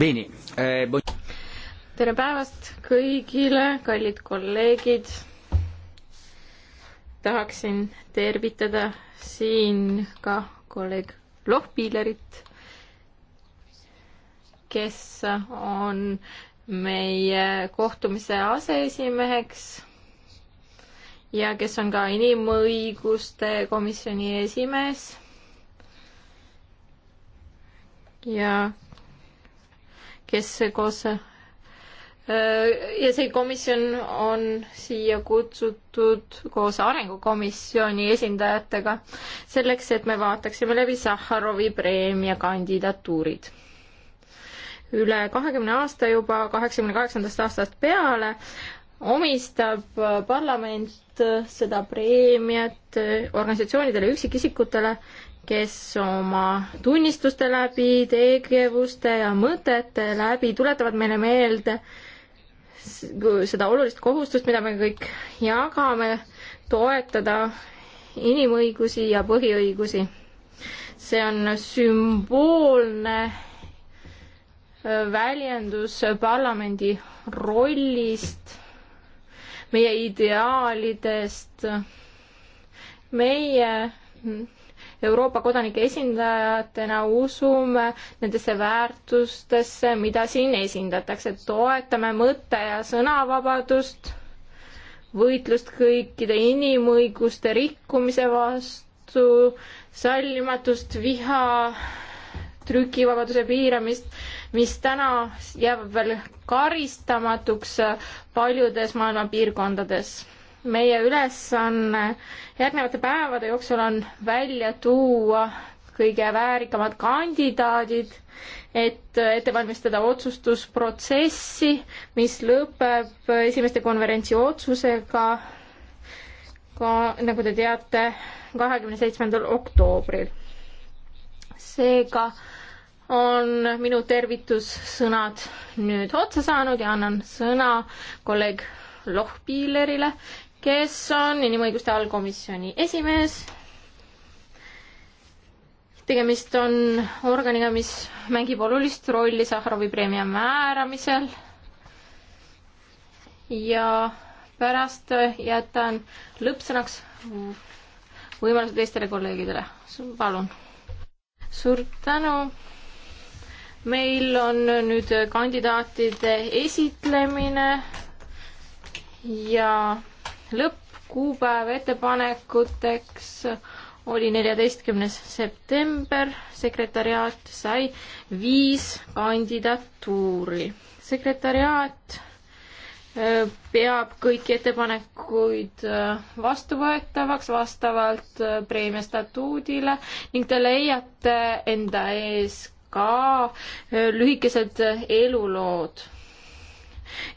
Eh, tere päevast kõigile, kallid kolleegid. tahaksin tervitada siin ka kolleeg Lohpillerit, kes on meie kohtumise aseesimeheks ja kes on ka inimõiguste komisjoni esimees ja kes koos äh, ja see komisjon on siia kutsutud koos Arengukomisjoni esindajatega selleks, et me vaataksime läbi Sahharovi preemia kandidatuurid. üle kahekümne aasta juba, kaheksakümne kaheksandast aastast peale omistab parlament seda preemiat organisatsioonidele, üksikisikutele kes oma tunnistuste läbi, tegevuste ja mõtete läbi tuletavad meile meelde seda olulist kohustust, mida me kõik jagame, toetada inimõigusi ja põhiõigusi. see on sümboolne äh, väljendus parlamendi rollist, meie ideaalidest, meie Euroopa kodanike esindajatena usume nendesse väärtustesse, mida siin esindatakse, toetame mõtte- ja sõnavabadust, võitlust kõikide inimõiguste rikkumise vastu, sallimatust, viha, trükivabaduse piiramist, mis täna jääb veel karistamatuks paljudes maailma piirkondades meie ülesanne järgnevate päevade jooksul on välja tuua kõige väärikamad kandidaadid, et ette valmistada otsustusprotsessi, mis lõpeb esimeste konverentsi otsusega, ka nagu te teate, kahekümne seitsmendal oktoobril. seega on minu tervitussõnad nüüd otsa saanud ja annan sõna kolleeg Lohpillerile, kes on inimõiguste allkomisjoni esimees. tegemist on organiga, mis mängib olulist rolli Sahharovi preemia määramisel. ja pärast jätan lõppsõnaks võimaluse teistele kolleegidele. palun. suur tänu. meil on nüüd kandidaatide esitlemine ja lõppkuupäev ettepanekuteks oli neljateistkümnes september, sekretäriaat sai viis kandidatuuri. sekretäriaat peab kõiki ettepanekuid vastuvõetavaks vastavalt preemia statuudile ning te leiate enda ees ka lühikesed elulood.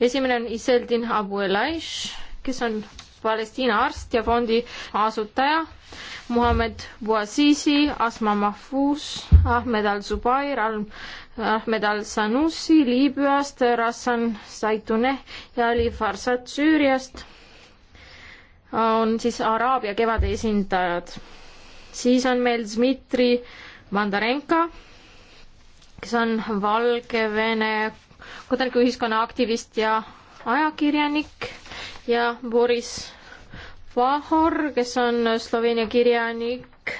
esimene on Iseldin Abu Elaish, kes on Palestiina arst ja fondi asutaja, Muhamed Bouazizi, Asma Mahfouz, Ahmed Al-Zubair, Ahmed Al-Sanussi Liibüast, Rassan Saitune ja Ali Farsad Süüriast on siis Araabia kevade esindajad. siis on meil Dmitri Mandarenka, kes on Valgevene kodanikuühiskonna aktivist ja ajakirjanik ja Boris Vahor, kes on Sloveenia kirjanik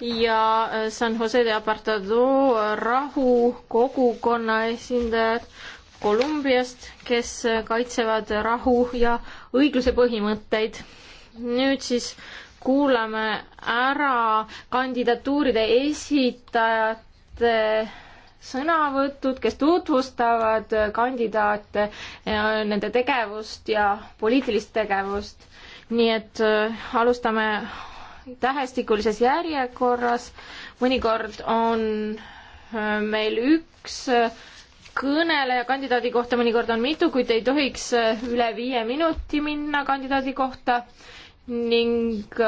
ja äh, San Jose de Apartado rahukogukonna esindajad Kolumbiast, kes äh, kaitsevad rahu ja õigluse põhimõtteid. nüüd siis kuulame ära kandidatuuride esitajate sõnavõtud, kes tutvustavad kandidaate ja nende tegevust ja poliitilist tegevust. nii et äh, alustame tähestikulises järjekorras. mõnikord on äh, meil üks äh, kõneleja kandidaadi kohta, mõnikord on mitu, kuid ei tohiks üle viie minuti minna kandidaadi kohta ning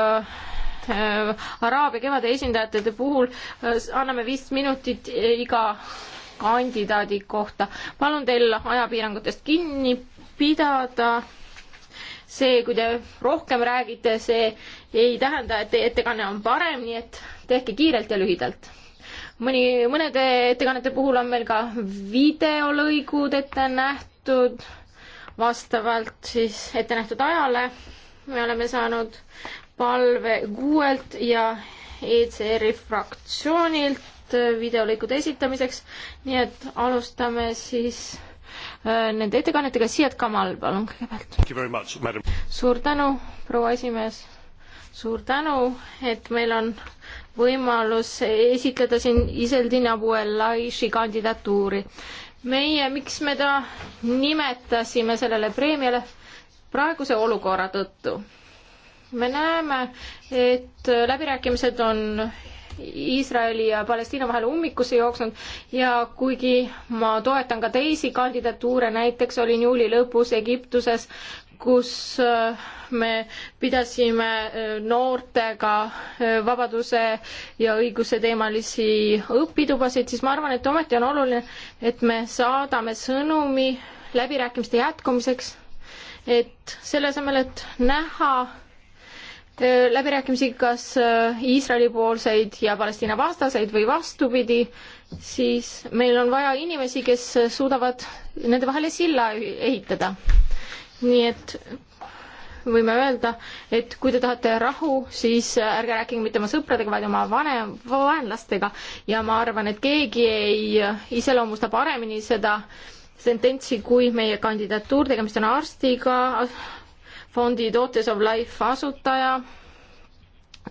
Äh, Araabia kevade esindajate puhul äh, anname viis minutit iga kandidaadi kohta. palun teil ajapiirangutest kinni pidada. see, kui te rohkem räägite, see ei tähenda, et teie ettekanne on parem, nii et tehke kiirelt ja lühidalt. mõni, mõnede ettekannete puhul on meil ka videolõigud ette nähtud vastavalt siis ette nähtud ajale. me oleme saanud palve Guuelt ja ECR-i fraktsioonilt videolõikude esitamiseks, nii et alustame siis äh, nende ettekannetega, Siet Kamal, palun kõigepealt. suur tänu, proua esimees, suur tänu, et meil on võimalus esitleda siin Iseldina Buelaiši kandidatuuri. meie, miks me ta nimetasime sellele preemiale? praeguse olukorra tõttu me näeme, et läbirääkimised on Iisraeli ja Palestiina vahele ummikusse jooksnud ja kuigi ma toetan ka teisi kandidatuure, näiteks olin juuli lõpus Egiptuses, kus äh, me pidasime äh, noortega äh, vabaduse ja õiguse teemalisi õpitubasid, siis ma arvan, et ometi on oluline, et me saadame sõnumi läbirääkimiste jätkumiseks, et selle asemel, et näha Äh, läbirääkimisi kas äh, Iisraeli poolseid ja Palestiina vastaseid või vastupidi, siis meil on vaja inimesi, kes suudavad nende vahele silla ehitada. nii et võime öelda, et kui te tahate rahu, siis äh, ärge rääkige mitte oma sõpradega, vaid oma vanem, vaenlastega ja ma arvan, et keegi ei iseloomusta paremini seda sententsi kui meie kandidatuur, tegemist on arstiga, fondi Daughters of Life asutaja.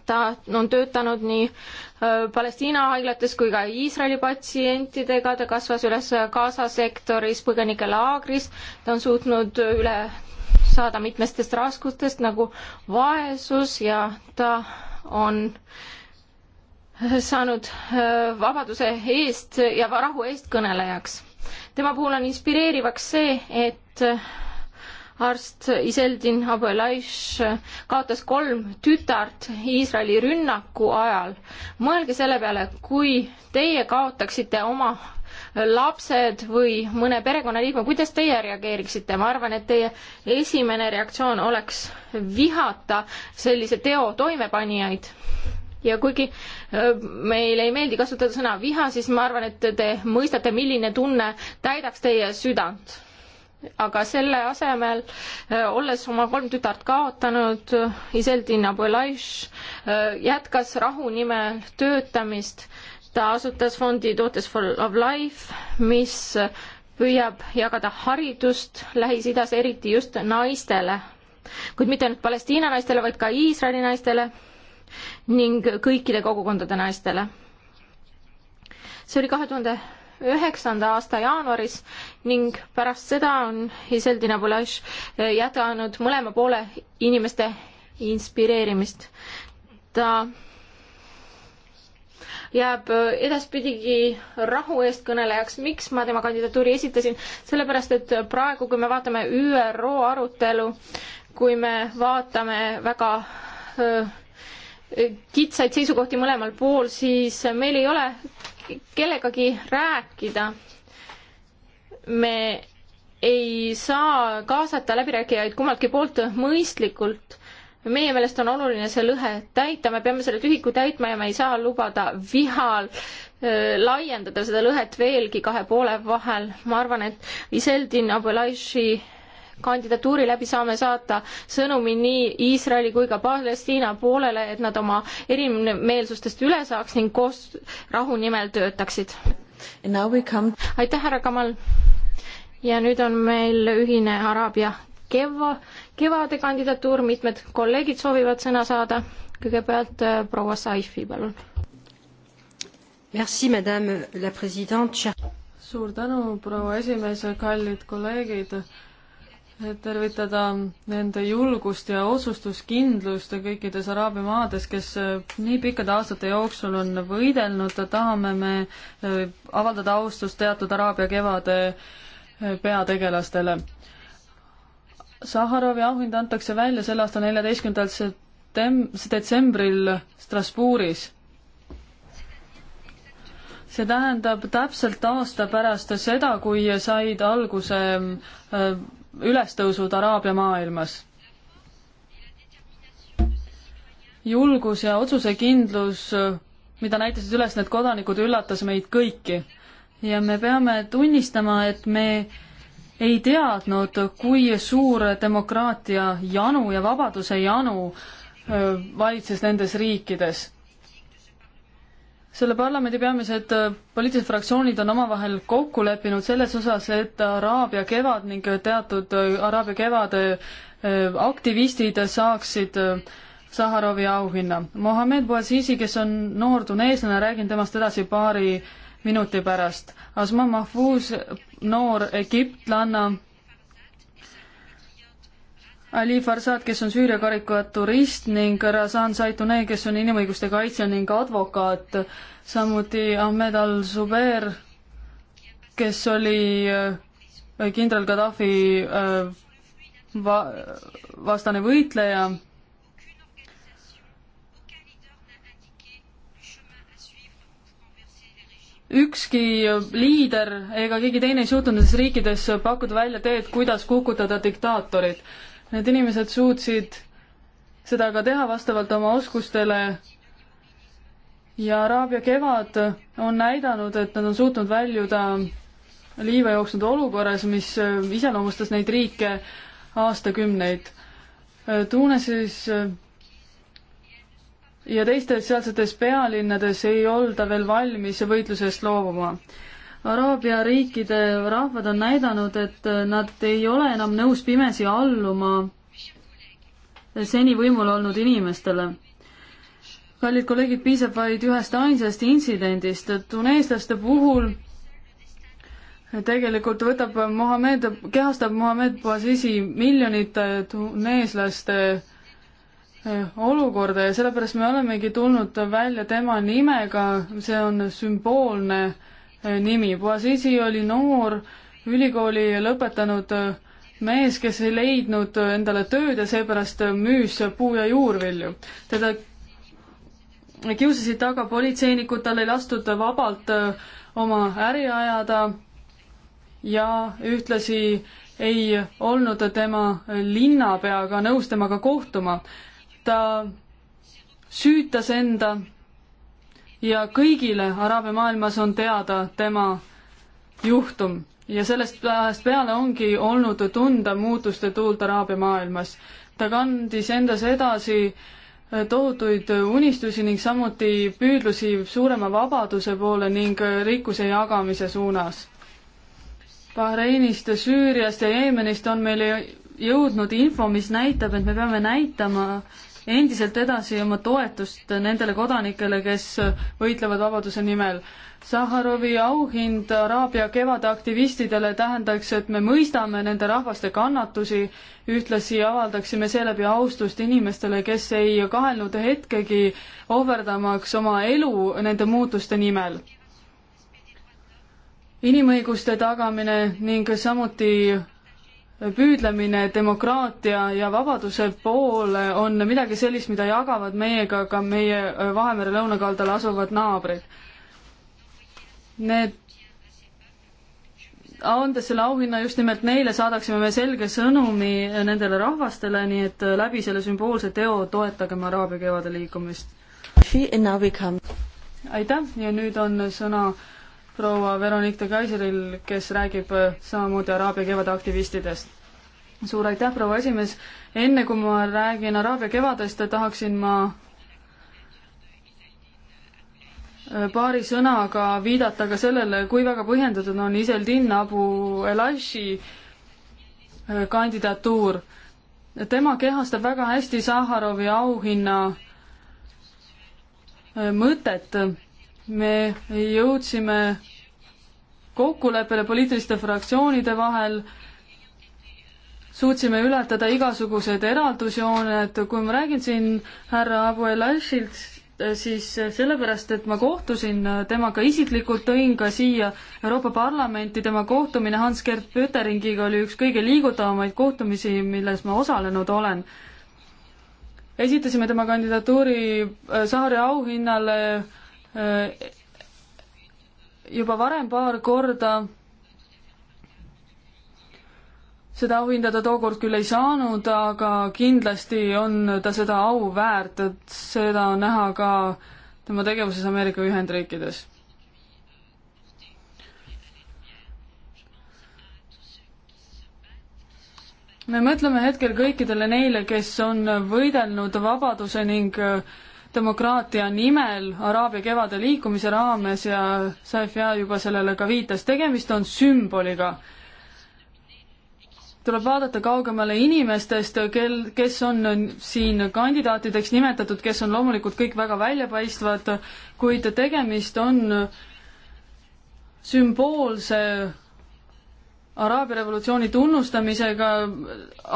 ta on töötanud nii äh, Palestiina haiglates kui ka Iisraeli patsientidega, ta kasvas üles Gaza sektoris põgenikelaagris, ta on suutnud üle saada mitmestest raskustest nagu vaesus ja ta on äh, saanud äh, vabaduse eest ja rahu eestkõnelejaks. tema puhul on inspireerivaks see, et arst Iseldin Abelaish kaotas kolm tütart Iisraeli rünnaku ajal. mõelge selle peale, kui teie kaotaksite oma lapsed või mõne perekonnaliikme, kuidas teie reageeriksite? ma arvan, et teie esimene reaktsioon oleks vihata sellise teo toimepanijaid. ja kuigi äh, meile ei meeldi kasutada sõna viha, siis ma arvan, et te mõistate, milline tunne täidaks teie südant aga selle asemel, äh, olles oma kolm tütart kaotanud, äh, Iseldin Abulaiš äh, jätkas rahu nimel töötamist. ta asutas fondi Daughters for of Life, mis püüab jagada haridust Lähis-Idas, eriti just naistele, kuid mitte ainult Palestiina naistele, vaid ka Iisraeli naistele ning kõikide kogukondade naistele. see oli kahe tuhande üheksanda aasta jaanuaris ning pärast seda on Iseldina Bulaš eh, jätkanud mõlema poole inimeste inspireerimist. ta jääb eh, edaspidigi rahu eestkõnelejaks. miks ma tema kandidatuuri esitasin? sellepärast, et praegu, kui me vaatame ÜRO arutelu, kui me vaatame väga öö, eh, kitsaid seisukohti mõlemal pool, siis meil ei ole kellegagi rääkida. me ei saa kaasata läbirääkijaid kummaltki poolt mõistlikult. meie meelest on oluline see lõhe täita, me peame selle tühiku täitma ja me ei saa lubada vihal äh, laiendada seda lõhet veelgi kahe poole vahel. ma arvan, et Iseldin Abulaiši kandidatuuri läbi saame saata sõnumi nii Iisraeli kui ka Palestiina poolele, et nad oma erimeelsustest üle saaks ning koos rahu nimel töötaksid. aitäh, härra Kamal! ja nüüd on meil ühine Araabia keva, kevade kandidatuur, mitmed kolleegid soovivad sõna saada. kõigepealt äh, proua Saifi, palun. Merci, madame la president. suur tänu, proua esimees ja kallid kolleegid tervitada nende julgust ja otsustuskindlust kõikides Araabia maades, kes äh, nii pikkade aastate jooksul on võidelnud, tahame me äh, avaldada austust teatud Araabia kevade äh, peategelastele. Saharovi auhind antakse välja selle aasta neljateistkümnendal septem-, detsembril Strasbourgis. see tähendab täpselt aasta pärast seda, kui said alguse ülestõusud Araabia maailmas. julgus ja otsusekindlus, mida näitasid üles need kodanikud, üllatas meid kõiki. ja me peame tunnistama, et me ei teadnud, kui suur demokraatia janu ja vabaduse janu äh, valitses nendes riikides selle parlamendi peamised äh, poliitilised fraktsioonid on omavahel kokku leppinud selles osas, et Araabia kevad ning teatud äh, Araabia kevade äh, aktivistid saaksid Saharovi auhinna. Mohammed Bouazizi, kes on noor tuneeslane, räägin temast edasi paari minuti pärast. Asma Mahfouz, noor egiptlanna, Ali Farsad, kes on Süüria karikaturist ning Razan Saitune, kes on inimõiguste kaitsja ning advokaat, samuti Ahmed al-Zubeer, kes oli äh, kindral Gaddafi äh, va-, vastane võitleja, ükski liider ega keegi teine ei suutnud nendes riikides pakkuda välja teed, kuidas kukutada diktaatorit Need inimesed suutsid seda ka teha vastavalt oma oskustele ja Araabia kevad on näidanud, et nad on suutnud väljuda liiva jooksnud olukorras, mis äh, iseloomustas neid riike aastakümneid. Äh, Tuunesis äh, ja teistes sealsetes pealinnades ei olda veel valmis võitlusest loobuma. Araabia riikide rahvad on näidanud, et nad ei ole enam nõus pimesi alluma seni võimul olnud inimestele. kallid kolleegid, piisab vaid ühest ainsast intsidendist, et tuneeslaste puhul tegelikult võtab Mohammed, kehastab Mohammed Bouazizi miljonite tuneeslaste eh, olukorda ja sellepärast me olemegi tulnud välja tema nimega, see on sümboolne äh, nimi. Boazizi oli noor ülikooli lõpetanud mees, kes ei leidnud endale tööd ja seepärast müüs puu- ja juurvilju. teda kiusasid taga politseinikud, tal ei lastud vabalt äh, oma äri ajada ja ühtlasi ei olnud tema linnapeaga nõus temaga kohtuma. ta süütas enda ja kõigile Araabia maailmas on teada tema juhtum ja sellest ajast peale ongi olnud tunda muutuste tuult Araabia maailmas. ta kandis endas edasi äh, tohutuid unistusi ning samuti püüdlusi suurema vabaduse poole ning rikkuse jagamise suunas. Bahreinist, Süüriast ja Jeemenist on meile jõudnud info, mis näitab, et me peame näitama äh, endiselt edasi oma toetust nendele kodanikele, kes võitlevad vabaduse nimel. Saharovi auhind Araabia kevade aktivistidele tähendaks, et me mõistame nende rahvaste kannatusi, ühtlasi avaldaksime seeläbi austust inimestele, kes ei kahelnud hetkegi ohverdamaks oma elu nende muutuste nimel inimõiguste tagamine ning samuti püüdlemine demokraatia ja vabaduse poole on midagi sellist, mida jagavad meiega ka meie äh, Vahemere lõunakaldal asuvad naabrid. Need, andes selle auhinna just nimelt neile, saadaksime me selge sõnumi nendele rahvastele, nii et äh, läbi selle sümboolse teo toetagem Araabia kevade liikumist. aitäh ja nüüd on sõna proua Veronique de Kaiseril, kes räägib äh, samamoodi Araabia kevade aktivistidest. suur aitäh, proua esimees, enne kui ma räägin Araabia kevadest, tahaksin ma äh, paari sõnaga viidata ka sellele, kui väga põhjendatud on Iseldin Abu Elashi äh, kandidatuur. tema kehastab väga hästi Saharovi auhinna mõtet me jõudsime kokkuleppele poliitiliste fraktsioonide vahel, suutsime ületada igasugused eraldusjooned, kui ma räägin siin härra Abu El-Ashilt, siis sellepärast, et ma kohtusin temaga isiklikult, tõin ka siia Euroopa Parlamenti, tema kohtumine Hans-Gert Pöteringiga oli üks kõige liigutavamaid kohtumisi, milles ma osalenud olen. esitasime tema kandidatuuri äh, Saare auhinnale äh, juba varem paar korda. seda auhindada tookord küll ei saanud, aga kindlasti on ta seda au väärt, et seda on näha ka tema tegevuses Ameerika Ühendriikides me mõtleme hetkel kõikidele neile, kes on võidelnud vabaduse ning demokraatia nimel Araabia kevade liikumise raames ja Saifia juba sellele ka viitas, tegemist on sümboliga. tuleb vaadata kaugemale inimestest, kel, kes on siin kandidaatideks nimetatud, kes on loomulikult kõik väga väljapaistvad, kuid tegemist on sümboolse Araabia revolutsiooni tunnustamisega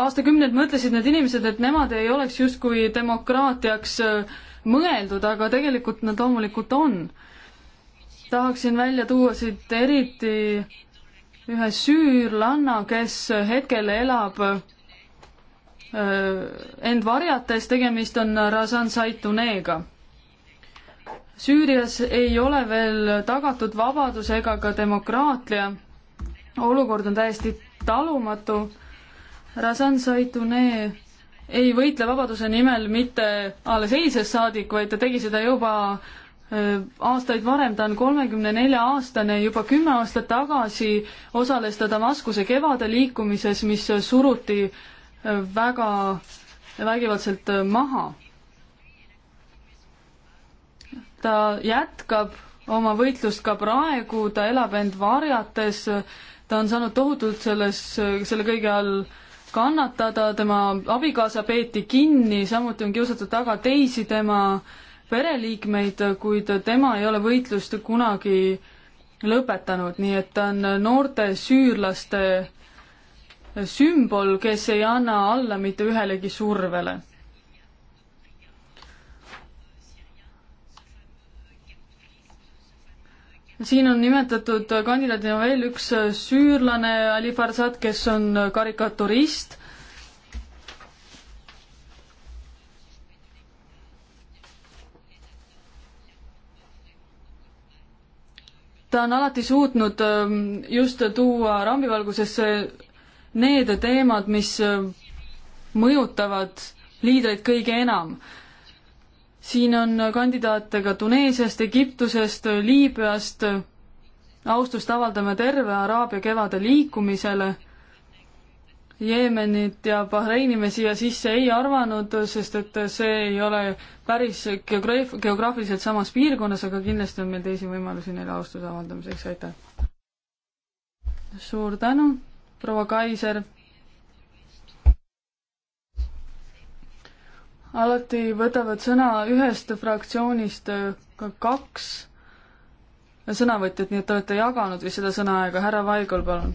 aastakümneid mõtlesid need inimesed, et nemad ei oleks justkui demokraatiaks mõeldud, aga tegelikult nad loomulikult on. tahaksin välja tuua siit eriti ühe süürlanna, kes hetkel elab äh, end varjates, tegemist on Razan Saituneega. Süürias ei ole veel tagatud vabadus ega ka demokraatia. olukord on täiesti talumatu. Razan Saitunee ei võitle vabaduse nimel mitte alles eilsest saadik, vaid ta tegi seda juba aastaid varem, ta on kolmekümne nelja aastane, juba kümme aastat tagasi osales ta Damaskuse kevadeliikumises, mis suruti väga vägivaldselt maha. ta jätkab oma võitlust ka praegu, ta elab end varjates, ta on saanud tohutult selles, selle kõige all äh, kannatada, tema abikaasa peeti kinni, samuti on kiusatud taga teisi tema pereliikmeid, kuid tema ei ole võitlust kunagi lõpetanud, nii et ta on noorte süürlaste sümbol, kes ei anna alla mitte ühelegi survele siin on nimetatud kandidaadina veel üks süürlane Ali Farsad, kes on karikaturist. ta on alati suutnud ähm, just tuua rambivalgusesse need teemad, mis äh, mõjutavad liidreid kõige enam siin on kandidaate ka Tuneesiast, Egiptusest, Liibüast. austust avaldame terve Araabia kevade liikumisele. Jeemenit ja Bahreini me siia sisse ei arvanud, sest et see ei ole päris geograaf-, geograafiliselt samas piirkonnas, aga kindlasti on meil teisi võimalusi neile austuse avaldamiseks, aitäh! suur tänu, proua Kaiser! alati võtavad sõna ühest fraktsioonist äh, ka kaks sõnavõtjat, nii et te olete jaganud vist seda sõnaaega. härra Vaigol, palun.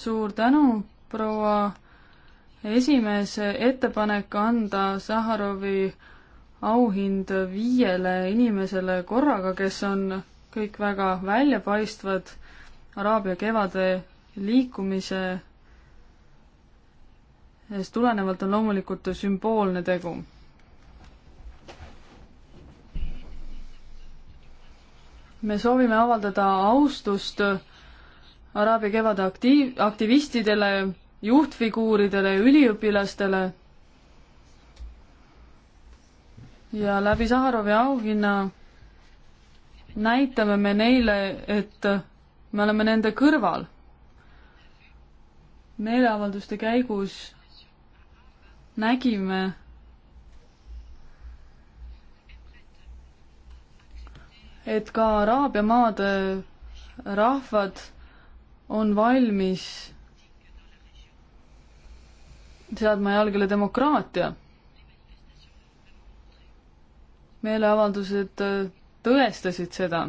suur tänu, proua esimees, ettepanek anda Saharovi auhind viiele inimesele korraga, kes on kõik väga väljapaistvad Araabia kevade liikumise sest tulenevalt on loomulikult sümboolne tegu. me soovime avaldada austust Araabia kevade aktiiv, aktivistidele, juhtfiguuridele, üliõpilastele ja läbi Saharovi auhinna näitame me neile, et me oleme nende kõrval meeleavalduste käigus nägime, et ka Araabia maade rahvad on valmis seadma jalgele demokraatia. meeleavaldused tõestasid seda.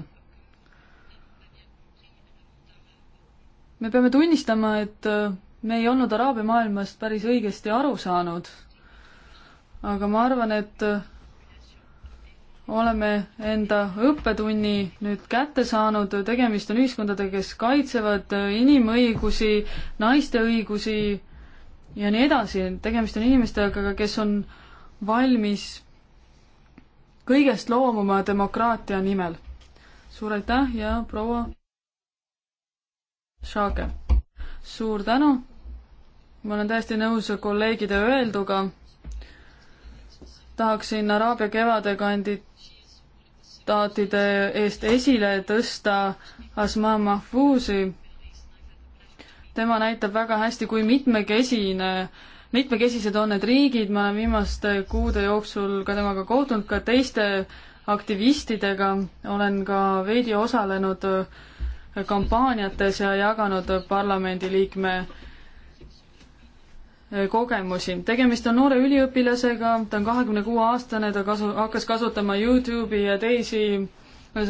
me peame tunnistama, et me ei olnud araabia maailmast päris õigesti aru saanud. aga ma arvan, et äh, oleme enda õppetunni nüüd kätte saanud, tegemist on ühiskondadega, kes kaitsevad äh, inimõigusi, naiste õigusi ja nii edasi, tegemist on inimestega, kes on valmis kõigest loomuma demokraatia nimel. suur aitäh ja proua Šaage! suur tänu! ma olen täiesti nõus kolleegide öelduga. tahaksin Araabia kevade kandidaatide eest esile tõsta Asma Mahfuzi. tema näitab väga hästi, kui mitmekesine, mitmekesised on need riigid, ma olen viimaste kuude jooksul ka temaga kohtunud, ka teiste aktivistidega, olen ka veidi osalenud kampaaniates ja jaganud parlamendiliikme kogemusi. tegemist on noore üliõpilasega, ta on kahekümne kuue aastane, ta kasu-, hakkas kasutama Youtube'i ja teisi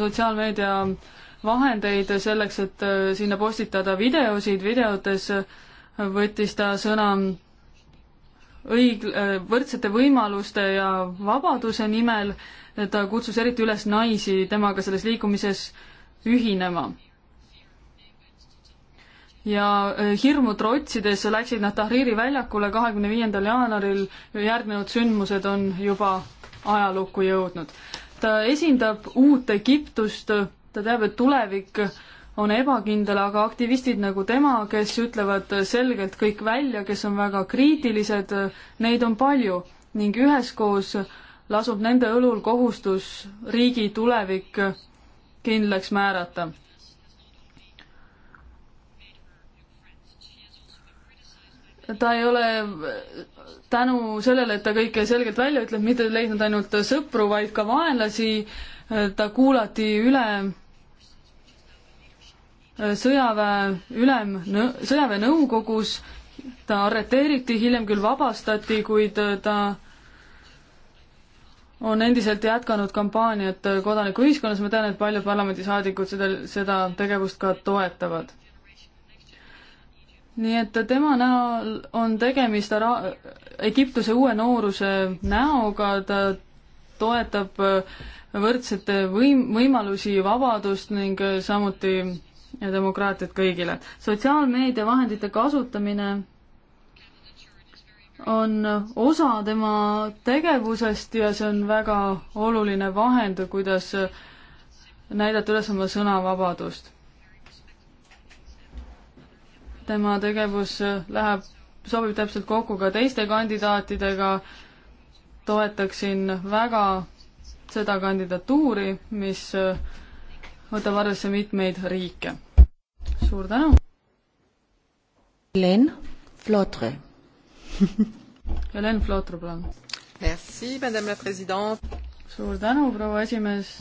sotsiaalmeedia vahendeid selleks, et äh, sinna postitada videosid, videotes võttis ta sõna õig-, äh, võrdsete võimaluste ja vabaduse nimel, ta kutsus eriti üles naisi temaga selles liikumises ühinema ja äh, hirmu trotsides läksid nad Tahriri väljakule kahekümne viiendal jaanuaril ja järgnenud sündmused on juba ajalukku jõudnud. ta esindab uut Egiptust, ta teab, et tulevik on ebakindel, aga aktivistid nagu tema, kes ütlevad selgelt kõik välja, kes on väga kriitilised, neid on palju ning üheskoos lasub nende õlul kohustus riigi tulevik kindlaks määrata ta ei ole tänu sellele, et ta kõike selgelt välja ütleb, mitte leidnud ainult sõpru, vaid ka vaenlasi. ta kuulati üle äh, sõjaväe ülem, sõjaväenõukogus, ta arreteeriti, hiljem küll vabastati, kuid äh, ta on endiselt jätkanud kampaaniat äh, kodanikuühiskonnas, ma tean, et paljud parlamendisaadikud seda, seda tegevust ka toetavad nii et tema näol on tegemist Ara-, Egiptuse uue nooruse näoga, ta toetab äh, võrdsete võim-, võimalusi, vabadust ning äh, samuti äh, demokraatiat kõigile. sotsiaalmeedia vahendite kasutamine on osa tema tegevusest ja see on väga oluline vahend, kuidas näidata üles oma sõnavabadust tema tegevus äh, läheb, sobib täpselt kokku ka teiste kandidaatidega. toetaksin väga seda kandidatuuri, mis äh, võtab arvesse mitmeid riike. suur tänu. Hélène Flotre Hélène Flotre, palun. Merci, madame la présidente. suur tänu, proua esimees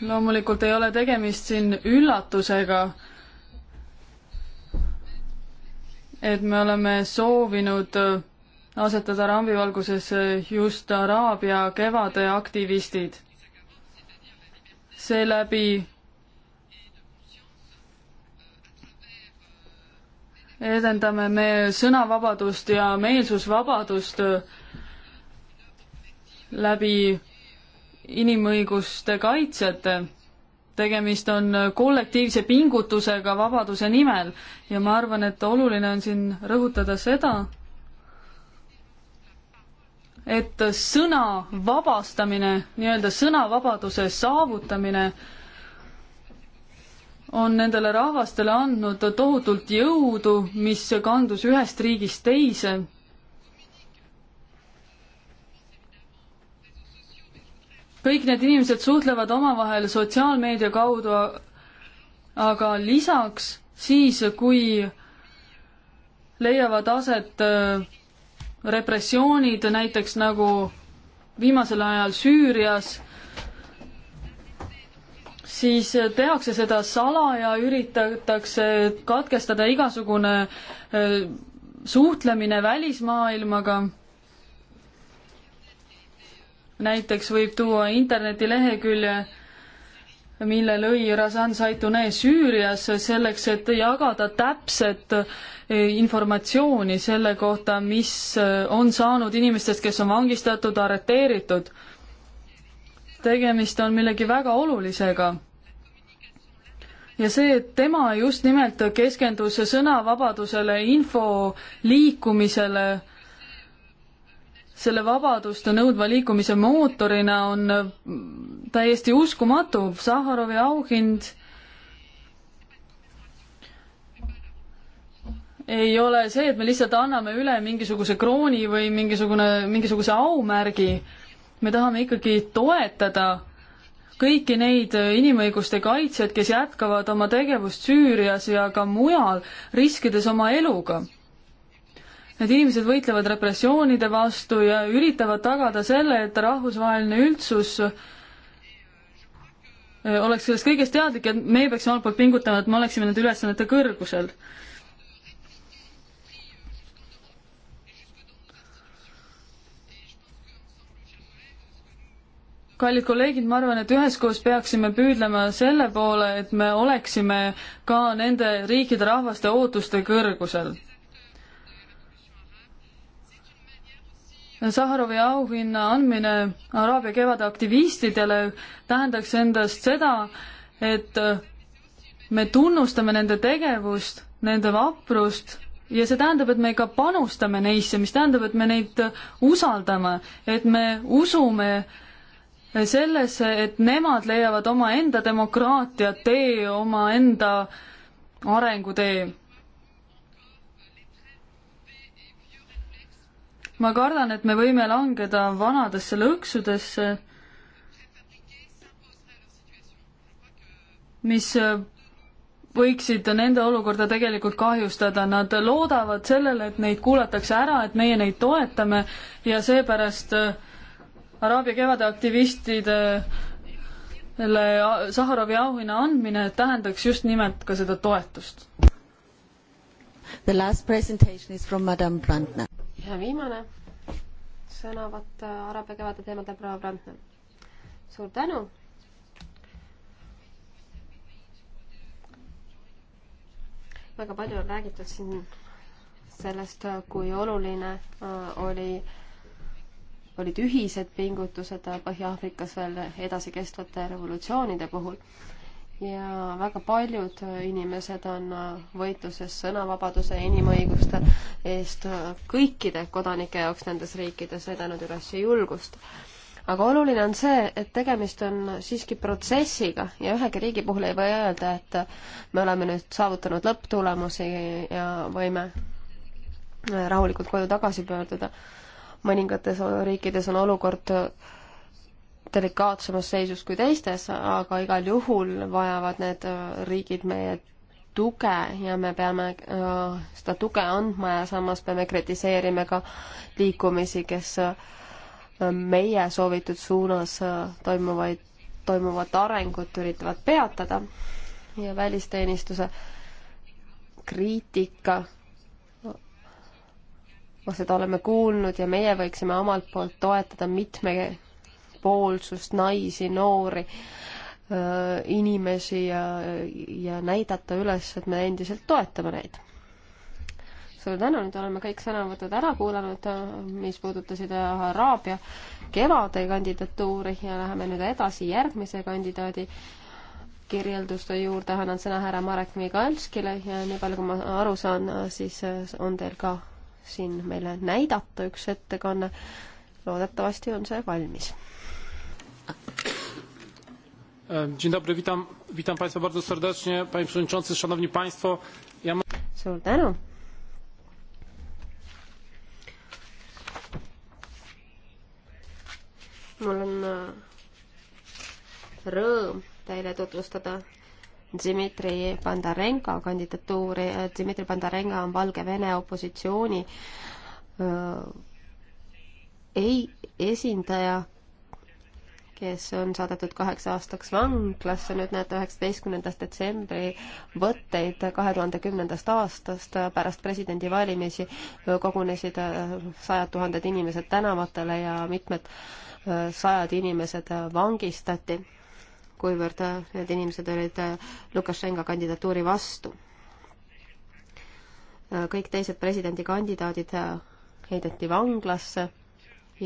loomulikult ei ole tegemist siin üllatusega, et me oleme soovinud asetada rambivalguses just Araabia kevade aktivistid. seeläbi edendame me sõnavabadust ja meelsusvabadust läbi inimõiguste kaitsjate. tegemist on kollektiivse pingutusega vabaduse nimel ja ma arvan, et oluline on siin rõhutada seda, et sõna vabastamine, nii-öelda sõnavabaduse saavutamine on nendele rahvastele andnud tohutult jõudu, mis kandus ühest riigist teise kõik need inimesed suhtlevad omavahel sotsiaalmeedia kaudu, aga lisaks siis, kui leiavad aset äh, repressioonid, näiteks nagu viimasel ajal Süürias, siis tehakse seda salaja, üritatakse katkestada igasugune äh, suhtlemine välismaailmaga näiteks võib tuua internetilehekülje, mille lõi Razan Saitune Süürias selleks, et jagada täpset eh, informatsiooni selle kohta, mis eh, on saanud inimestest, kes on vangistatud, arreteeritud. tegemist on millegi väga olulisega. ja see, et tema just nimelt keskendus sõnavabadusele, info liikumisele selle vabadust nõudva liikumise mootorina on mm, täiesti uskumatu. Saharovi auhind ei ole see, et me lihtsalt anname üle mingisuguse krooni või mingisugune, mingisuguse aumärgi. me tahame ikkagi toetada kõiki neid inimõiguste kaitsjaid, kes jätkavad oma tegevust Süürias ja ka mujal, riskides oma eluga Need inimesed võitlevad repressioonide vastu ja üritavad tagada selle, et rahvusvaheline üldsus eh, oleks sellest kõigest teadlik ja meie peaksime omalt poolt pingutama, et me oleksime nende ülesannete kõrgusel. kallid kolleegid, ma arvan, et üheskoos peaksime püüdlema selle poole, et me oleksime ka nende riikide rahvaste ootuste kõrgusel Saharovi auhinna andmine Araabia kevade aktivistidele tähendaks endast seda, et me tunnustame nende tegevust, nende vaprust ja see tähendab, et me ka panustame neisse, mis tähendab, et me neid usaldame, et me usume sellesse, et nemad leiavad omaenda demokraatia tee, omaenda arengutee ma kardan, et me võime langeda vanadesse lõksudesse, mis võiksid nende olukorda tegelikult kahjustada, nad loodavad sellele, et neid kuulatakse ära, et meie neid toetame ja seepärast äh, Araabia kevade aktivistidele Saharovi auhinna andmine tähendaks just nimelt ka seda toetust. The last presentation is from Madame Brandner ja viimane sõnavõtt äh, Araabia kevade teemadel, proua Brandner. suur tänu. väga palju on räägitud siin sellest, äh, kui oluline äh, oli, olid ühised pingutused Põhja-Aafrikas veel edasikestvate revolutsioonide puhul ja väga paljud inimesed on võitluses sõnavabaduse ja inimõiguste eest kõikide kodanike jaoks nendes riikides vedanud üles julgust. aga oluline on see, et tegemist on siiski protsessiga ja ühegi riigi puhul ei või öelda, et me oleme nüüd saavutanud lõpptulemusi ja võime rahulikult koju tagasi pöörduda. mõningates riikides on olukord delikaatsemas seisus kui teistes, aga igal juhul vajavad need äh, riigid meie tuge ja me peame äh, seda tuge andma ja samas peame kritiseerima ka liikumisi, kes äh, meie soovitud suunas äh, toimuvaid, toimuvat arengut üritavad peatada ja välisteenistuse kriitika seda oleme kuulnud ja meie võiksime omalt poolt toetada mitme võrdpoolsust, naisi, noori, äh, inimesi ja, ja näidata üles, et me endiselt toetame neid. suur tänu, nüüd oleme kõik sõnavõtud ära kuulanud, äh, mis puudutasid äh, Araabia kevade kandidatuuri ja läheme nüüd edasi järgmise kandidaadi kirjelduste juurde annan sõna härra Marek Mikalskile ja nii palju, kui ma aru saan, siis on teil ka siin meile näidata üks ettekanne. loodetavasti on see valmis E, dzień dobry, witam, witam Państwa bardzo serdecznie. Panie Przewodniczący, Szanowni Państwo. Ja ma... Suur tänu. Mul on e, rõõm teile tutvustada Dmitri Bandarenka kandidatuuri. E, Dmitri Bandarenka on Valgevene opositsiooni ei esindaja kes on saadetud kaheks aastaks vanglasse, nüüd näete üheksateistkümnendast detsembri võtteid kahe tuhande kümnendast aastast, pärast presidendivalimisi kogunesid äh, sajad tuhanded inimesed tänavatele ja mitmed äh, sajad inimesed äh, vangistati, kuivõrd need inimesed olid Lukašenka kandidatuuri vastu. kõik teised presidendikandidaadid heideti vanglasse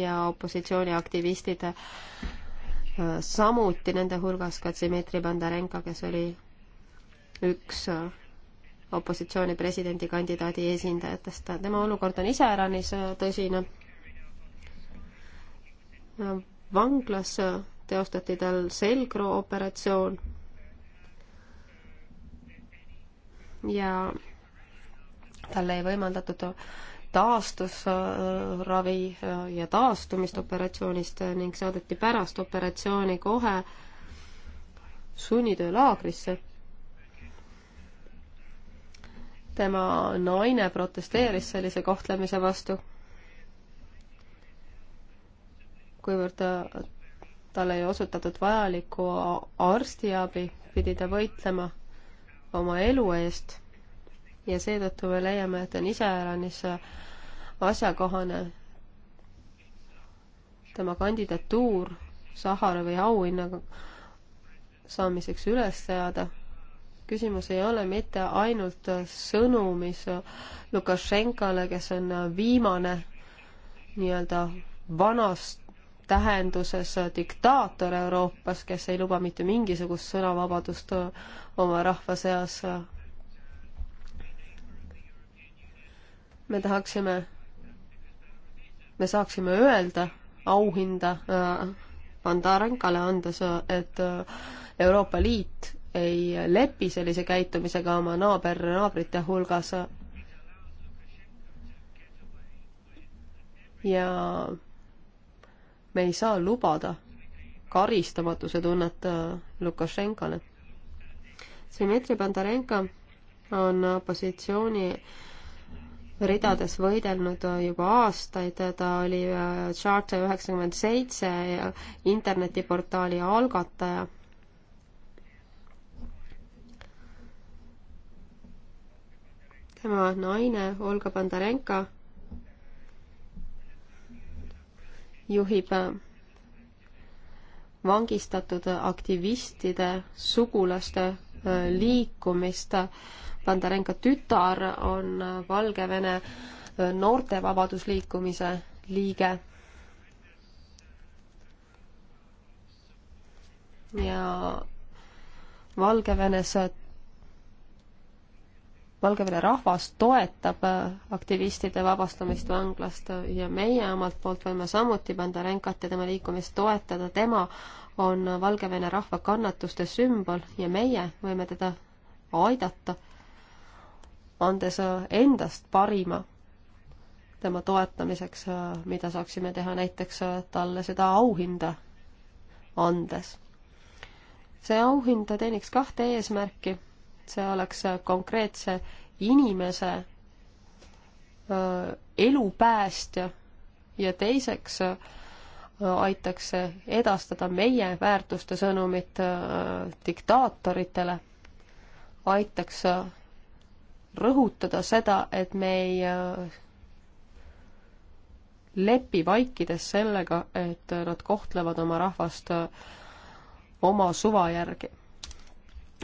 ja opositsiooniaktivistid Äh, samuti nende hulgas ka Dmitri Bandarenko, kes oli üks äh, opositsiooni presidendikandidaadi esindajatest. tema olukord on iseäranis äh, tõsine. vanglas teostati tal selgrooperatsioon ja talle ei võimaldatud taastusravi ja taastumist operatsioonist ning saadeti pärast operatsiooni kohe sunnitöölaagrisse. tema naine protesteeris sellise kohtlemise vastu, kuivõrd talle ei osutatud vajalikku arstiabi, pidi ta võitlema oma elu eest ja seetõttu me leiame, et on iseäranis asjakohane tema kandidatuur Saharovi auhinnaga saamiseks üles seada. küsimus ei ole mitte ainult sõnumis Lukašenkale, kes on viimane nii-öelda vanas tähenduses diktaator Euroopas, kes ei luba mitte mingisugust sõnavabadust oma rahva seas me tahaksime, me saaksime öelda auhinda Vandarenkale äh, andes, et äh, Euroopa Liit ei lepi sellise käitumisega oma naaber, naabrite hulgas. ja me ei saa lubada karistamatuse tunnet äh, Lukašenkale. Dmitri Bandarenka on positsiooni ridades võidelnud äh, juba aastaid, ta oli äh, Charter üheksakümmend seitse internetiportaali algataja. tema naine Olga Bondarenko juhib äh, vangistatud aktivistide sugulaste liikumist Bandarenko tütar on Valgevene noorte vabadusliikumise liige. ja Valgevenes, Valgevene rahvas toetab aktivistide vabastamist vanglast ja meie omalt poolt võime samuti Bandarenkat ja tema liikumist toetada, tema on Valgevene rahva kannatuste sümbol ja meie võime teda aidata andes äh, endast parima tema toetamiseks, äh, mida saaksime teha näiteks äh, talle seda auhinda andes. see auhind teeniks kahte eesmärki, see oleks konkreetse inimese elupäästja ja teiseks aitaks edastada meie väärtuste sõnumit diktaatoritele, aitaks rõhutada seda, et me ei äh, lepi vaikides sellega, et nad kohtlevad oma rahvast äh, oma suva järgi.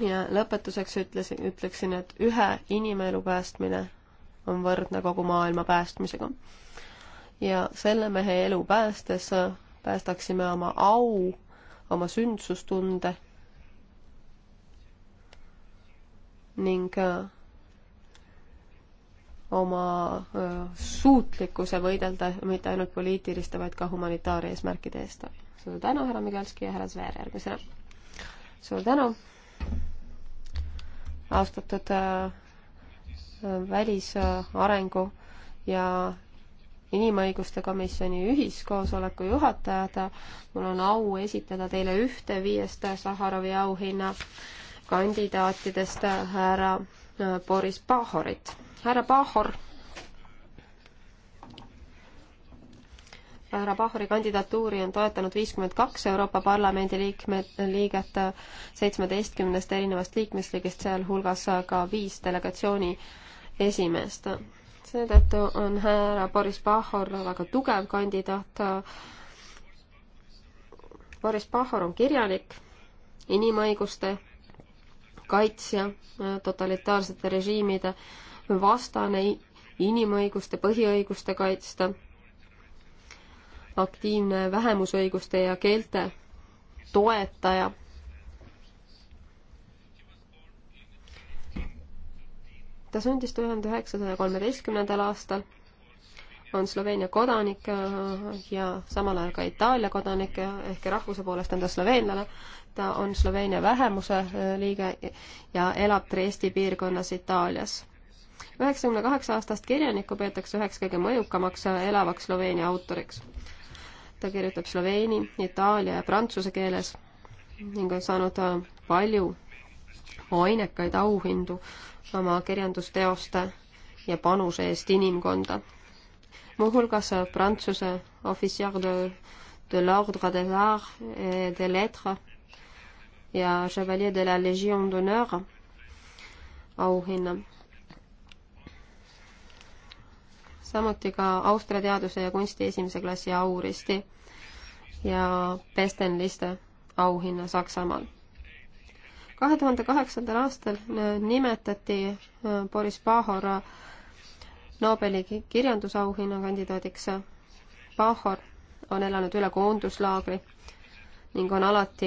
ja lõpetuseks ütlesin, ütleksin, et ühe inimelu päästmine on võrdne kogu maailma päästmisega. ja selle mehe elu päästes äh, päästaksime oma au, oma sündsustunde ning oma suutlikkuse võidelda mitte ainult poliitiliste, vaid ka humanitaareesmärkide eest. suur tänu, härra Migalski ja härra Sveer järgmisena. suur tänu, austatud välisarengu ja inimõiguste komisjoni ühiskoosoleku juhatajad. mul on au esitleda teile ühte viiest Saharovi auhinna kandidaatidest härra Boris Pahorit härra Pahor. härra Pahori kandidatuuri on toetanud viiskümmend kaks Euroopa Parlamendi liikmed, liiget seitsmeteistkümnest erinevast liikmesriigist, sealhulgas ka viis delegatsiooni esimeest. seetõttu on härra Boris Pahor väga tugev kandidaat. Boris Pahor on kirjanik, inimõiguste kaitsja, totalitaarsete režiimide äh, vastane inimõiguste, põhiõiguste kaitsta, aktiivne vähemusõiguste ja keelte toetaja. ta sündis tuhande üheksasaja kolmeteistkümnendal aastal, on Sloveenia kodanik äh, ja samal ajal ka Itaalia kodanik, ehkki rahvuse poolest on ta sloveenlane. ta on Sloveenia vähemuse äh, liige ja elab Triesti piirkonnas Itaalias üheksakümne kaheksa aastast kirjanikku peetakse üheks kõige mõjukamaks elavaks Sloveenia autoriks. ta kirjutab sloveeni, itaalia ja prantsuse keeles ning on saanud äh, palju ainekaid auhindu oma kirjandusteoste ja panuse eest inimkonda. muuhulgas äh, Prantsuse Officier de, de l'Ordre des Arts et des Lettres ja Chevalier de la Légion d'honneur auhinna samuti ka Austria teaduse ja kunsti esimese klassi auristi ja Pestenliste auhinna Saksamaal. kahe tuhande kaheksandal aastal äh, nimetati äh, Boris Pahor äh, Nobeli kirjandusauhinna kandidaadiks. Pahor on elanud üle koonduslaagri ning on alati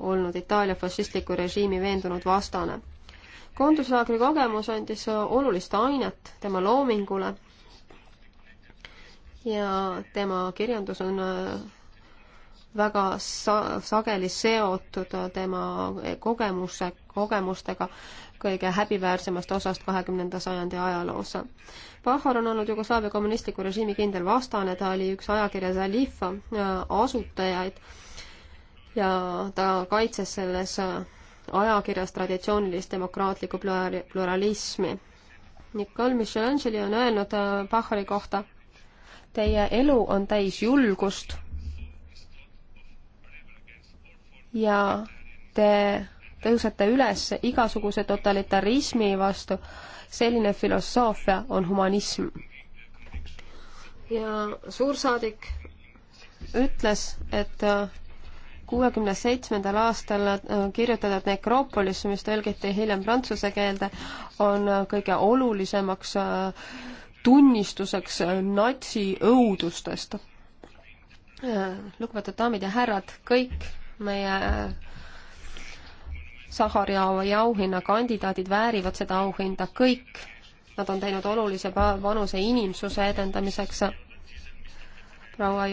olnud Itaalia fašistliku režiimi veendunud vastane. koonduslaagri kogemus andis olulist ainet tema loomingule ja tema kirjandus on äh, väga sa-, sageli seotud äh, tema kogemuse, kogemustega kõige häbiväärsemast osast kahekümnenda sajandi ajaloos. Pahar on olnud Jugoslaavia kommunistliku režiimi kindel vastane, ta oli üks ajakirja Zalifa äh, asutajaid ja ta kaitses selles ajakirjas traditsioonilist demokraatlikku pluralismi. Nicole Michelangeli on öelnud Pahari kohta, Teie elu on täis julgust ja te tõusete üles igasuguse totalitarismi vastu. selline filosoofia on humanism. ja suursaadik ütles, et äh, kuuekümne seitsmendal aastal äh, kirjutatud Necropolis, mis tõlgiti hiljem prantsuse keelde, on äh, kõige olulisemaks tunnistuseks natsiõudustest. lugupeetud daamid ja härrad, kõik meie Sahharjaava ja auhinna kandidaadid väärivad seda auhinda, kõik nad on teinud olulise panuse inimsuse edendamiseks. proua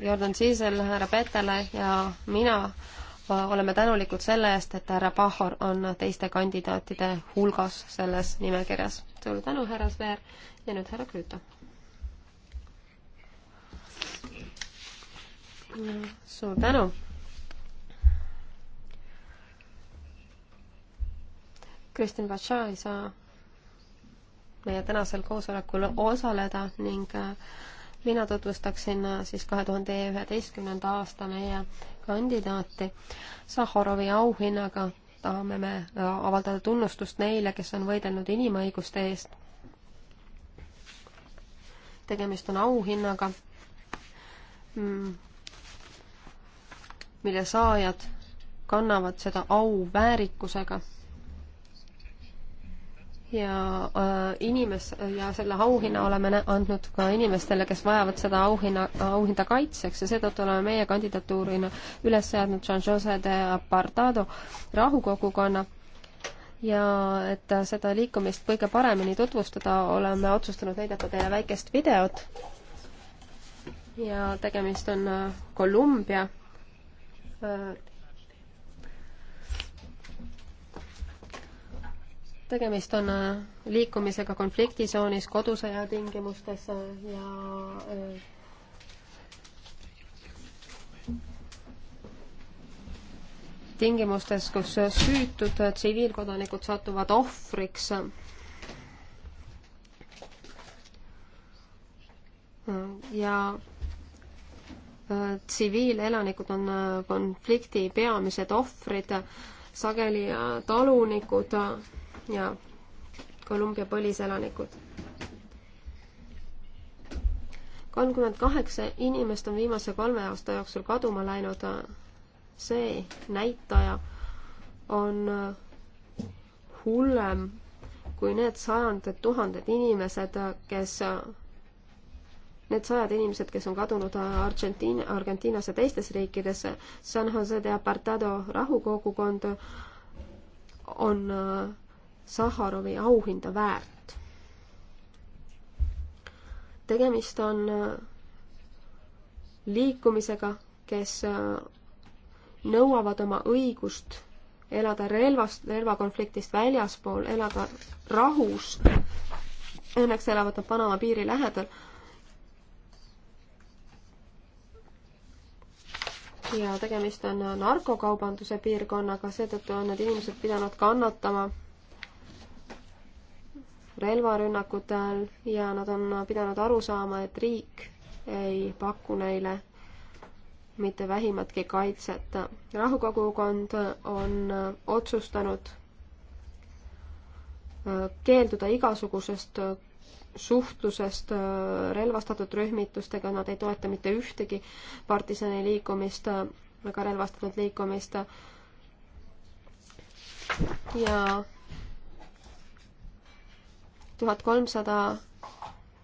Jordan Siisel, härra Petele ja mina oleme tänulikud selle eest, et härra Pahor on teiste kandidaatide hulgas selles nimekirjas suur tänu, härra Sveer ja nüüd härra Krüüto. suur tänu. Kristin Vatša ei saa meie tänasel koosolekul osaleda ning äh, mina tutvustaksin äh, siis kahe tuhande üheteistkümnenda aasta meie kandidaati Sahhorovi auhinnaga tahame me äh, avaldada tunnustust neile, kes on võidelnud inimõiguste eest. tegemist on auhinnaga, mm, mille saajad kannavad seda au väärikusega ja äh, inimes- ja selle auhinna oleme andnud ka inimestele, kes vajavad seda auhinna, auhinda kaitseks ja seetõttu oleme meie kandidatuurina üles seadnud San Jose de Apartado rahukogukonna ja et seda liikumist kõige paremini tutvustada, oleme otsustanud näidata teile väikest videot ja tegemist on äh, Kolumbia äh, tegemist on äh, liikumisega konfliktisoonis, kodusõja tingimustes äh, ja äh, tingimustes, kus süütud tsiviilkodanikud satuvad ohvriks ja tsiviilelanikud on konflikti peamised ohvrid, sageli talunikud ja Kolumbia põliselanikud. kolmkümmend kaheksa inimest on viimase kolme aasta jooksul kaduma läinud. see näitaja on hullem kui need sajandad tuhanded inimesed, kes, need sajad inimesed, kes on kadunud Argentiina, Argentiinas ja teistes riikides, San Jose de Apartado rahukogukond on Saharovi auhinda väärt. tegemist on äh, liikumisega, kes äh, nõuavad oma õigust elada relvast, relvakonfliktist väljaspool, elada rahus. Õnneks elavad nad Panama piiri lähedal. ja tegemist on narkokaubanduse piirkonnaga, seetõttu on need inimesed pidanud kannatama relvarünnakute ajal ja nad on pidanud aru saama, et riik ei paku neile mitte vähimatki kaitset. rahukogukond on otsustanud äh, keelduda igasugusest äh, suhtlusest äh, relvastatud rühmitustega, nad ei toeta mitte ühtegi partisani liikumist ega relvastatud liikumist. ja tuhat kolmsada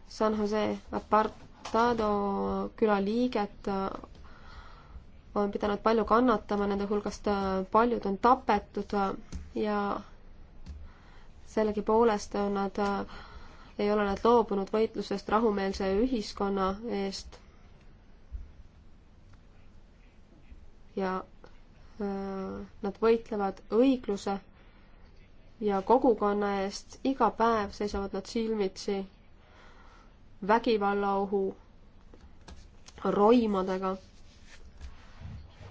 San Jose Apartado küla liiget äh, on pidanud palju kannatama, nende hulgast äh, paljud on tapetud äh, ja sellegipoolest on nad, ei ole nad loobunud võitlusest rahumeelse ühiskonna eest. ja nad võitlevad õigluse ja kogukonna eest, iga päev seisavad nad silmitsi vägivallaohu roimadega.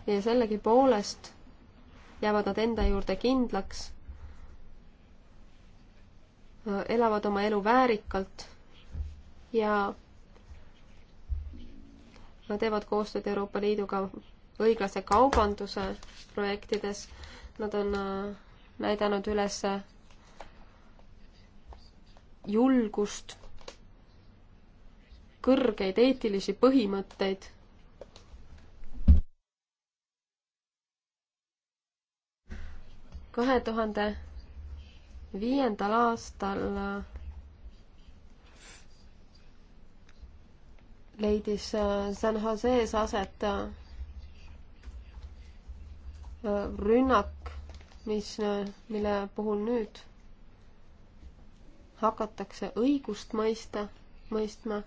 ja sellegipoolest jäävad nad enda juurde kindlaks, elavad oma elu väärikalt ja nad teevad koostööd Euroopa Liiduga õiglase kaubanduse projektides. Nad on äh, näidanud üles julgust, kõrgeid eetilisi põhimõtteid. kahe tuhande viiendal aastal leidis äh, San Jose's aset äh, rünnak mis, mille puhul nüüd hakatakse õigust mõista, mõistma.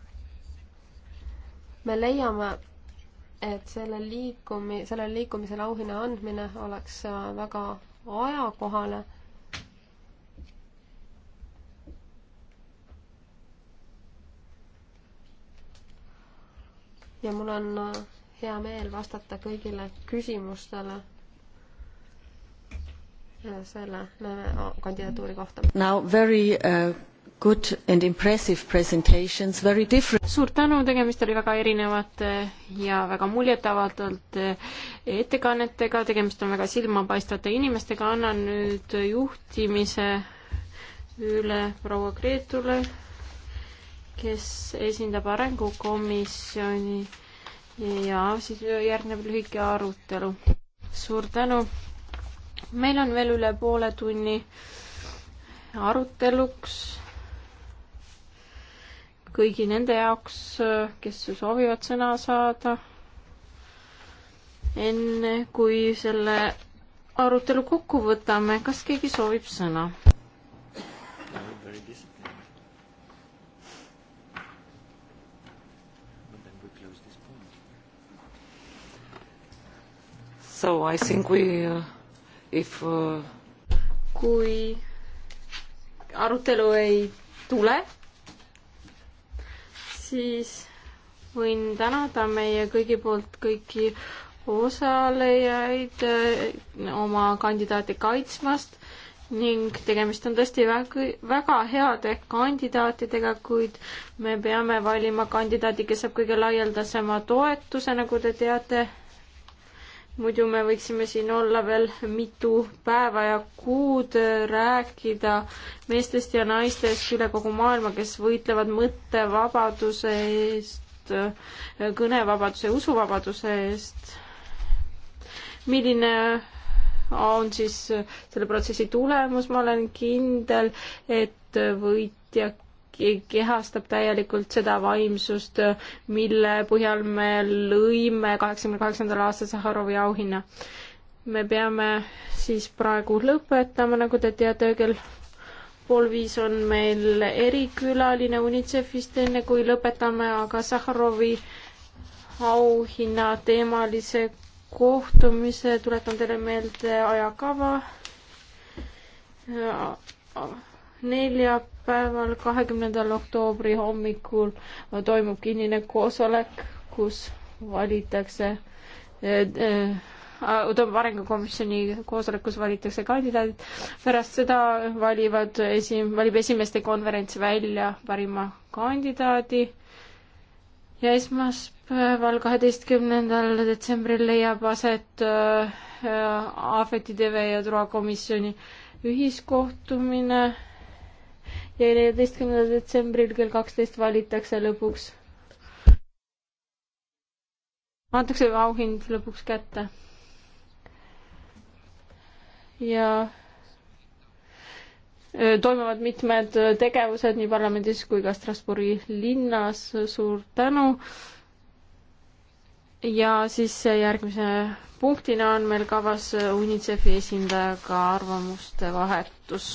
me leiame, et selle liikumi, sellele liikumisele auhinna andmine oleks äh, väga ajakohane. ja mul on äh, hea meel vastata kõigile küsimustele selle kandidatuuri kohta. Now very uh, good and impressive presentations, very different. suur tänu, tegemist oli väga erinevate ja väga muljetavaldavalt eh, ettekannetega, tegemist on väga silmapaistvate inimestega, annan nüüd juhtimise üle proua Greetule, kes esindab Arengukomisjoni ja siis järgneb lühike arutelu. suur tänu meil on veel üle poole tunni aruteluks kõigi nende jaoks, kes soovivad sõna saada. enne kui selle arutelu kokku võtame, kas keegi soovib sõna? So I think we uh, if uh, kui arutelu ei tule, siis võin tänada meie kõigi poolt kõiki osalejaid äh, oma kandidaati kaitsmast ning tegemist on tõesti väga, väga heade kandidaatidega, kuid me peame valima kandidaadi, kes saab kõige laialdasema toetuse, nagu te teate muidu me võiksime siin olla veel mitu päeva ja kuud, rääkida meestest ja naistest üle kogu maailma, kes võitlevad mõttevabaduse eest, kõnevabaduse ja usuvabaduse eest. milline on siis selle protsessi tulemus, ma olen kindel, et võitja kehastab täielikult seda vaimsust, mille põhjal me lõime kaheksakümne kaheksandal aastal Sahharovi auhinna. me peame siis praegu lõpetama, nagu te teate, kell pool viis on meil erikülaline UNICEF-ist, enne kui lõpetame aga Sahharovi auhinna teemalise kohtumise, tuletan teile meelde ajakava neljapäeval, kahekümnendal oktoobri hommikul toimub kinnine koosolek, kus valitakse äh, äh, toimub arengukomisjoni koosolek, kus valitakse kandidaadid. pärast seda valivad esi, valib esimeste konverents välja parima kandidaadi ja esmaspäeval, kaheteistkümnendal detsembril leiab aset äh, äh Ahveti TV ja Troa komisjoni ühiskohtumine ja neljateistkümnendal detsembril kell kaksteist valitakse lõpuks, antakse auhind lõpuks kätte. ja toimuvad mitmed tegevused nii parlamendis kui ka Strasbourgi linnas, suur tänu. ja siis järgmise punktina on meil kavas UNICEF-i esindajaga arvamuste vahetus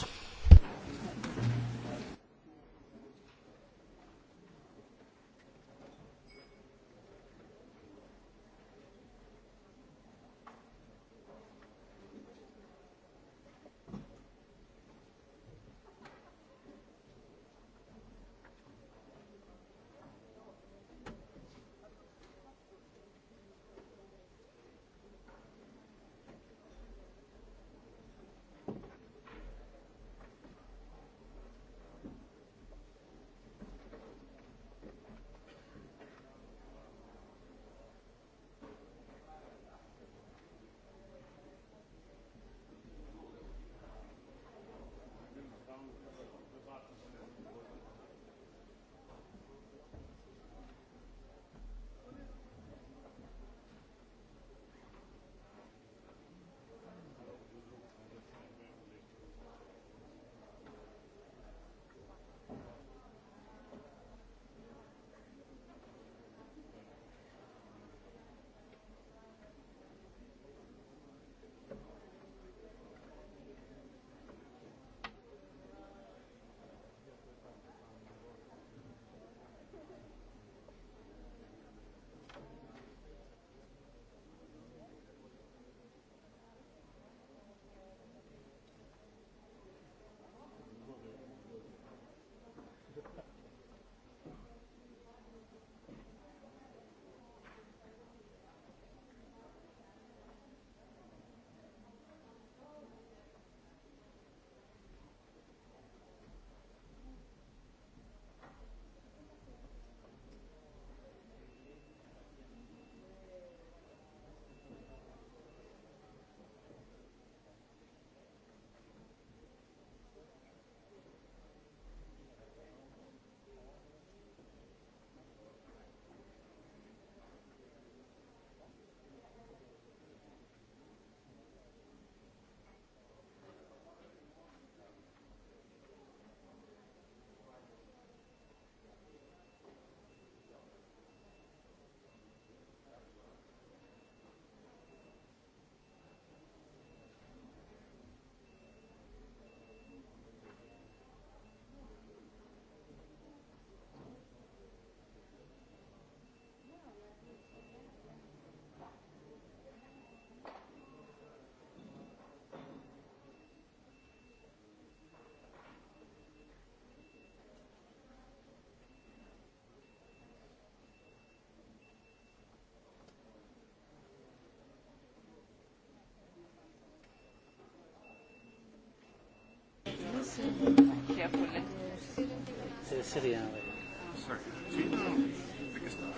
C'est syrien, oui.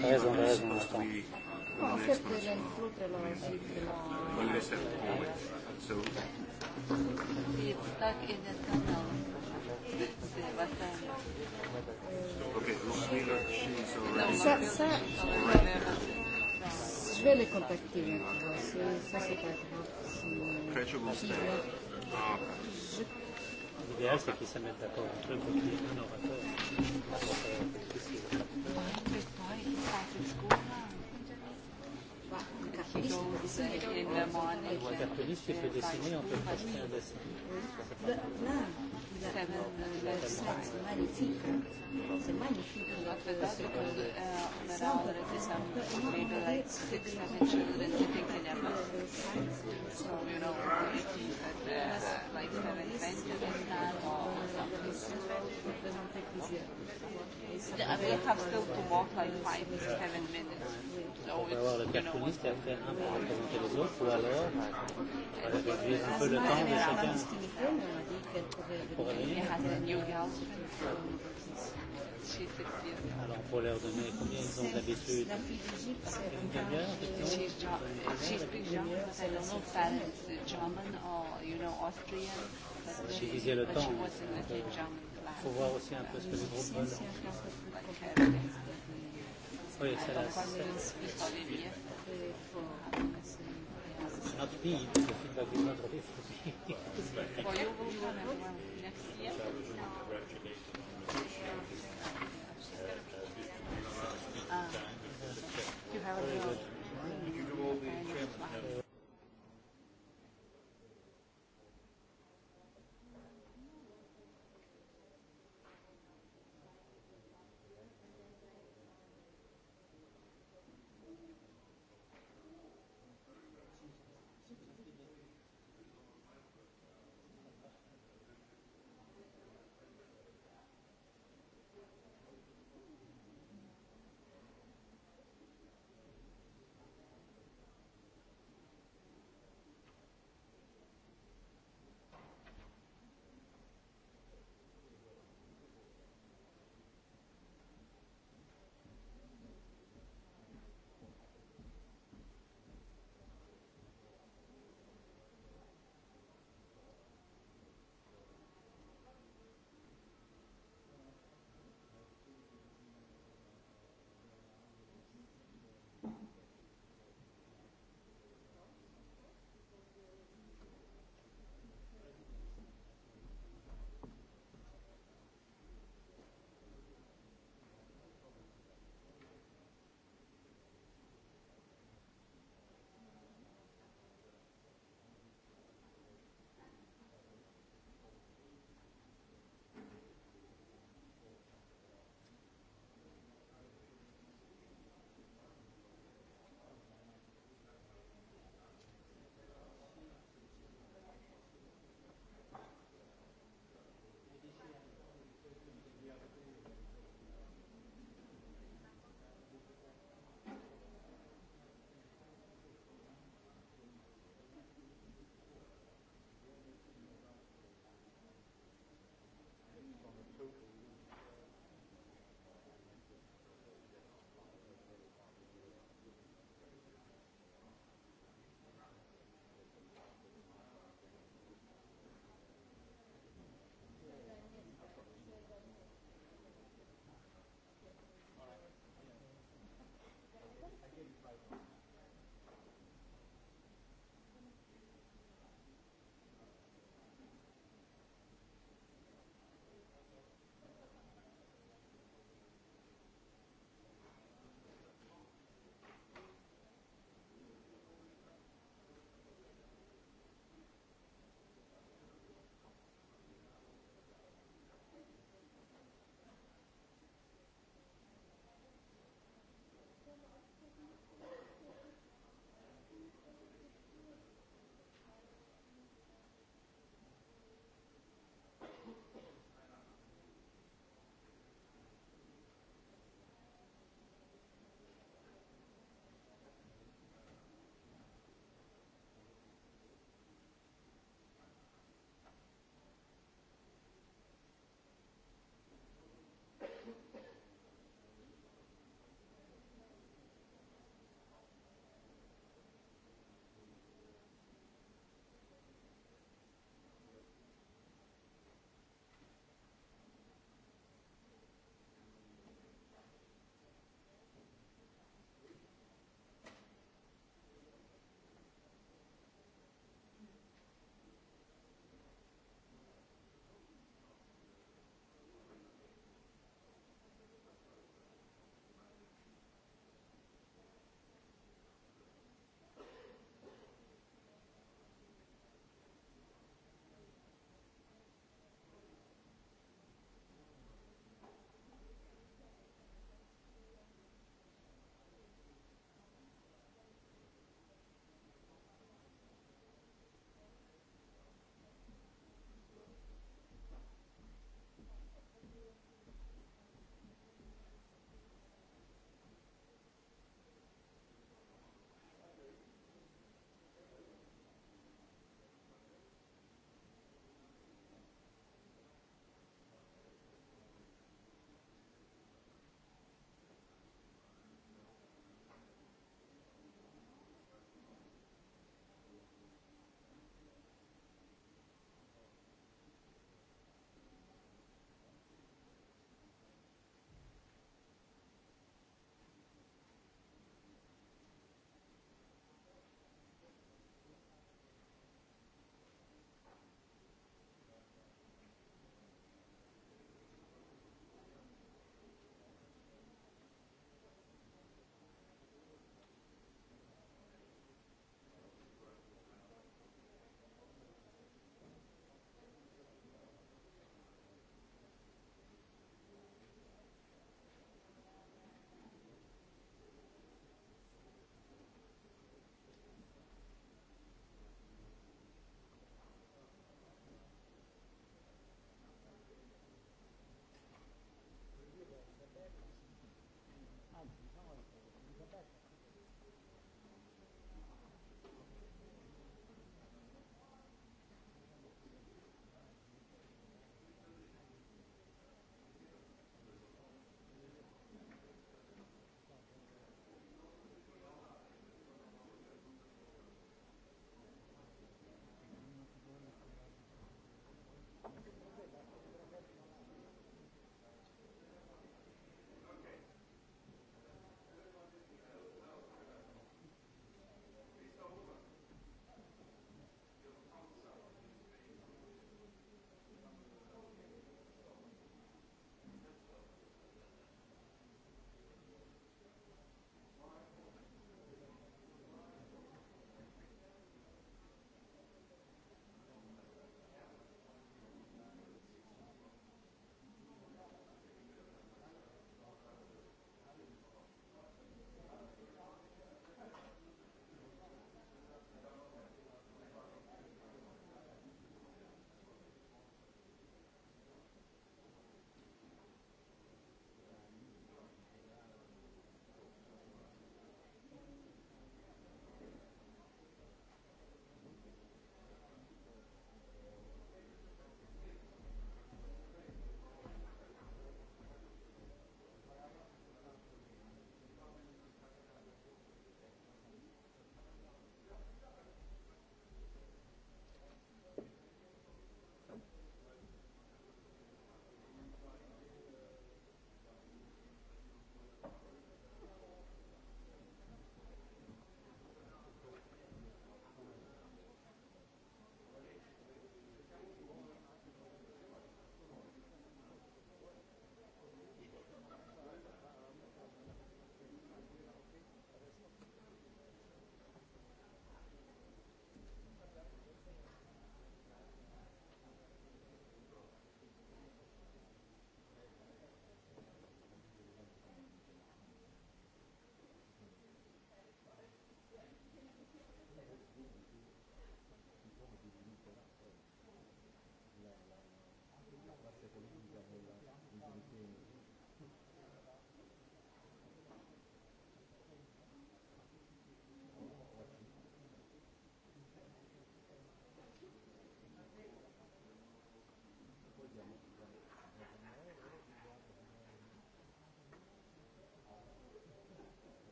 T'as raison, t'as raison, attends. No, certo, era includere la So it's stuck in the tunnel. Okay, Ross Wheeler, she's already. Ça, ça, je vais les contacter. Ça, c'est pas grave. Creature will stay. Je l'idéal, c'est qu'ils se mettent d'accord entre eux pour qu'il y ait un orateur. Ou un cartooniste qui peut dessiner, on peut projeter un dessin. We have still to walk like five, seven minutes. So it's, avoir le cartooniste et après un pour représenter les autres ou alors réduire un peu le temps de chacun. Pour Ils rasaient Newhouse. Alors pour leur donner combien ils ont d'habitude euh, Une demi-heure She speaks German, but I don't know if German or you know Austrian. She disait le temps. Il faut voir aussi un peu ce que les groupes veulent. Oui, c'est la. Not me, the feedback is not really for me. For you, you want everyone. How are you?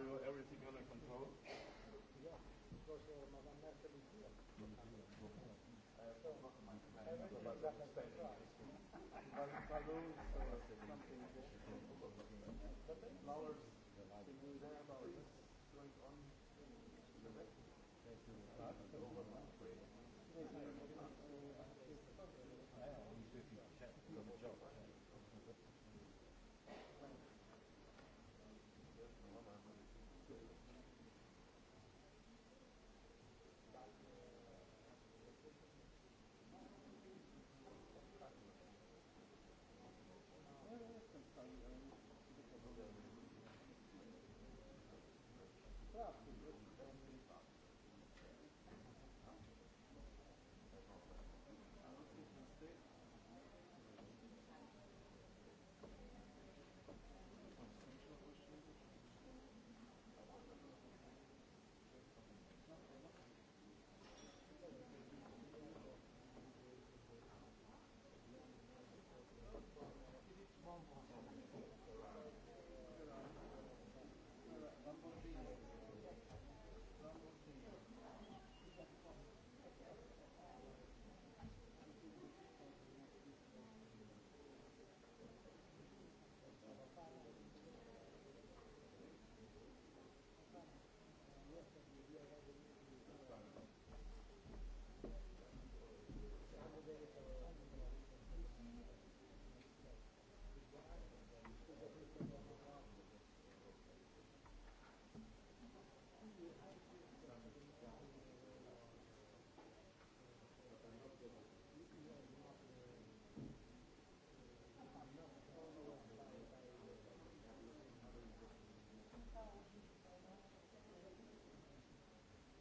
Are you everything under control? Yeah, because uh, Madame Merkel is here. I have to look at my but if I lose uh, something, but then flowers, if you there about this going on in the back, over my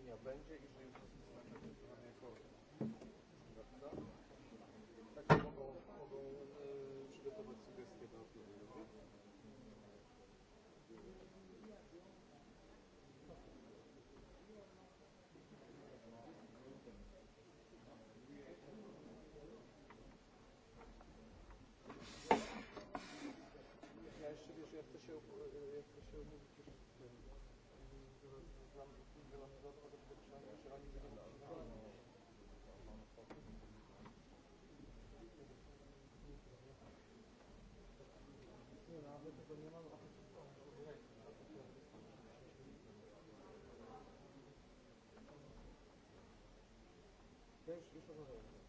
zniesienia będzie, jeżeli uzyskamy zdecydowanie jako prawda, tak mogą, mogą e, przygotować sugestie do odpowiedzi. Ja jeszcze wiesz, ja chcę się, ja chcę się umówić już z tym. Też już rozumiem.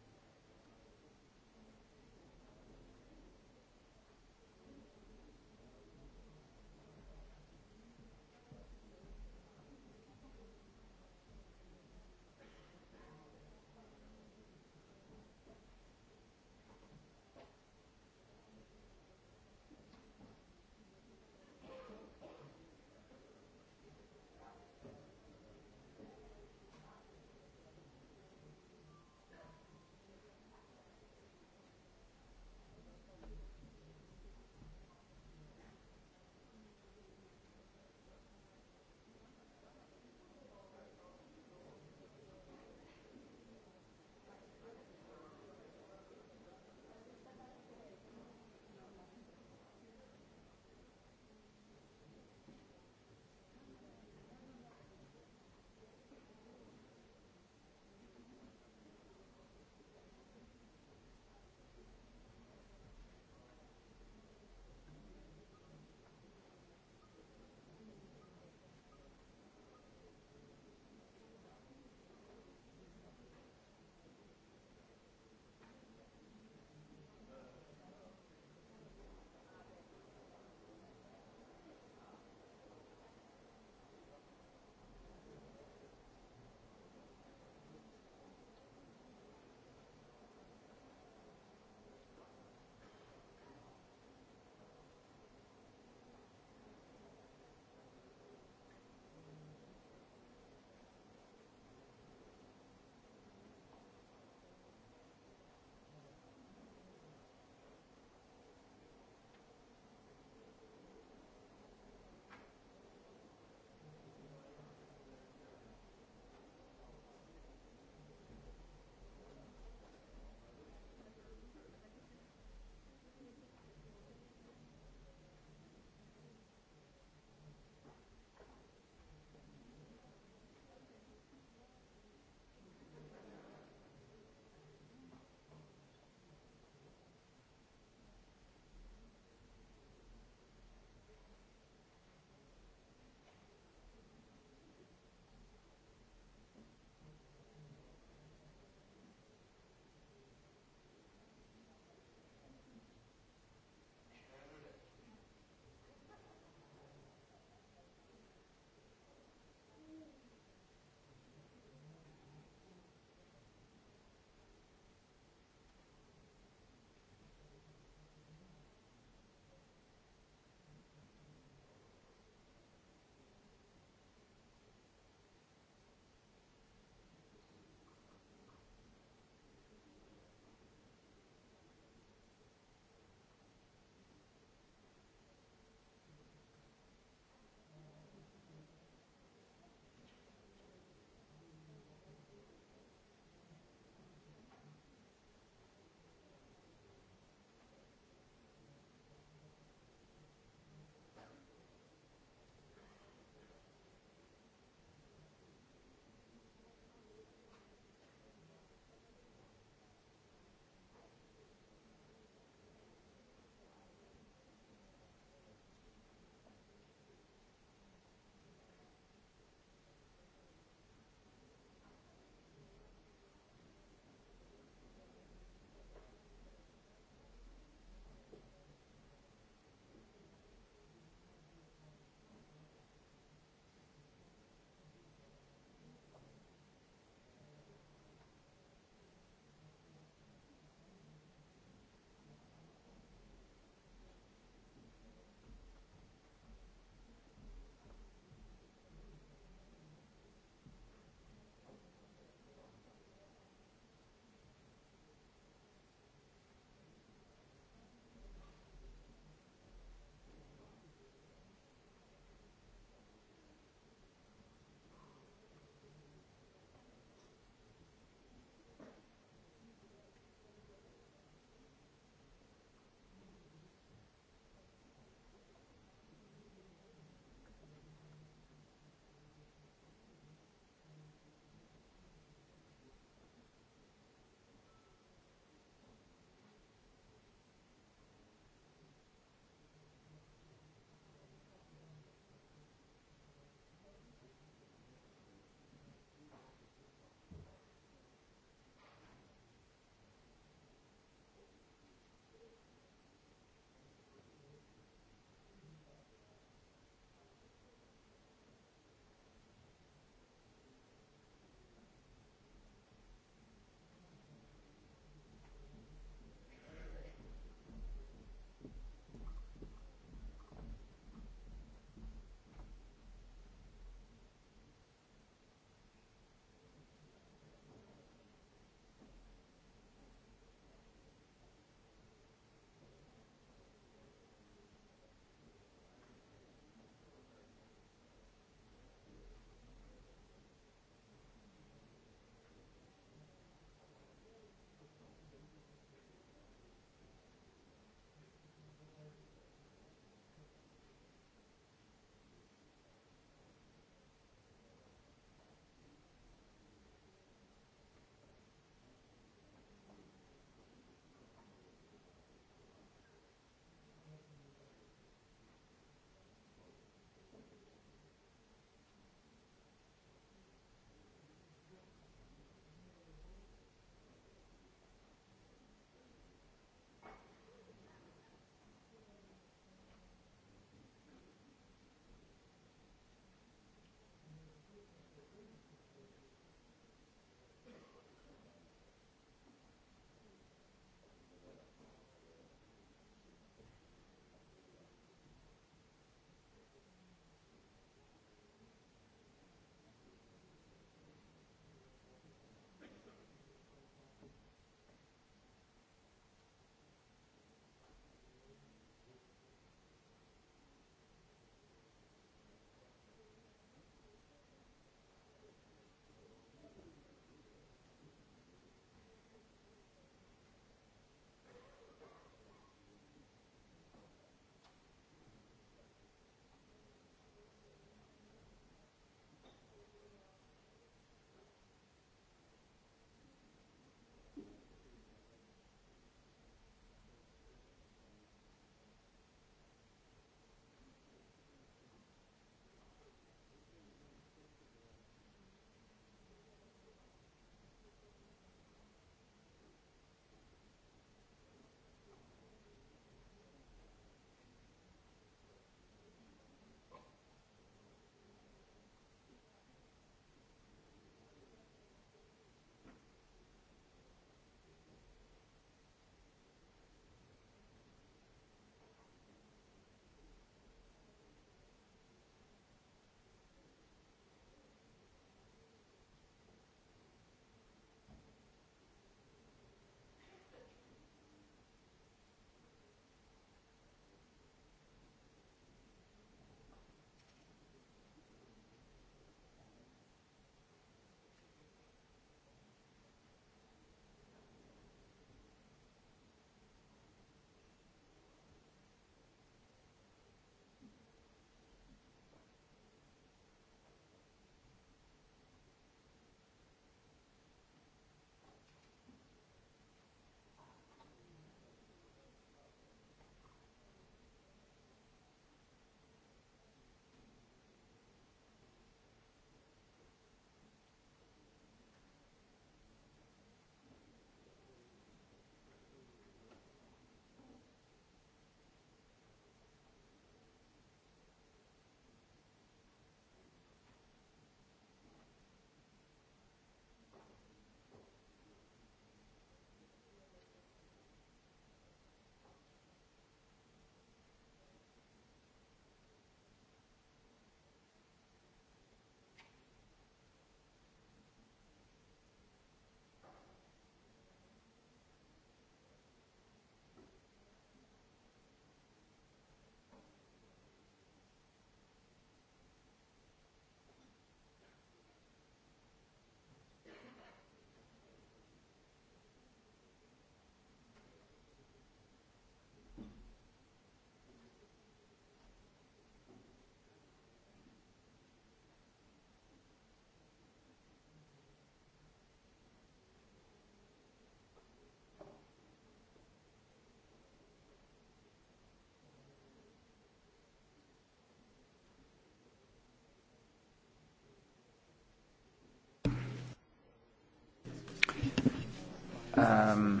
um,.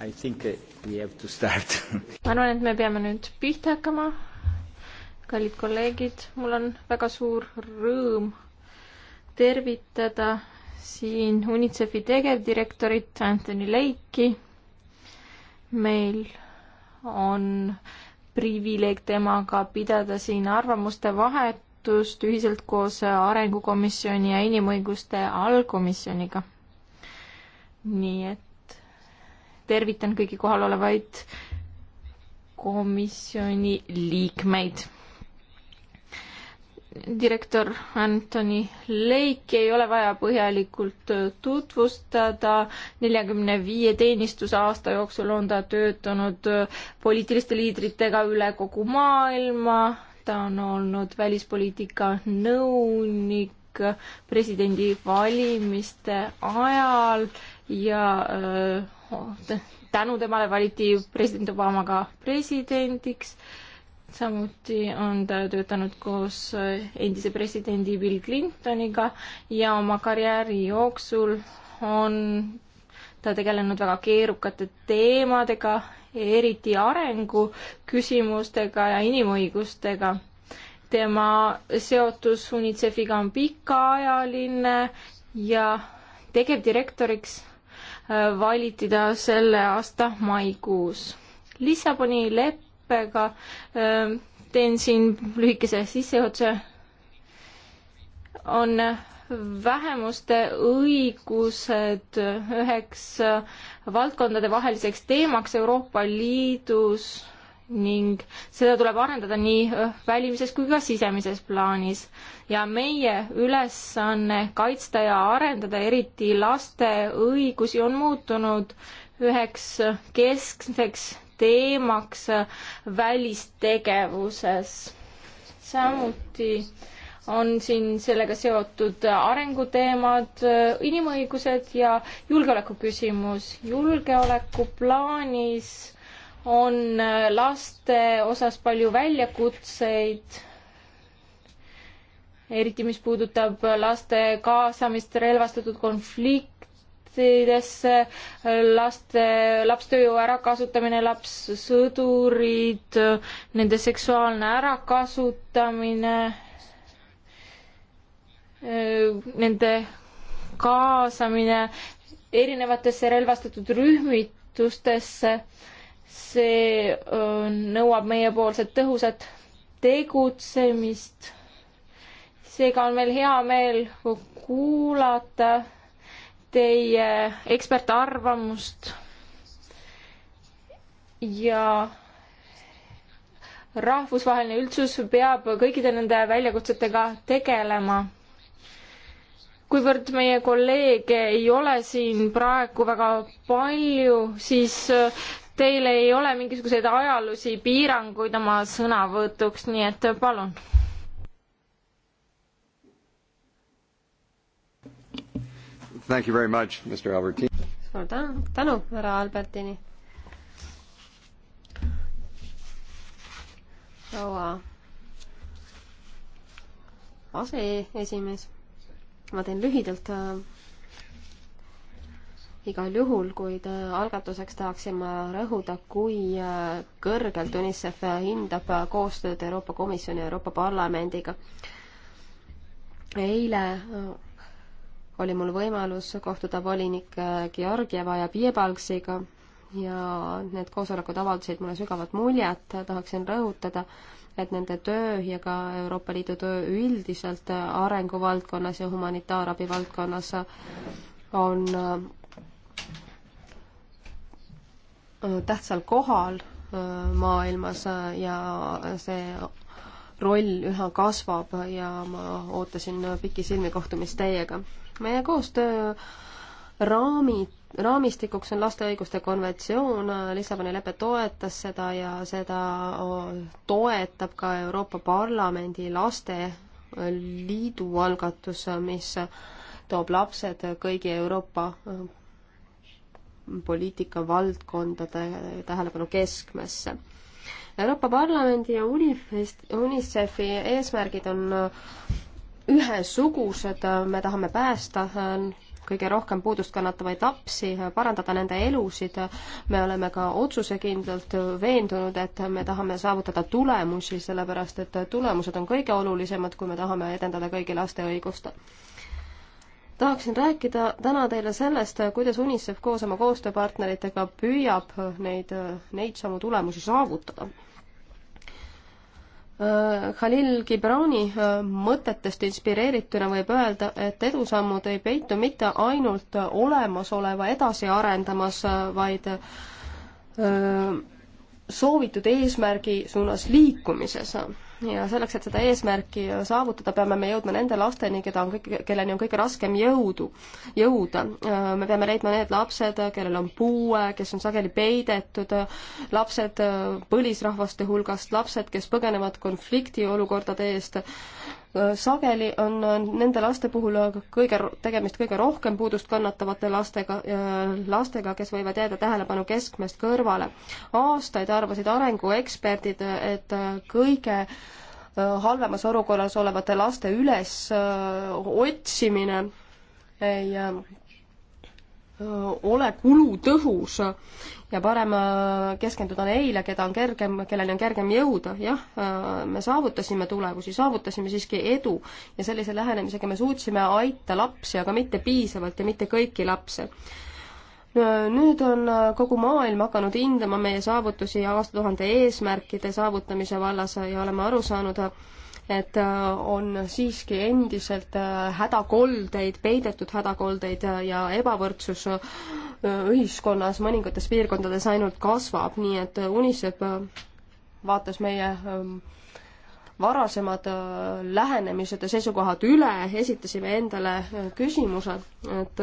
I think we have to start. ma arvan, et me peame nüüd pihta hakkama. kallid kolleegid, mul on väga suur rõõm tervitada siin UNICEF-i tegevdirektorit Anthony Lake'i. meil on privileeg temaga pidada siin arvamuste vahetust ühiselt koos Arengukomisjoni ja Inimõiguste allkomisjoniga nii et tervitan kõiki kohalolevaid komisjoni liikmeid. direktor Antoni Leiki ei ole vaja põhjalikult tutvustada. neljakümne viie teenistuse aasta jooksul on ta töötanud poliitiliste liidritega üle kogu maailma. ta on olnud välispoliitika nõunik presidendivalimiste ajal ja tänu temale valiti president Obama ka presidendiks. samuti on ta töötanud koos endise presidendi Bill Clintoniga ja oma karjääri jooksul on ta tegelenud väga keerukate teemadega, eriti arengu küsimustega ja inimõigustega tema seotus UNICEF-iga on pikaajaline ja tegevdirektoriks valitida selle aasta maikuus. Lissaboni leppega ähm, teen siin lühikese sissejuhatuse, on vähemuste õigused üheks valdkondade vaheliseks teemaks Euroopa Liidus ning seda tuleb arendada nii välimises kui ka sisemises plaanis. ja meie ülesanne kaitsta ja arendada eriti laste õigusi on muutunud üheks keskseks teemaks välistegevuses. samuti on siin sellega seotud arenguteemad, inimõigused ja julgeolekuküsimus. julgeolekuplaanis on äh, laste osas palju väljakutseid, eriti mis puudutab laste kaasamist relvastatud konfliktidesse, laste, lapstööjõu ärakasutamine, lapssõdurid, nende seksuaalne ärakasutamine, äh, nende kaasamine erinevatesse relvastatud rühmitustesse see öö, nõuab meiepoolset tõhusat tegutsemist. seega on meil hea meel kuulata teie ekspertarvamust ja rahvusvaheline üldsus peab kõikide nende väljakutsetega tegelema. kuivõrd meie kolleege ei ole siin praegu väga palju, siis Teil ei ole mingisuguseid ajalisi piiranguid oma sõnavõtuks, nii et palun. Thank you very much, Mr Albertini. suur tänu, tänu, härra Albertini. proua aseesimees, ma teen lühidalt äh, igal juhul, kuid äh, algatuseks tahaksin ma rõhuda, kui äh, kõrgelt UNICEF hindab äh, koostööd Euroopa Komisjoni ja Euroopa Parlamendiga. eile oli mul võimalus kohtuda volinik Georgieva ja Piebalgsiga ja need koosolekud avaldasid mulle sügavat muljet, tahaksin rõhutada, et nende töö ja ka Euroopa Liidu töö üldiselt arenguvaldkonnas ja humanitaarabi valdkonnas on Äh, tähtsal kohal äh, maailmas äh, ja see roll üha kasvab ja ma ootasin pikisilmi kohtumist teiega. meie koostöö raamid, raamistikuks on laste õiguste konventsioon, Lissaboni lepe toetas seda ja seda toetab ka Euroopa Parlamendi lasteliidu algatus, mis toob lapsed kõigi Euroopa poliitikavaldkondade tähelepanu keskmesse. Euroopa Parlamendi ja UNICEF-i eesmärgid on äh, ühesugused, äh, me tahame päästa äh, kõige rohkem puudust kannatavaid lapsi, parandada nende elusid. me oleme ka otsusekindlalt veendunud, et me tahame saavutada tulemusi, sellepärast et tulemused on kõige olulisemad, kui me tahame edendada kõigi laste õigust tahaksin rääkida täna teile sellest, kuidas UNICEF koos oma koostööpartneritega püüab neid, neid samu tulemusi saavutada. Äh, Khalil Gibran'i äh, mõtetest inspireerituna võib öelda, et edusammud ei peitu mitte ainult olemasoleva edasi arendamas, äh, vaid soovitud eesmärgi suunas liikumises ja selleks, et seda eesmärki saavutada, peame me jõudma nende lasteni, keda on kõik, kelleni on kõige raskem jõudu, jõuda. Äh, me peame leidma need lapsed, kellel on puue, kes on sageli peidetud, lapsed äh, põlisrahvaste hulgast, lapsed, kes põgenevad konfliktiolukordade eest, sageli on nende laste puhul kõige, tegemist kõige rohkem puudust kannatavate lastega, lastega, kes võivad jääda tähelepanu keskmest kõrvale. aastaid arvasid arengueksperdid, et kõige äh, halvemas olukorras olevate laste üles äh, otsimine ei äh, ole kulutõhus ja parem keskenduda neile, keda on kergem, kelleni on kergem jõuda. jah, me saavutasime tulemusi, saavutasime siiski edu ja sellise lähenemisega me suutsime aita lapsi, aga mitte piisavalt ja mitte kõiki lapsi nüüd on kogu maailm hakanud hindama meie saavutusi aastatuhande eesmärkide saavutamise vallas ja oleme aru saanud, et äh, on siiski endiselt äh, hädakoldeid, peidetud hädakoldeid ja ebavõrdsus äh, ühiskonnas mõningates piirkondades ainult kasvab, nii et UNICEF vaatas meie ähm, varasemad lähenemised ja seisukohad üle, esitasime endale küsimuse, et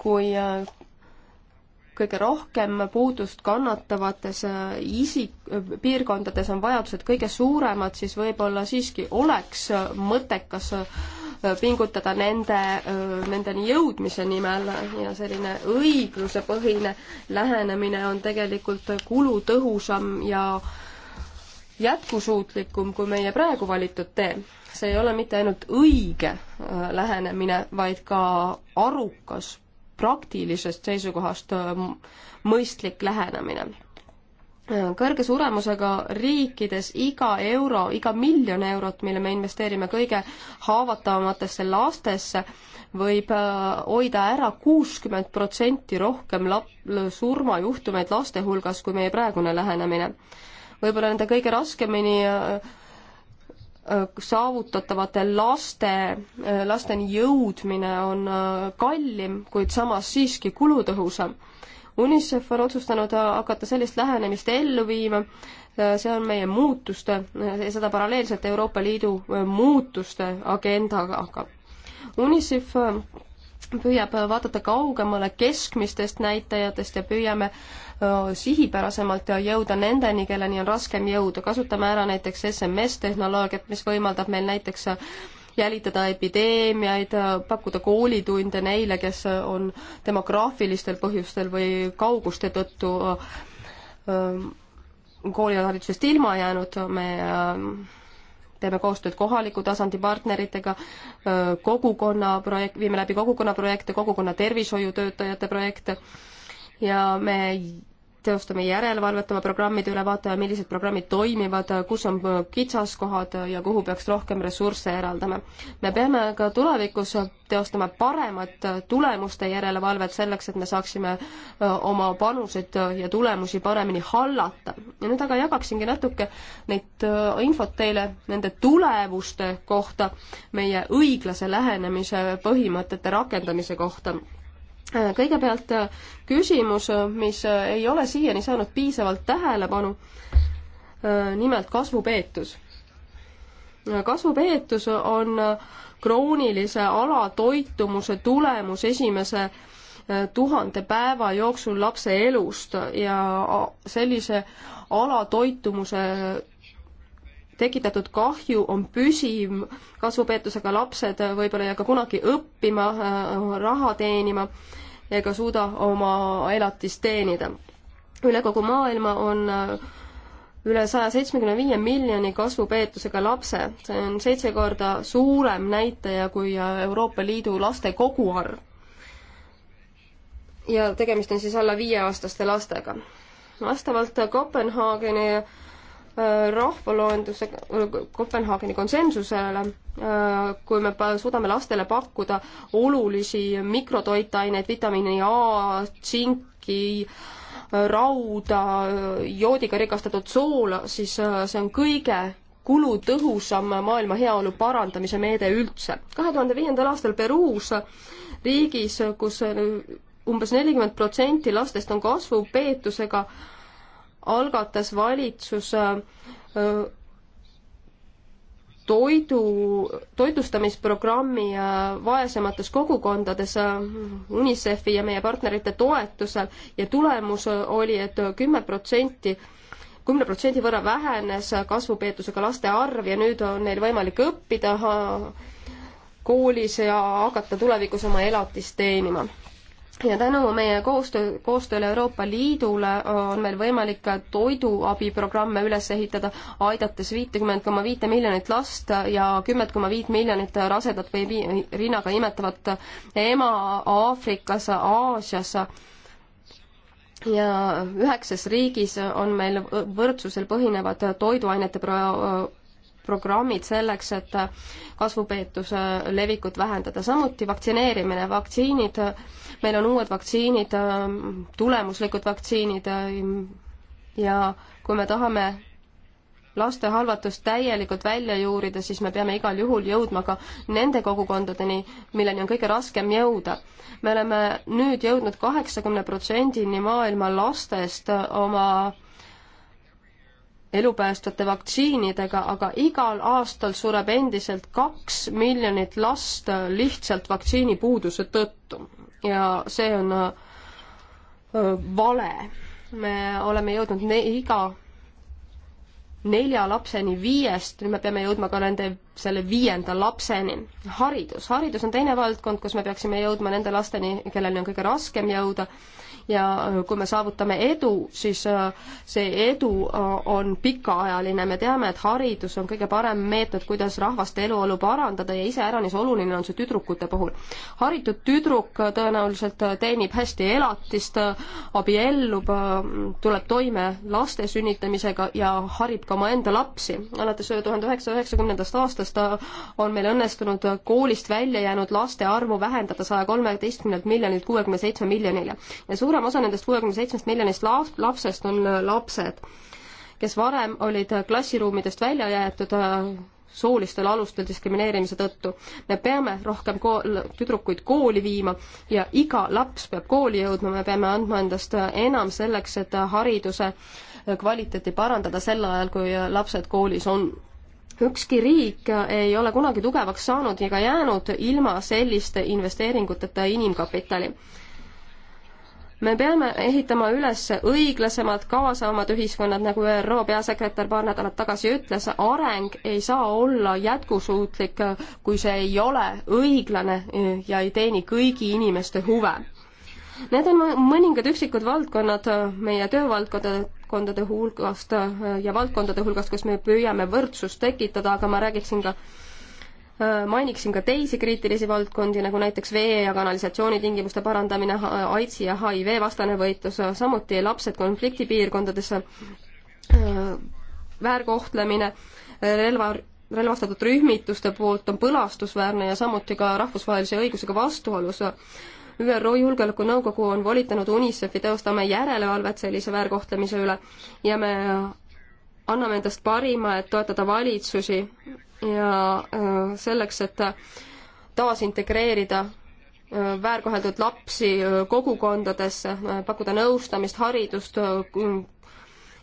kui kõige rohkem puudust kannatavates äh, isik-, piirkondades on vajadused kõige suuremad, siis võib-olla siiski oleks äh, mõttekas äh, pingutada nende, nendeni jõudmise nimel ja selline õiglusepõhine lähenemine on tegelikult kulutõhusam ja jätkusuutlikum kui meie praegu valitud tee. see ei ole mitte ainult õige lähenemine, vaid ka arukas praktilisest seisukohast äh, mõistlik lähenemine. kõrge suremusega riikides iga euro, iga miljon eurot, mille me investeerime kõige haavatavamatesse lastesse, võib äh, hoida ära kuuskümmend protsenti rohkem lap-, surmajuhtumeid laste hulgas, kui meie praegune lähenemine võib-olla nende kõige raskemini äh, Äh, saavutatavate laste, äh, lasteni jõudmine on äh, kallim, kuid samas siiski kulutõhusam. UNICEF on otsustanud hakata sellist lähenemist ellu viima, see on meie muutuste, seda paralleelselt Euroopa Liidu muutuste agendaga. UNICEF püüab vaadata kaugemale keskmistest näitajatest ja püüame sihipärasemalt jõuda nendeni, kelleni on raskem jõuda. kasutame ära näiteks SMS-tehnoloogiat, mis võimaldab meil näiteks jälitada epideemiaid, pakkuda koolitunde neile, kes on demograafilistel põhjustel või kauguste tõttu kooliharidusest ilma jäänud. me teeme koostööd kohaliku tasandi partneritega, kogukonna projekt, viime läbi kogukonnaprojekte, kogukonna tervishoiutöötajate projekte ja me teostame järelevalvet oma programmide üle, vaatame, millised programmid toimivad, kus on kitsaskohad ja kuhu peaks rohkem ressursse eraldama. me peame ka tulevikus teostama paremat tulemuste järelevalvet selleks, et me saaksime oma panuseid ja tulemusi paremini hallata. ja nüüd aga jagaksingi natuke neid infot teile nende tulemuste kohta, meie õiglase lähenemise põhimõtete rakendamise kohta Äh, kõigepealt äh, küsimus, äh, mis ei ole siiani saanud piisavalt tähelepanu, nimelt kasvupeetus. kasvupeetus on kroonilise alatoitumuse tulemus esimese tuhande päeva jooksul lapse elust ja sellise alatoitumuse tekitatud kahju on püsiv, kasvupeetusega lapsed võib-olla ei hakka kunagi õppima, raha teenima ega suuda oma elatist teenida. üle kogu maailma on äh, üle saja seitsmekümne viie miljoni kasvupeetusega lapse, see on seitse korda suurem näitaja kui äh, Euroopa Liidu laste koguarv ja tegemist on siis alla viieaastaste lastega. vastavalt Kopenhaageni Äh, rahvaloenduse äh, Kopenhaageni konsensusele, äh, kui me suudame lastele pakkuda olulisi mikrotoitaineid, vitamiini A, tsinki, rauda, joodiga rikastatud soola, siis see on kõige kulutõhusam maailma heaolu parandamise meede üldse. kahe tuhande viiendal aastal Peruus, riigis kus, kus umbes nelikümmend protsenti lastest on kasvupeetusega ka, algatas valitsus äh, toidu, toitlustamisprogrammi äh, vaesemates kogukondades äh, UNICEF-i ja meie partnerite toetusel ja tulemus oli et, et kümme protsenti kümne protsendi võrra vähenes kasvupeetusega laste arv ja nüüd on neil võimalik õppida koolis ja hakata tulevikus oma elatist teenima ja tänu meie koostöö, koostööle Euroopa Liidule on meil võimalik ka toiduabiprogramme üles ehitada, aidates viitekümmet koma viite miljonit last ja kümmet koma viit miljonit rasedat või rinnaga imetavat ema Aafrikas, Aasias ja üheksas riigis on meil võrdsusel põhinevad toiduainete pro-, programmid selleks, et kasvupeetuse levikut vähendada, samuti vaktsineerimine, vaktsiinid meil on uued vaktsiinid, ähm, tulemuslikud vaktsiinid ähm, ja kui me tahame laste halvatust täielikult välja juurida, siis me peame igal juhul jõudma ka nende kogukondadeni, milleni on kõige raskem jõuda. me oleme nüüd jõudnud kaheksakümne protsendini maailma lastest oma elupäästvate vaktsiinidega, aga igal aastal sureb endiselt kaks miljonit last lihtsalt vaktsiinipuuduse tõttu ja see on äh, vale. me oleme jõudnud ne iga nelja lapseni viiest, nüüd me peame jõudma ka nende, selle viienda lapseni. haridus, haridus on teine valdkond, kus me peaksime jõudma nende lasteni, kellel on kõige raskem jõuda ja äh, kui me saavutame edu, siis äh, see edu äh, on pikaajaline, me teame, et haridus on kõige parem meetod, kuidas rahvaste eluolu parandada ja iseäranis oluline on see tüdrukute puhul. haritud tüdruk tõenäoliselt teenib hästi elatist, abiellub, tuleb toime laste sünnitamisega ja harib ka omaenda lapsi. alates tuhande üheksasaja üheksakümnendast aastast on meil õnnestunud koolist välja jäänud laste arvu vähendada saja kolmeteistkümnelt miljonilt kuuekümne seitsme miljonile ja suurem suurem osa nendest kuuekümne seitsmest miljonist laps, lapsest on äh, lapsed, kes varem olid äh, klassiruumidest välja jäetud äh, soolistel alustel diskrimineerimise tõttu. me peame rohkem kool, tüdrukuid kooli viima ja iga laps peab kooli jõudma, me peame andma endast enam selleks, et hariduse kvaliteeti parandada sel ajal, kui lapsed koolis on ükski riik ei ole kunagi tugevaks saanud ega jäänud ilma selliste investeeringuteta inimkapitali me peame ehitama üles õiglasemad, kaasavamad ühiskonnad, nagu ÜRO peasekretär paar nädalat tagasi ütles, areng ei saa olla jätkusuutlik, kui see ei ole õiglane e, ja ei teeni kõigi inimeste huve. Need on mõningad üksikud valdkonnad e, meie töövaldkondade valdkondade hulgast e, ja valdkondade hulgast, kus me püüame võrdsust tekitada, aga ma räägiksin ka Äh, mainiksin ka teisi kriitilisi valdkondi, nagu näiteks vee ja kanalisatsioonitingimuste parandamine, AIDSi ja HIV vastane võitlus, samuti lapsed konfliktipiirkondades, äh, väärkohtlemine, relva, relvastatud rühmituste poolt on põlastusväärne ja samuti ka rahvusvahelise õigusega vastuolus ÜRO Julgeolekunõukogu on volitanud UNICEF-i teostama järelevalvet sellise väärkohtlemise üle ja me anname endast parima, et toetada valitsusi ja äh, selleks, et taasintegreerida äh, väärkoheldud lapsi äh, kogukondadesse, pakkuda nõustamist, haridust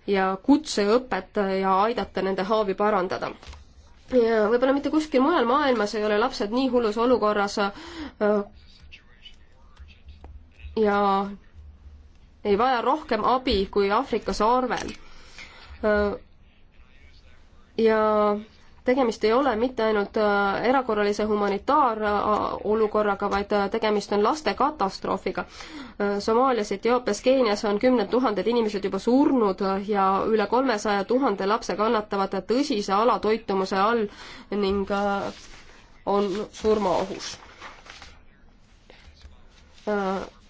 ja kutseõpet ja aidata nende haavi parandada. ja võib-olla mitte kuskil mujal maailmas ei ole lapsed nii hullus olukorras ja ei vaja rohkem abi kui Aafrika saarvel. ja tegemist ei ole mitte ainult äh, erakorralise humanitaarolukorraga, vaid äh, tegemist on laste katastroofiga. Äh, Somaalias, Etioopias, Keenias on kümned tuhanded inimesed juba surnud ja üle kolmesaja tuhande lapse kannatavad tõsise alatoitumuse all ning on surmaohus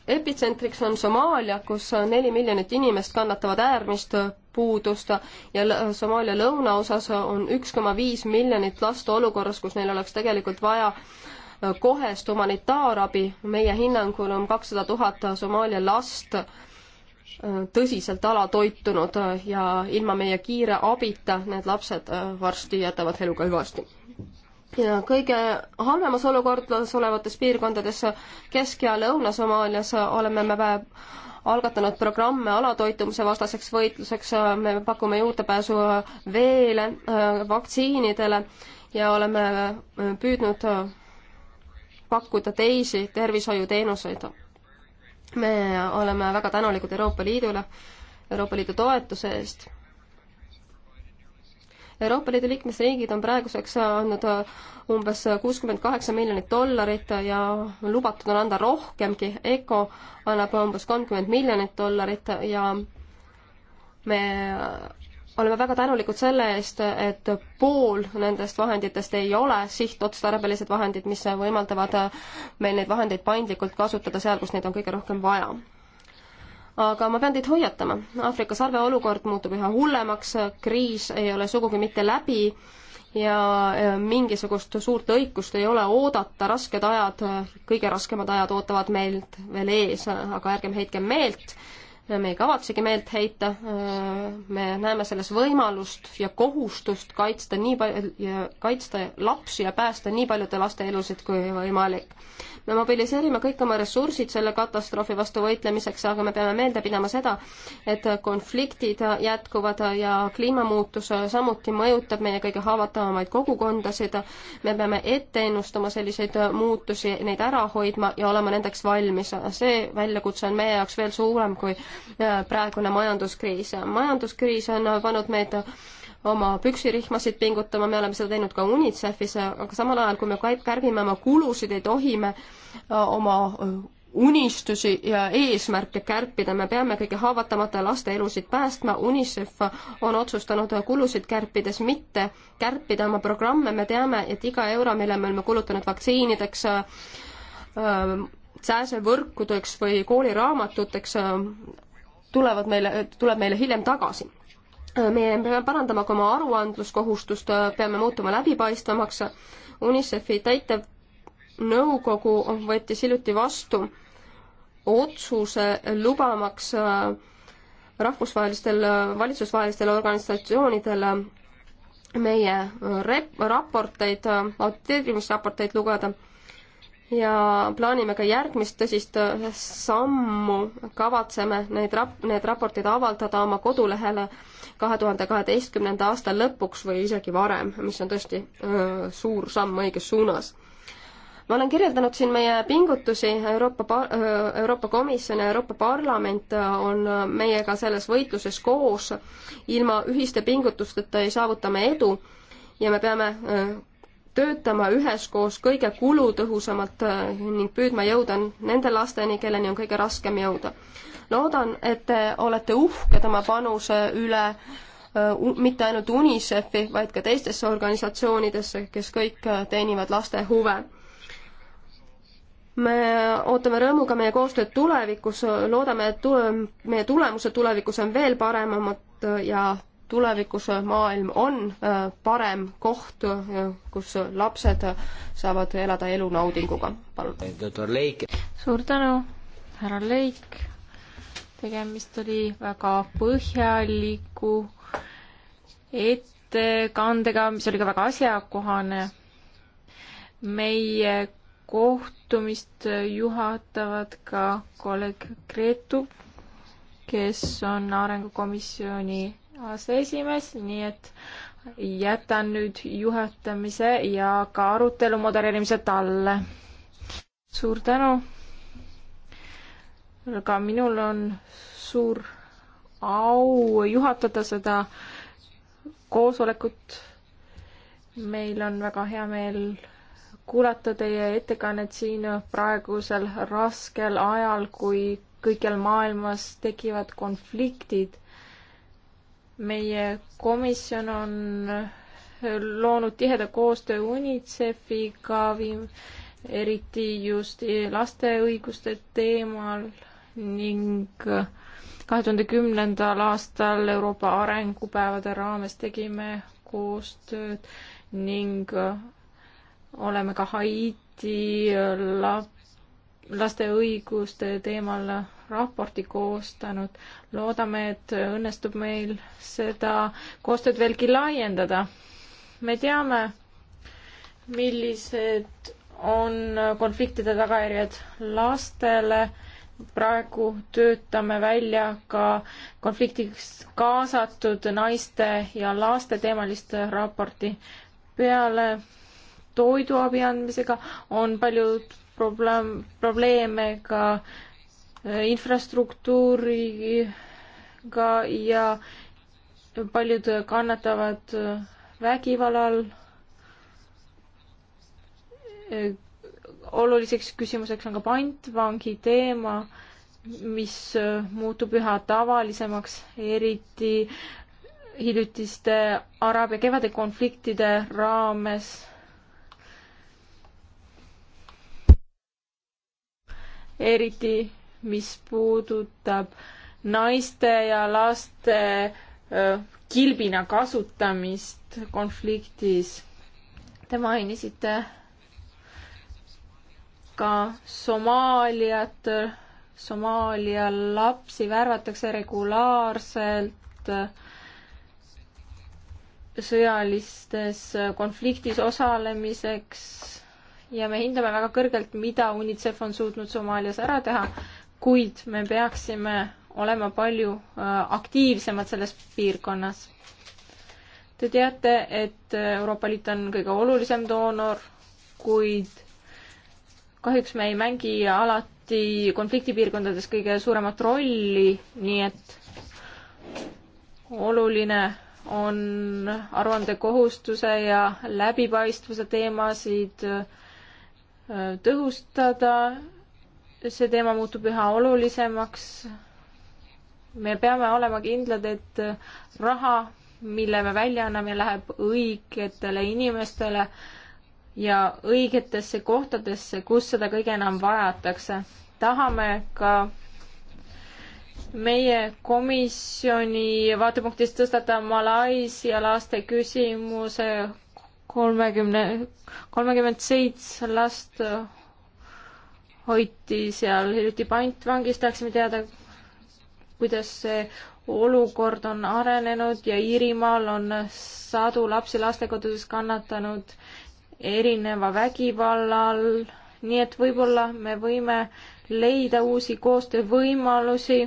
epitsentriks on Somaalia, kus neli miljonit inimest kannatavad äärmist puudust ja Somaalia lõunaosas on üks koma viis miljonit last olukorras, kus neil oleks tegelikult vaja äh, kohest humanitaarabi. meie hinnangul on kakssada tuhat Somaalia last äh, tõsiselt alatoitunud äh, ja ilma meie kiire abita need lapsed varsti jätavad eluga hüvasti. ja kõige halvemas olukorras olevates piirkondades Kesk- ja Lõuna-Somaalias oleme me päev algatanud programme alatoitumise vastaseks võitluseks, me pakume juurdepääsu veele, vaktsiinidele ja oleme püüdnud pakkuda teisi tervishoiuteenuseid. me oleme väga tänulikud Euroopa Liidule, Euroopa Liidu toetuse eest Euroopa Liidu liikmesriigid on praeguseks andnud äh, umbes kuuskümmend kaheksa miljonit dollarit ja lubatud on anda rohkemgi, ECO annab umbes kolmkümmend miljonit dollarit ja me oleme väga tänulikud selle eest, et pool nendest vahenditest ei ole sihtotstarbelised vahendid, mis võimaldavad meil neid vahendeid paindlikult kasutada seal, kus neid on kõige rohkem vaja aga ma pean teid hoiatama, Aafrika sarve olukord muutub üha hullemaks, kriis ei ole sugugi mitte läbi ja e, mingisugust suurt õigust ei ole oodata, rasked ajad, kõige raskemad ajad ootavad meilt veel ees, aga ärgem heitkem meelt, me ei kavatsegi meelt heita, e, me näeme selles võimalust ja kohustust kaitsta nii palju, kaitsta lapsi ja päästa nii paljude laste elusid kui võimalik me mobiliseerime kõik oma ressursid selle katastroofi vastu võitlemiseks, aga me peame meelde pidama seda, et konfliktid jätkuvad ja kliimamuutus samuti mõjutab meie kõige haavatavamaid kogukondasid. me peame ette ennustama selliseid muutusi, neid ära hoidma ja olema nendeks valmis. see väljakutse on meie jaoks veel suurem kui praegune majanduskriis. majanduskriis on pannud meid oma püksirihmasid pingutama, me oleme seda teinud ka UNICEF-is, aga samal ajal, kui me kärbime oma kulusid, ei tohi me äh, oma äh, unistusi ja eesmärke kärpida, me peame kõige haavatavamate laste elusid päästma, UNICEF on otsustanud kulusid kärpides mitte kärpida oma programme, me teame, et iga euro, mille me oleme kulutanud vaktsiinideks, äh, sääsevõrkudeks või kooliraamatuteks, tulevad meile, tuleb meile hiljem tagasi me peame parandama ka oma aruandluskohustust, peame muutuma läbipaistvamaks. UNICEF-i täitevnõukogu võttis hiljuti vastu otsuse lubamaks äh, rahvusvahelistel, valitsusvahelistel organisatsioonidel äh, meie rep-, raporteid, äh, auditeerimisraporteid lugeda ja plaanime ka järgmist tõsist äh, sammu, kavatseme neid rap-, need raportid avaldada oma kodulehele kahe tuhande kaheteistkümnenda aasta lõpuks või isegi varem, mis on tõesti öö, äh, suur samm õiges suunas. ma olen kirjeldanud siin meie pingutusi, Euroopa par-, äh, Euroopa Komisjon ja Euroopa Parlament on meiega selles võitluses koos, ilma ühiste pingutusteta ei saavuta me edu ja me peame öö, töötama üheskoos kõige kulutõhusamalt äh, ning püüdma jõuda nende lasteni, kelleni on kõige raskem jõuda. loodan, et te olete uhked oma panuse üle äh, mitte ainult UNICEF-i, vaid ka teistesse organisatsioonidesse, kes kõik äh, teenivad laste huve. me ootame rõõmuga meie koostööd tulevikus, loodame, et tule, meie tulemused tulevikus on veel paremad ja tulevikus maailm on äh, parem koht, äh, kus lapsed saavad elada elu naudinguga. palun. doktor Leik. suur tänu, härra Leik. tegemist oli väga põhjaliku ettekandega, mis oli ka väga asjakohane. meie kohtumist juhatavad ka kolleeg Gretu, kes on Arengukomisjoni aseesimees, nii et jätan nüüd juhatamise ja ka arutelu modereerimise talle. suur tänu. ka minul on suur au juhatada seda koosolekut. meil on väga hea meel kuulata teie ettekannet siin praegusel raskel ajal, kui kõikjal maailmas tekivad konfliktid meie komisjon on loonud tiheda koostöö UNICEF-iga, eriti just e-, laste õiguste teemal ning kahe tuhande kümnendal aastal Euroopa arengupäevade raames tegime koostööd ning oleme ka Haiti la-, laste õiguste teemal raporti koostanud. loodame, et õnnestub meil seda koostööd veelgi laiendada. me teame, millised on konfliktide tagajärjed lastele. praegu töötame välja ka konfliktiks kaasatud naiste ja laste teemalist raporti. peale toiduabi andmisega on paljud probleem, probleeme ka infrastruktuuriga ja paljud kannatavad vägivalla all. oluliseks küsimuseks on ka pantvangi teema, mis muutub üha tavalisemaks, eriti hiljutiste Araabia kevade konfliktide raames eriti mis puudutab naiste ja laste kilbina kasutamist konfliktis. Te mainisite ka Somaaliat, Somaalia lapsi värvatakse regulaarselt sõjalistes konfliktis osalemiseks ja me hindame väga kõrgelt, mida UNICEF on suutnud Somaalias ära teha kuid me peaksime olema palju äh, aktiivsemad selles piirkonnas. Te teate, et Euroopa Liit on kõige olulisem doonor, kuid kahjuks me ei mängi alati konfliktipiirkondades kõige suuremat rolli, nii et oluline on aruandekohustuse ja läbipaistvuse teemasid äh, tõhustada see teema muutub üha olulisemaks. me peame olema kindlad, et raha, mille me välja anname, läheb õigetele inimestele ja õigetesse kohtadesse, kus seda kõige enam vajatakse. tahame ka meie komisjoni vaatepunktist tõstata Malaisia laste küsimuse kolmekümne, kolmekümmend seitse last hoiti seal hiljuti pantvangis, tahaksime teada, kuidas see olukord on arenenud ja Iirimaal on sadu lapsi lastekodudes kannatanud erineva vägivalla all, nii et võib-olla me võime leida uusi koostöövõimalusi,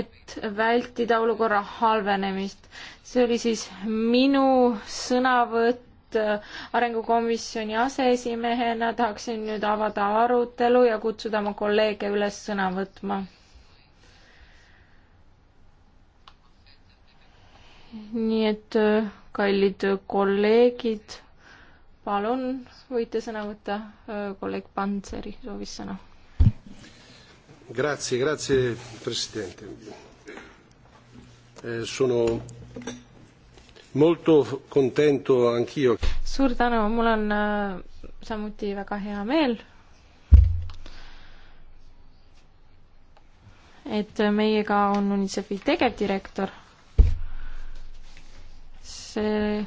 et vältida olukorra halvenemist. see oli siis minu sõnavõtt et äh, arengukomisjoni aseesimehena tahaksin nüüd avada arutelu ja kutsuda oma kolleege üles sõna võtma. nii et äh, kallid kolleegid, palun võite sõna võtta, äh, kolleeg Panseri soovis sõna. Grazie, grazie presidente. Eh, sono Molto contento anch'io. suur tänu, mul on äh, samuti väga hea meel, et meiega on UNICEF-i tegevdirektor. see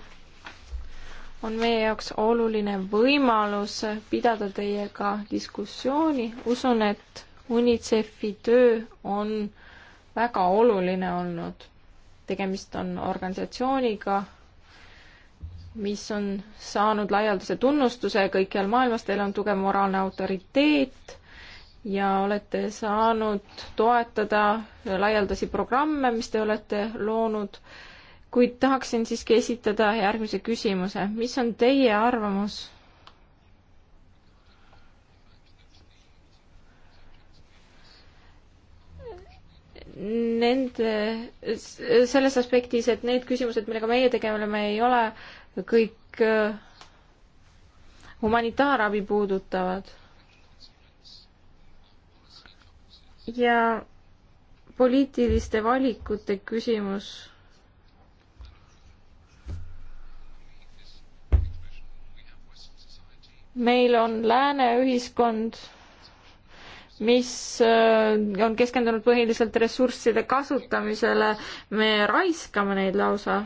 on meie jaoks oluline võimalus pidada teiega diskussiooni, usun, et UNICEF-i töö on väga oluline olnud tegemist on organisatsiooniga, mis on saanud laialdase tunnustuse kõikjal maailmas, teil on tugev moraalne autoriteet ja olete saanud toetada laialdasi programme, mis te olete loonud, kuid tahaksin siiski esitada järgmise küsimuse. mis on teie arvamus nende, selles aspektis, et need küsimused, millega meie tegeleme, ei ole kõik äh, humanitaarabi puudutavad. ja poliitiliste valikute küsimus meil on lääne ühiskond mis äh, on keskendunud põhiliselt ressursside kasutamisele, me raiskame neid lausa.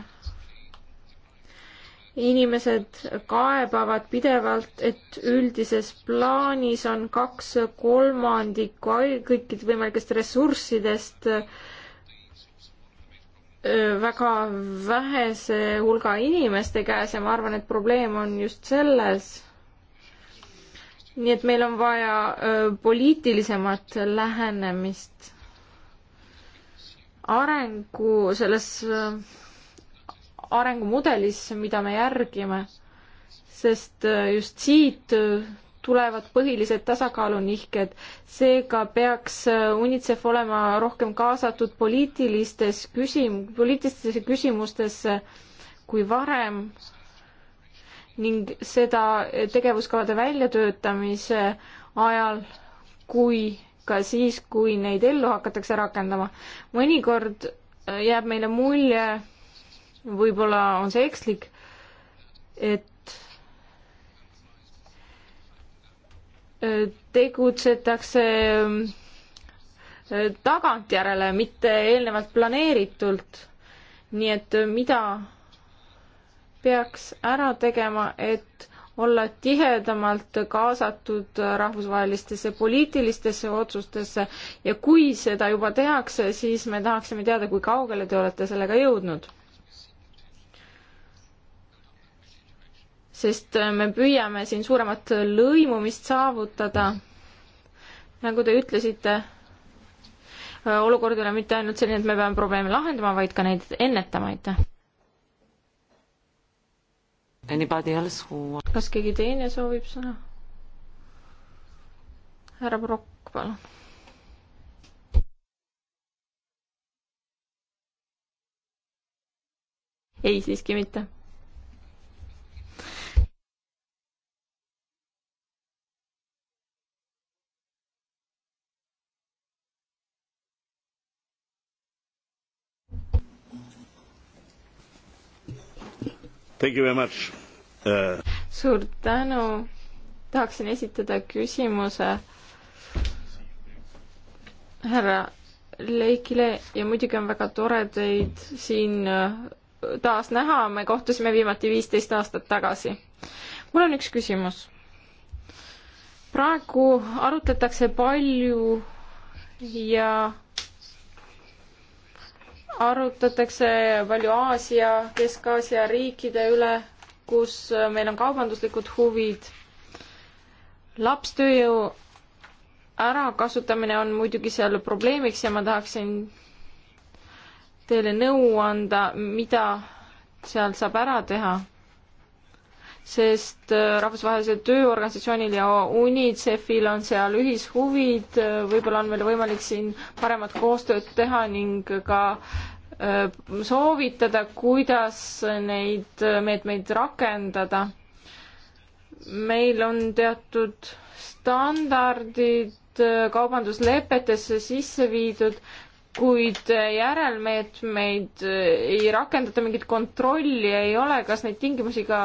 inimesed kaebavad pidevalt, et üldises plaanis on kaks kolmandikku kõikidest võimalikest ressurssidest äh, väga vähese hulga inimeste käes ja ma arvan, et probleem on just selles nii et meil on vaja poliitilisemat lähenemist. arengu selles arengumudelis, mida me järgime, sest just siit tulevad põhilised tasakaalunihked. seega peaks UNICEF olema rohkem kaasatud poliitilistes küsim-, poliitilistesse küsimustesse kui varem ning seda tegevuskavade väljatöötamise ajal kui ka siis, kui neid ellu hakatakse rakendama. mõnikord äh, jääb meile mulje, võib-olla on see ekslik, et äh, tegutsetakse äh, tagantjärele, mitte eelnevalt planeeritult. nii et mida peaks ära tegema, et olla tihedamalt kaasatud rahvusvahelistesse poliitilistesse otsustesse ja kui seda juba tehakse, siis me tahaksime teada, kui kaugele te olete sellega jõudnud. sest me püüame siin suuremat lõimumist saavutada. nagu te ütlesite, olukord ei ole mitte ainult selline, et me peame probleeme lahendama, vaid ka neid ennetama, aitäh. Anybody else who kas keegi teine soovib sõna? härra Prokk, palun. ei, siiski mitte. Thank you very much uh.... suur tänu. tahaksin esitada küsimuse härra Leikile ja muidugi on väga tore teid siin äh, taas näha, me kohtusime viimati viisteist aastat tagasi. mul on üks küsimus. praegu arutletakse palju ja arutatakse palju Aasia, Kesk-Aasia riikide üle, kus äh, meil on kaubanduslikud huvid. lapstööjõu ärakasutamine on muidugi seal probleemiks ja ma tahaksin teile nõu anda, mida seal saab ära teha sest äh, Rahvusvahelisel Tööorganisatsioonil ja UNICEF-il on seal ühishuvid, äh, võib-olla on meil võimalik siin paremat koostööd teha ning ka äh, soovitada, kuidas neid meetmeid rakendada. meil on teatud standardid kaubanduslepetesse sisse viidud, kuid järelmeetmeid äh, ei rakendata, mingit kontrolli ei ole, kas neid tingimusi ka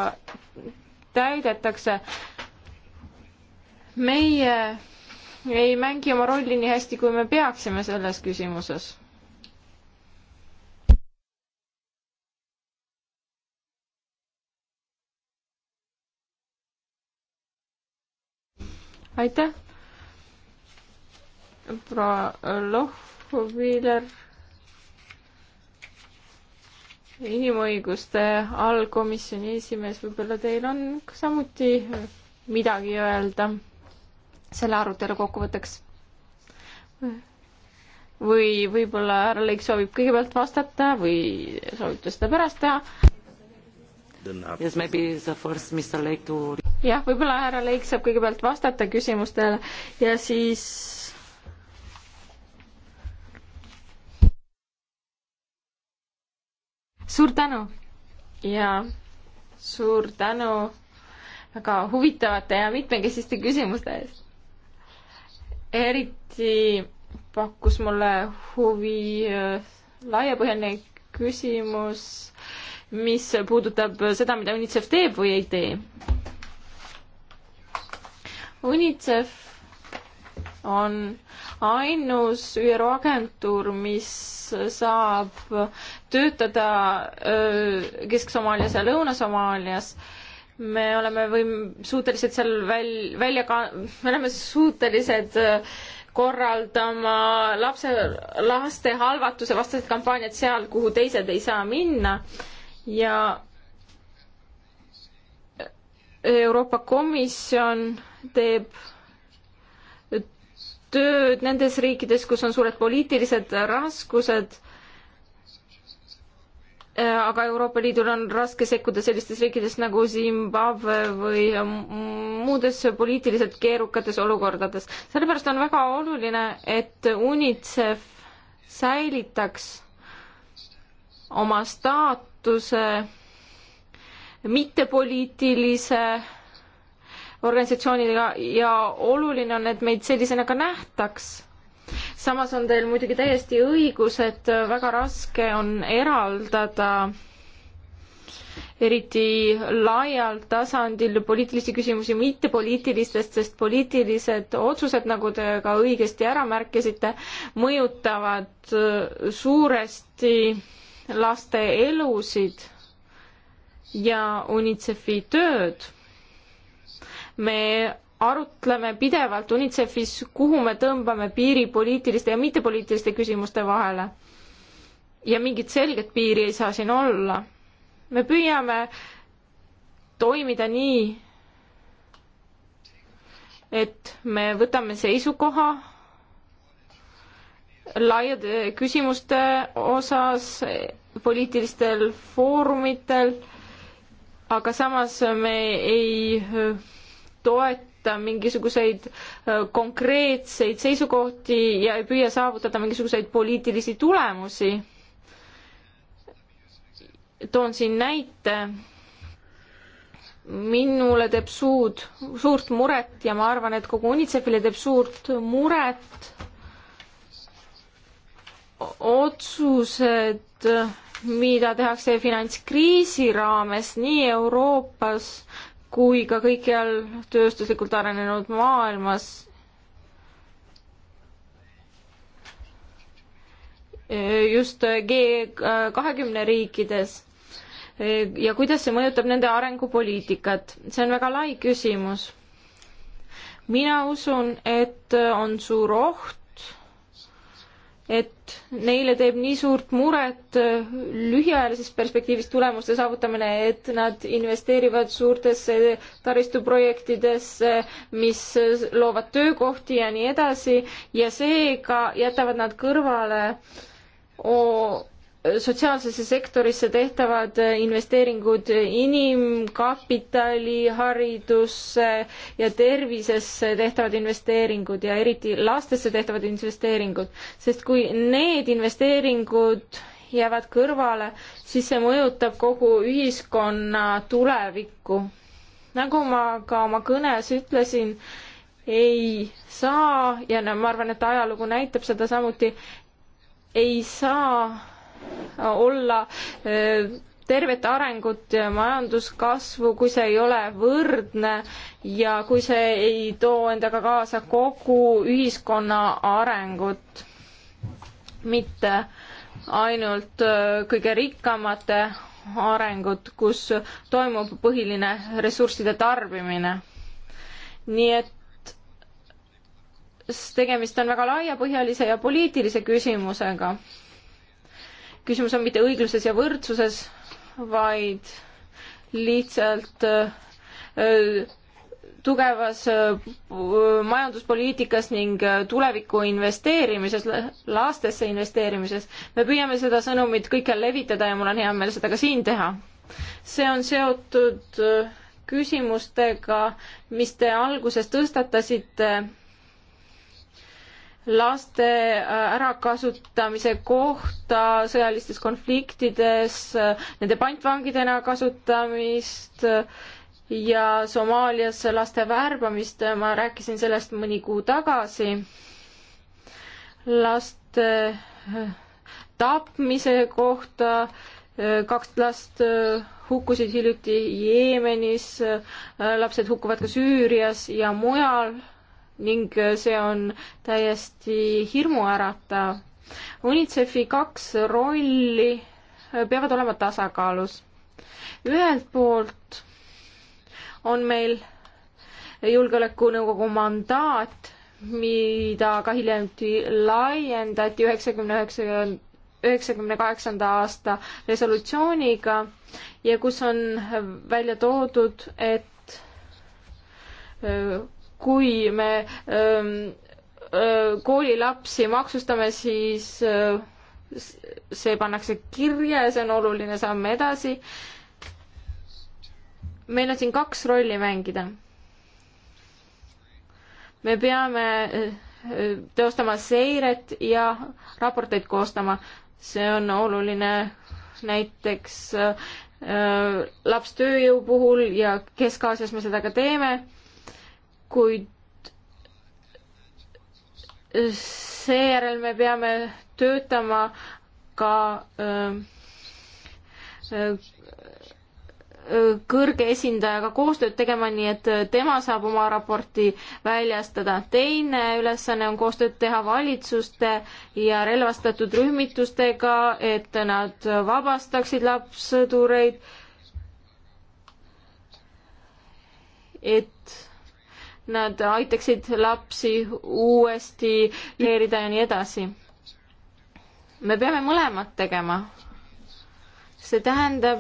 täidetakse. meie ei mängi oma rolli nii hästi, kui me peaksime selles küsimuses. aitäh, proua Lohv Wheeler inimõiguste allkomisjoni esimees, võib-olla teil on samuti midagi öelda selle arutelu kokkuvõtteks? või võib-olla härra Lõik soovib kõigepealt vastata või soovib ta seda pärast teha? jah, võib-olla härra Lõik saab kõigepealt vastata küsimustele ja siis suur tänu ja suur tänu väga huvitavate ja mitmekesiste küsimuste eest. eriti pakkus mulle huvi äh, laiapõhjaline küsimus, mis puudutab seda, mida UNICEF teeb või ei tee. UNICEF on ainus ÜRO agentuur, mis saab töötada Kesk-Somaalias ja Lõuna-Somaalias. me oleme võim-, suutelised seal väl-, välja ka-, me oleme suutelised korraldama lapse, laste halvatuse vastased kampaaniad seal, kuhu teised ei saa minna ja Euroopa Komisjon teeb tööd nendes riikides, kus on suured poliitilised raskused Äh, aga Euroopa Liidul on raske sekkuda sellistes riikides nagu Zimbabwe või muudes poliitiliselt keerukates olukordades. sellepärast on väga oluline, et UNICEF säilitaks oma staatuse mittepoliitilise organisatsioonidega ja oluline on, et meid sellisena ka nähtaks samas on teil muidugi täiesti õigus, et väga raske on eraldada eriti laial tasandil poliitilisi küsimusi mittepoliitilistest, sest poliitilised otsused, nagu te ka õigesti ära märkisite, mõjutavad äh, suuresti laste elusid ja UNICEF-i tööd. me arutleme pidevalt UNICEF-is, kuhu me tõmbame piiri poliitiliste ja mittepoliitiliste küsimuste vahele. ja mingit selget piiri ei saa siin olla. me püüame toimida nii, et me võtame seisukoha laiade küsimuste osas poliitilistel foorumitel, aga samas me ei toeta võtta mingisuguseid konkreetseid seisukohti ja ei püüa saavutada mingisuguseid poliitilisi tulemusi. toon siin näite. minule teeb suud, suurt muret ja ma arvan, et kogu UNICEF-ile teeb suurt muret otsused, mida tehakse finantskriisi raames nii Euroopas kui ka kõikjal tööstuslikult arenenud maailmas just G kahekümne riikides ja kuidas see mõjutab nende arengupoliitikat, see on väga lai küsimus. mina usun, et on suur oht, et neile teeb nii suurt muret äh, lühiajalises perspektiivis tulemuste saavutamine, et nad investeerivad suurtesse taristuprojektidesse, mis äh, loovad töökohti ja nii edasi ja seega jätavad nad kõrvale o sotsiaalsesse sektorisse tehtavad investeeringud inimkapitali, haridusse ja tervisesse tehtavad investeeringud ja eriti lastesse tehtavad investeeringud, sest kui need investeeringud jäävad kõrvale, siis see mõjutab kogu ühiskonna tulevikku. nagu ma ka oma kõnes ütlesin, ei saa ja ma arvan, et ajalugu näitab seda samuti, ei saa olla eh, tervet arengut ja majanduskasvu, kui see ei ole võrdne ja kui see ei too endaga kaasa kogu ühiskonna arengut, mitte ainult eh, kõige rikkamate arengut, kus toimub põhiline ressursside tarbimine. nii et tegemist on väga laiapõhjalise ja poliitilise küsimusega küsimus on mitte õigluses ja võrdsuses, vaid lihtsalt äh, tugevas äh, majanduspoliitikas ning äh, tulevikku investeerimises, lastesse investeerimises. me püüame seda sõnumit kõikjal levitada ja mul on hea meel seda ka siin teha. see on seotud küsimustega, mis te alguses tõstatasite laste äh, ärakasutamise kohta sõjalistes konfliktides, äh, nende pantvangidena kasutamist äh, ja Somaalias laste värbamist, ma rääkisin sellest mõni kuu tagasi. laste tapmise kohta, kaks last hukkusid hiljuti Jeemenis, lapsed hukkuvad ka Süürias ja mujal ning äh, see on täiesti hirmuäratav. UNICEF-i kaks rolli äh, peavad olema tasakaalus. ühelt poolt on meil julgeolekunõukogu mandaat, mida ka hiljem laiendati üheksakümne üheksa, üheksakümne kaheksanda aasta resolutsiooniga ja kus on välja toodud, et äh, kui me öö, ähm, öö, äh, koolilapsi maksustame, siis öö, äh, see pannakse kirja ja see on oluline samm edasi. meil on siin kaks rolli mängida. me peame äh, teostama seiret ja raporteid koostama. see on oluline näiteks lapstööjõu puhul ja Kesk-Aasias me seda ka teeme kuid seejärel me peame töötama ka ähm, äh, äh, kõrge esindajaga koostööd tegema, nii et äh, tema saab oma raporti väljastada. teine ülesanne on koostööd teha valitsuste ja relvastatud rühmitustega, et nad vabastaksid lapssõdureid, et nad aitaksid lapsi uuesti leerida ja nii edasi. me peame mõlemat tegema. see tähendab,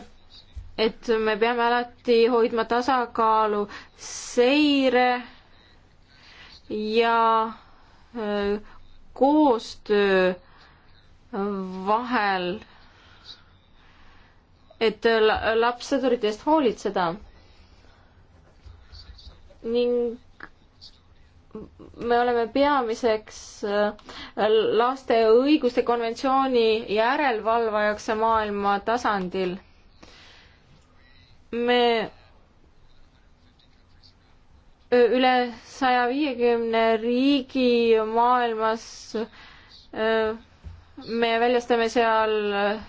et me peame alati hoidma tasakaalu seire ja koostöö vahel, et laps sõdurite eest hoolitseda. ning me oleme peamiseks äh, laste õiguste konventsiooni järelevalvajaks maailma tasandil. me üle saja viiekümne riigi maailmas, äh, me väljastame seal äh,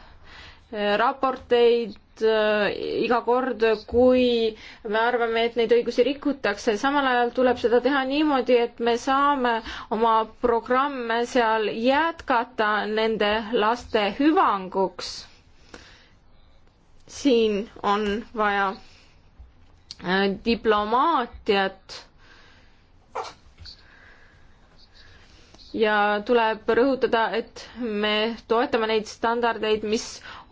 raporteid Äh, iga kord, kui me arvame, et neid õigusi rikutakse, samal ajal tuleb seda teha niimoodi, et me saame oma programme seal jätkata nende laste hüvanguks. siin on vaja äh, diplomaatiat ja tuleb rõhutada, et me toetame neid standardeid, mis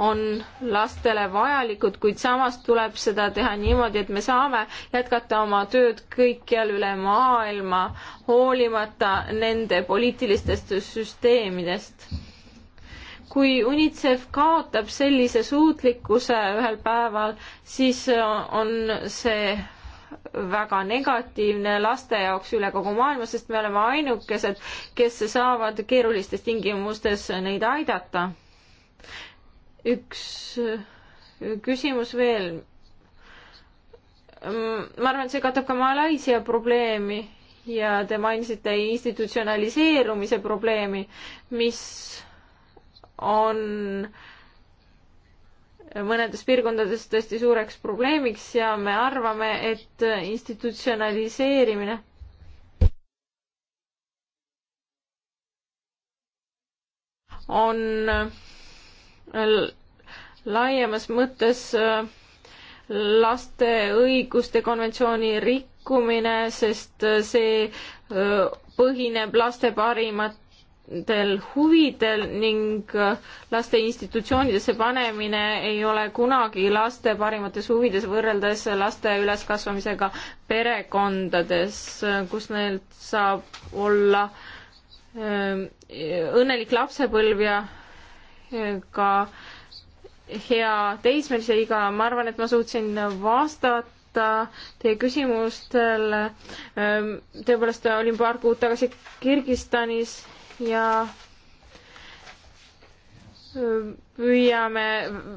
on lastele vajalikud, kuid samas tuleb seda teha niimoodi, et me saame jätkata oma tööd kõikjal üle maailma, hoolimata nende poliitilistest süsteemidest. kui UNICEF kaotab sellise suutlikkuse ühel päeval, siis on see väga negatiivne laste jaoks üle kogu maailma, sest me oleme ainukesed, kes saavad keerulistes tingimustes neid aidata. üks äh, küsimus veel. Mm, ma arvan, et see katab ka Malaisia probleemi ja te mainisite institutsionaliseerumise probleemi, mis on äh, mõnedes piirkondades tõesti suureks probleemiks ja me arvame, et institutsionaliseerimine on laiemas mõttes äh, laste õiguste konventsiooni rikkumine, sest äh, see äh, põhineb laste parimat teistel huvidel ning äh, laste institutsioonidesse panemine ei ole kunagi laste parimates huvides võrreldes laste üleskasvamisega perekondades, äh, kus neil saab olla äh, õnnelik lapsepõlv ja ka hea teismelise iga, ma arvan, et ma suutsin vastata vastata teie küsimustele. tõepoolest olin paar kuud tagasi Kirgistanis ja püüame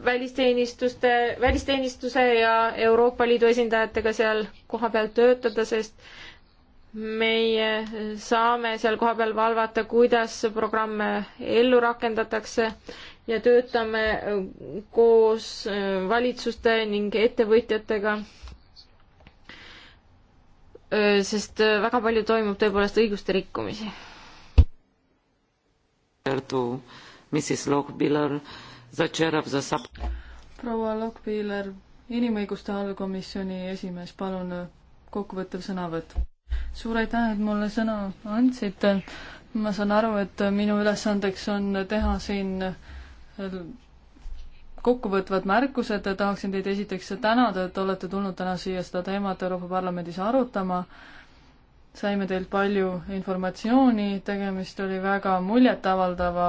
välisteenistuste, välisteenistuse ja Euroopa Liidu esindajatega seal kohapeal töötada, sest meie saame seal kohapeal valvata, kuidas programme ellu rakendatakse ja töötame koos valitsuste ning ettevõtjatega. sest väga palju toimub tõepoolest õiguste rikkumisi to Mrs Lochbiller, the chair of the sub-. proua Lochbiller, inimõiguste allkomisjoni esimees, palun äh, kokkuvõttev sõnavõtt. suur aitäh, et mulle sõna andsite. ma saan aru, et äh, minu ülesandeks on teha siin äh, kokkuvõtvad märkused, tahaksin teid esiteks tänada, et olete tulnud täna siia seda teemat Euroopa Parlamendis arutama saime teilt palju informatsiooni, tegemist oli väga muljetavaldava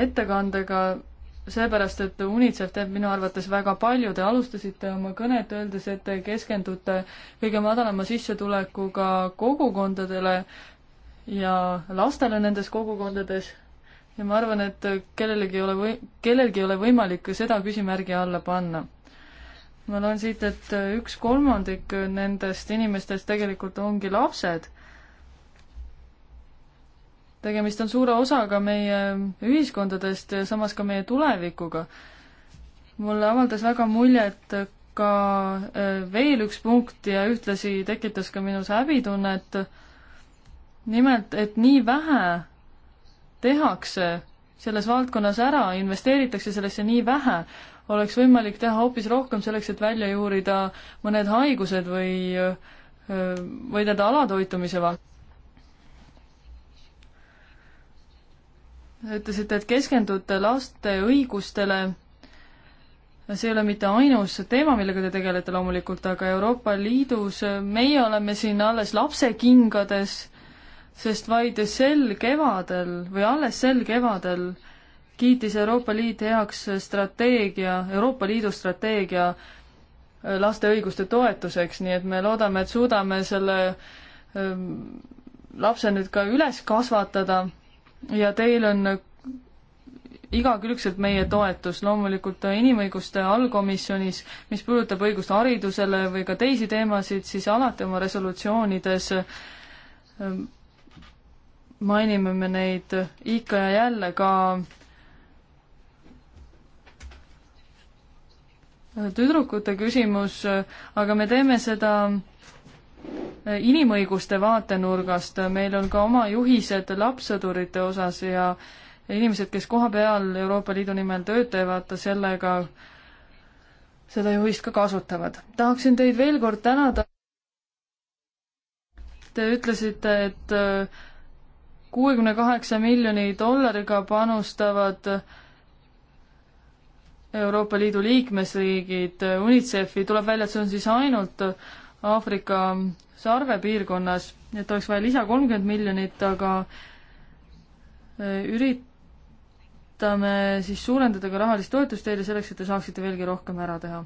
ettekandega, seepärast, et UNICEF teeb minu arvates väga palju, te alustasite oma kõnet öeldes, et te keskendute kõige madalama sissetulekuga kogukondadele ja lastele nendes kogukondades ja ma arvan, et kellelegi ei ole või-, kellelgi ei ole võimalik seda küsimärgi alla panna ma loen siit, et üks kolmandik nendest inimestest tegelikult ongi lapsed. tegemist on suure osaga meie ühiskondadest ja samas ka meie tulevikuga. mulle avaldas väga muljet ka äh, veel üks punkt ja ühtlasi tekitas ka minus häbitunnet. nimelt, et nii vähe tehakse selles valdkonnas ära, investeeritakse sellesse nii vähe oleks võimalik teha hoopis rohkem selleks, et välja juurida mõned haigused või võidelda alatoitumise vastu. ütlesite, et keskendute laste õigustele. see ei ole mitte ainus teema, millega te tegelete loomulikult, aga Euroopa Liidus meie oleme siin alles lapsekingades, sest vaid sel kevadel või alles sel kevadel äh, kiitis Euroopa Liit heaks strateegia, Euroopa Liidu strateegia äh, laste õiguste toetuseks, nii et me loodame, et suudame selle ähm, lapse nüüd ka üles kasvatada ja teil on äh, igakülgselt meie toetus, loomulikult äh, inimõiguste allkomisjonis, mis puudutab õigust haridusele või ka teisi teemasid, siis alati oma resolutsioonides mainime me neid ikka ja jälle ka tüdrukute küsimus, aga me teeme seda inimõiguste vaatenurgast, meil on ka oma juhised lapssõdurite osas ja inimesed, kes kohapeal Euroopa Liidu nimel tööd teevad, sellega, seda juhist ka kasutavad. tahaksin teid veel kord tänada. Te ütlesite, et kuuekümne kaheksa miljoni dollariga panustavad äh, Euroopa Liidu liikmesriigid, UNICEF-i, tuleb välja, et see on siis ainult Aafrika sarvepiirkonnas, et oleks vaja lisa kolmkümmend miljonit, aga eh, üritame siis suurendada ka rahalist toetust teile selleks, et te saaksite veelgi rohkem ära teha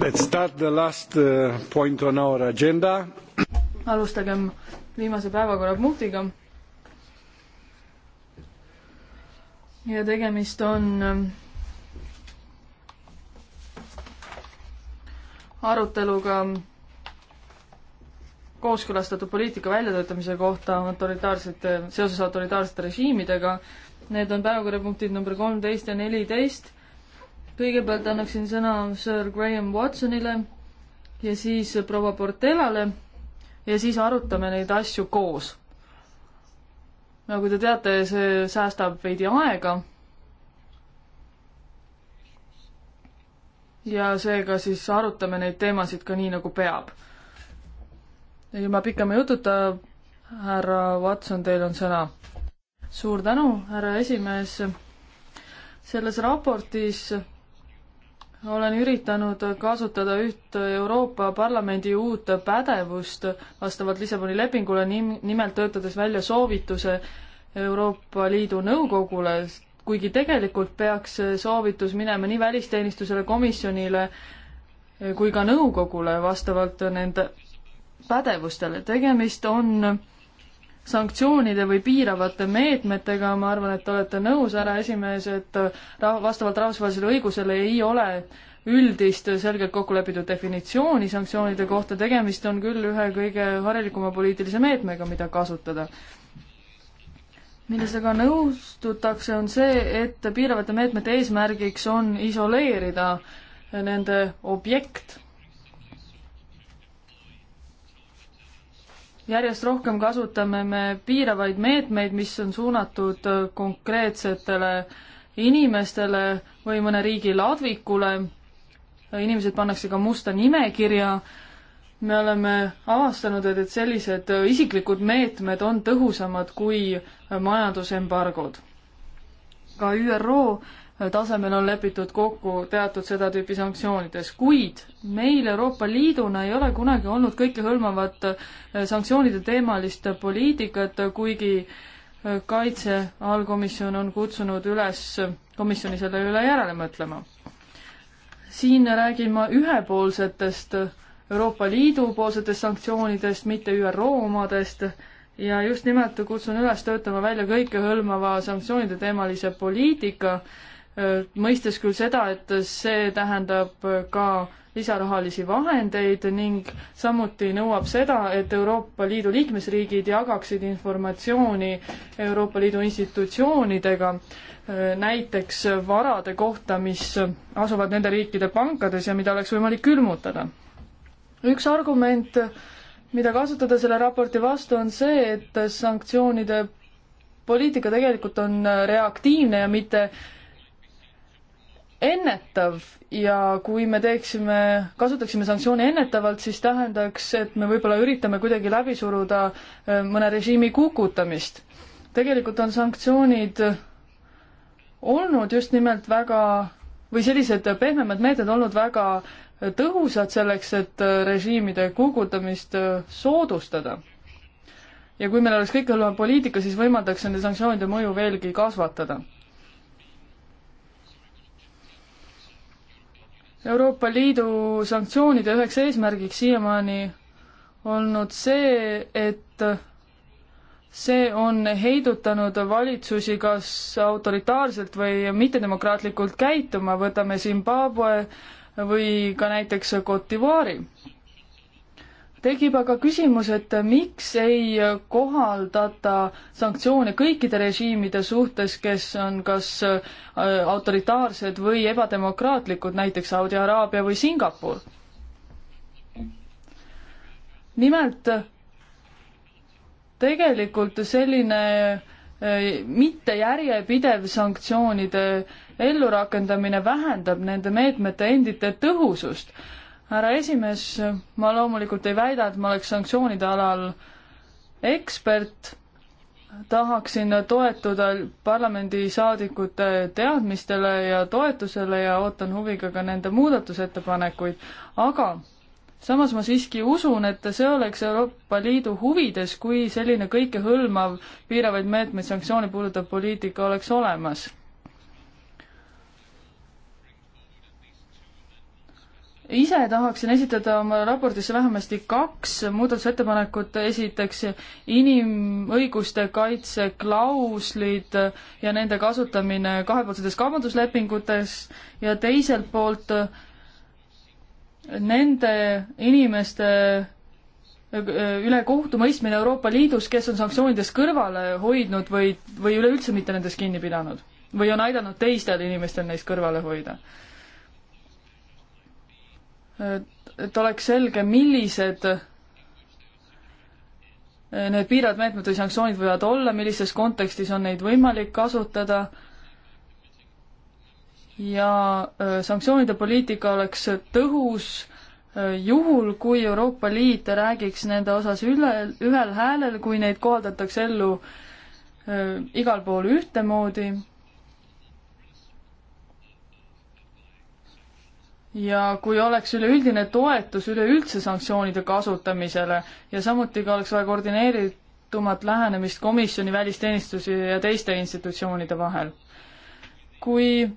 Let's start the last uh, point on our agenda. alustagem viimase päevakorrapunktiga. ja tegemist on ähm, aruteluga kooskõlastatud poliitika väljatöötamise kohta autoritaarsete, seoses autoritaarsete režiimidega. Need on päevakorrapunktid number kolmteist ja neliteist kõigepealt annaksin sõna Sir Graham Watsonile ja siis proua Portelale ja siis arutame neid asju koos. nagu te teate, see säästab veidi aega. ja seega siis arutame neid teemasid ka nii, nagu peab. ilma pikema jututa, härra Watson, teil on sõna. suur tänu, härra esimees. selles raportis olen üritanud kasutada üht Euroopa Parlamendi uut pädevust vastavalt Lissaboni lepingule, nimelt töötades välja soovituse Euroopa Liidu Nõukogule, kuigi tegelikult peaks soovitus minema nii välisteenistusele, komisjonile eh, kui ka nõukogule vastavalt nende pädevustele. tegemist on sanktsioonide või piiravate meetmetega, ma arvan, et te olete nõus, härra esimees, et ra-, vastavalt rahvusvahelisele õigusele ei ole üldist selgelt kokku lepitud definitsiooni sanktsioonide kohta, tegemist on küll ühe kõige harilikuma poliitilise meetmega, mida kasutada. milles aga nõustutakse, on see, et piiravate meetmete eesmärgiks on isoleerida nende objekt järjest rohkem kasutame me piiravaid meetmeid, mis on suunatud äh, konkreetsetele inimestele või mõne riigi ladvikule. inimesed pannakse ka musta nimekirja. me oleme avastanud, et, et sellised äh, isiklikud meetmed on tõhusamad kui äh, majandusembargod. ka ÜRO tasemel on lepitud kokku teatud seda tüüpi sanktsioonides, kuid meil Euroopa Liiduna ei ole kunagi olnud kõikehõlmavat eh, sanktsioonide teemalist poliitikat, kuigi eh, kaitse allkomisjon on kutsunud üles komisjoni selle üle järele mõtlema. siin räägin ma ühepoolsetest Euroopa Liidu poolsetest sanktsioonidest, mitte ÜRO omadest ja just nimelt kutsun üles töötama välja kõikehõlmava sanktsioonide teemalise poliitika, mõistes küll seda, et see tähendab ka lisarahalisi vahendeid ning samuti nõuab seda, et Euroopa Liidu liikmesriigid jagaksid informatsiooni Euroopa Liidu institutsioonidega, näiteks varade kohta, mis asuvad nende riikide pankades ja mida oleks võimalik külmutada. üks argument, mida kasutada selle raporti vastu, on see, et sanktsioonide poliitika tegelikult on reaktiivne ja mitte äh, ennetav ja kui me teeksime, kasutaksime sanktsioone ennetavalt, siis tähendaks, et me võib-olla üritame kuidagi läbi suruda äh, mõne režiimi kukutamist. tegelikult on sanktsioonid olnud just nimelt väga või sellised pehmemad meetmed olnud väga tõhusad selleks, et äh, režiimide kukutamist äh, soodustada. ja kui meil oleks kõik olnud poliitika, siis võimaldaks nende sanktsioonide mõju veelgi kasvatada Euroopa Liidu sanktsioonide üheks eesmärgiks siiamaani olnud see, et see on heidutanud valitsusi kas autoritaarselt või mittedemokraatlikult käituma, võtame Zimbabwe või ka näiteks Cote d'Ivoire'i tekib aga küsimus, et miks ei kohaldata sanktsioone kõikide režiimide suhtes, kes on kas äh, autoritaarsed või ebademokraatlikud, näiteks Saudi Araabia või Singapur? nimelt tegelikult selline äh, mitte järjepidev sanktsioonide ellurakendamine vähendab nende meetmete endite tõhusust härra esimees, ma loomulikult ei väida, et ma oleks sanktsioonide alal ekspert, tahaksin toetuda parlamendisaadikute teadmistele ja toetusele ja ootan huviga ka nende muudatusettepanekuid, aga samas ma siiski usun, et see oleks Euroopa Liidu huvides, kui selline kõikehõlmav piiravaid meetmeid sanktsioone puudutav poliitika oleks olemas ise tahaksin esitada oma raportisse vähemasti kaks muudatusettepanekut, esiteks inimõiguste kaitse klauslid ja nende kasutamine kahepoolsetes kaubanduslepingutes ja teiselt poolt nende inimeste äh, äh, üle kohtumõistmine Euroopa Liidus, kes on sanktsioonidest kõrvale hoidnud või, või üleüldse mitte nendest kinni pidanud või on aidanud teistel inimestel neist kõrvale hoida et oleks selge, millised need piiravad meetmed või sanktsioonid võivad olla, millises kontekstis on neid võimalik kasutada ja äh, sanktsioonide poliitika oleks tõhus äh, juhul, kui Euroopa Liit räägiks nende osas üle, ühel häälel, kui neid kohaldatakse ellu äh, igal pool ühtemoodi ja kui oleks üleüldine toetus üleüldse sanktsioonide kasutamisele ja samuti ka oleks vaja koordineeritumat lähenemist komisjoni, välisteenistusi ja teiste institutsioonide vahel. kui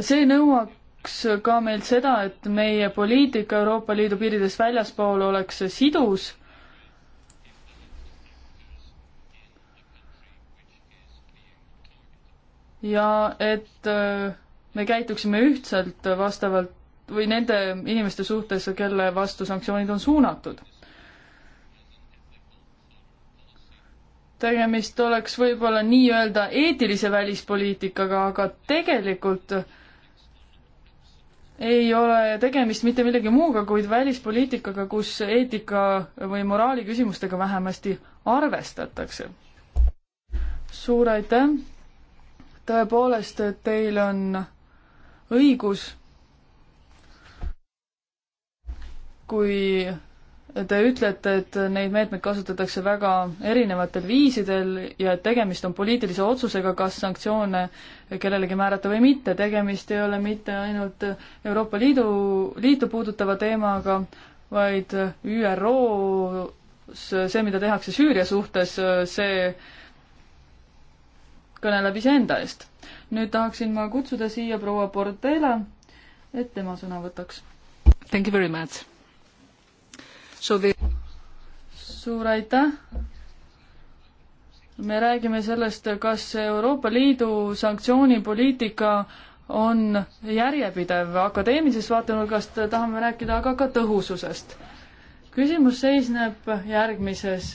see nõuaks ka meilt seda, et meie poliitika Euroopa Liidu piiridest väljaspool oleks sidus ja et äh, me käituksime ühtselt vastavalt või nende inimeste suhtes, kelle vastu sanktsioonid on suunatud. tegemist oleks võib-olla nii-öelda eetilise välispoliitikaga, aga tegelikult ei ole tegemist mitte millegi muuga, kuid välispoliitikaga, kus eetika või moraali küsimustega vähemasti arvestatakse. suur aitäh! tõepoolest, teil on õigus, kui te ütlete, et neid meetmeid kasutatakse väga erinevatel viisidel ja et tegemist on poliitilise otsusega, kas sanktsioone kellelegi määrata või mitte. tegemist ei ole mitte ainult Euroopa Liidu, liitu puudutava teemaga, vaid ÜRO-s see, mida tehakse Süüria suhtes, see kõneleb iseenda eest nüüd tahaksin ma kutsuda siia proua Portela, et tema sõna võtaks. Thank you very much. So the suur aitäh! me räägime sellest, kas Euroopa Liidu sanktsioonipoliitika on järjepidev akadeemilisest vaatenurgast, tahame rääkida aga ka tõhususest. küsimus seisneb järgmises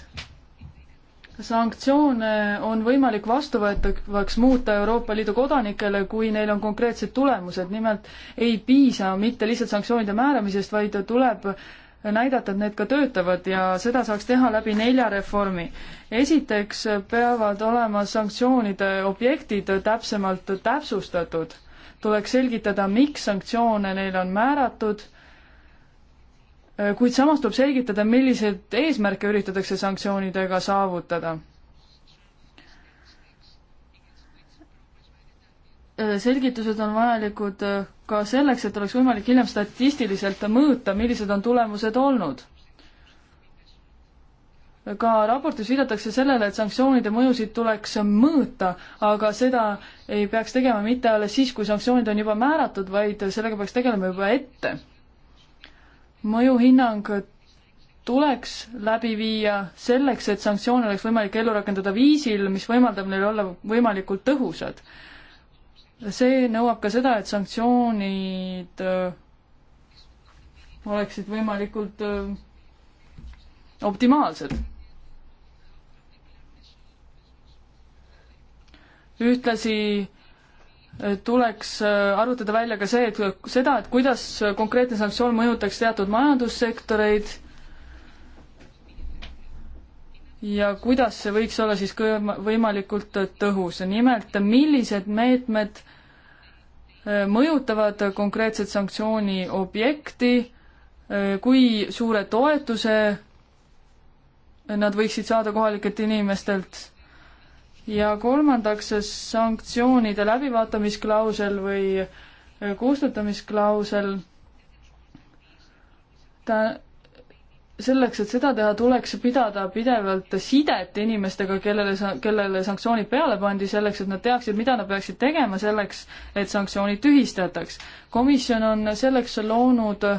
sanktsioone on võimalik vastuvõetavaks muuta Euroopa Liidu kodanikele, kui neil on konkreetsed tulemused, nimelt ei piisa mitte lihtsalt sanktsioonide määramisest, vaid tuleb näidata, et need ka töötavad ja seda saaks teha läbi nelja reformi. esiteks peavad olema sanktsioonide objektid täpsemalt täpsustatud. tuleks selgitada, miks sanktsioone neile on määratud Äh, kuid samas tuleb selgitada, milliseid eesmärke üritatakse sanktsioonidega saavutada. Äh, selgitused on vajalikud äh, ka selleks, et oleks võimalik hiljem statistiliselt mõõta, millised on tulemused olnud ka raportis viidatakse sellele, et sanktsioonide mõjusid tuleks mõõta, aga seda ei peaks tegema mitte alles siis, kui sanktsioonid on juba määratud, vaid sellega peaks tegelema juba ette mõjuhinnang tuleks läbi viia selleks, et sanktsioone oleks võimalik ellu rakendada viisil, mis võimaldab neil olla võimalikult tõhusad. see nõuab ka seda, et sanktsioonid äh, oleksid võimalikult äh, optimaalsed. ühtlasi tuleks äh, arvutada välja ka see, et seda, et kuidas konkreetne sanktsioon mõjutaks teatud majandussektoreid ja kuidas see võiks olla siis võimalikult tõhus. nimelt, millised meetmed äh, mõjutavad konkreetset sanktsiooni objekti, äh, kui suure toetuse nad võiksid saada kohalikelt inimestelt ja kolmandaks sanktsioonide läbivaatamisklausel või äh, kustutamisklausel. ta, selleks, et seda teha, tuleks pidada pidevalt sidet inimestega, kellele, kellele sanktsioonid peale pandi, selleks et nad teaksid, mida nad peaksid tegema selleks, et sanktsioonid tühistataks. komisjon on selleks loonud öö,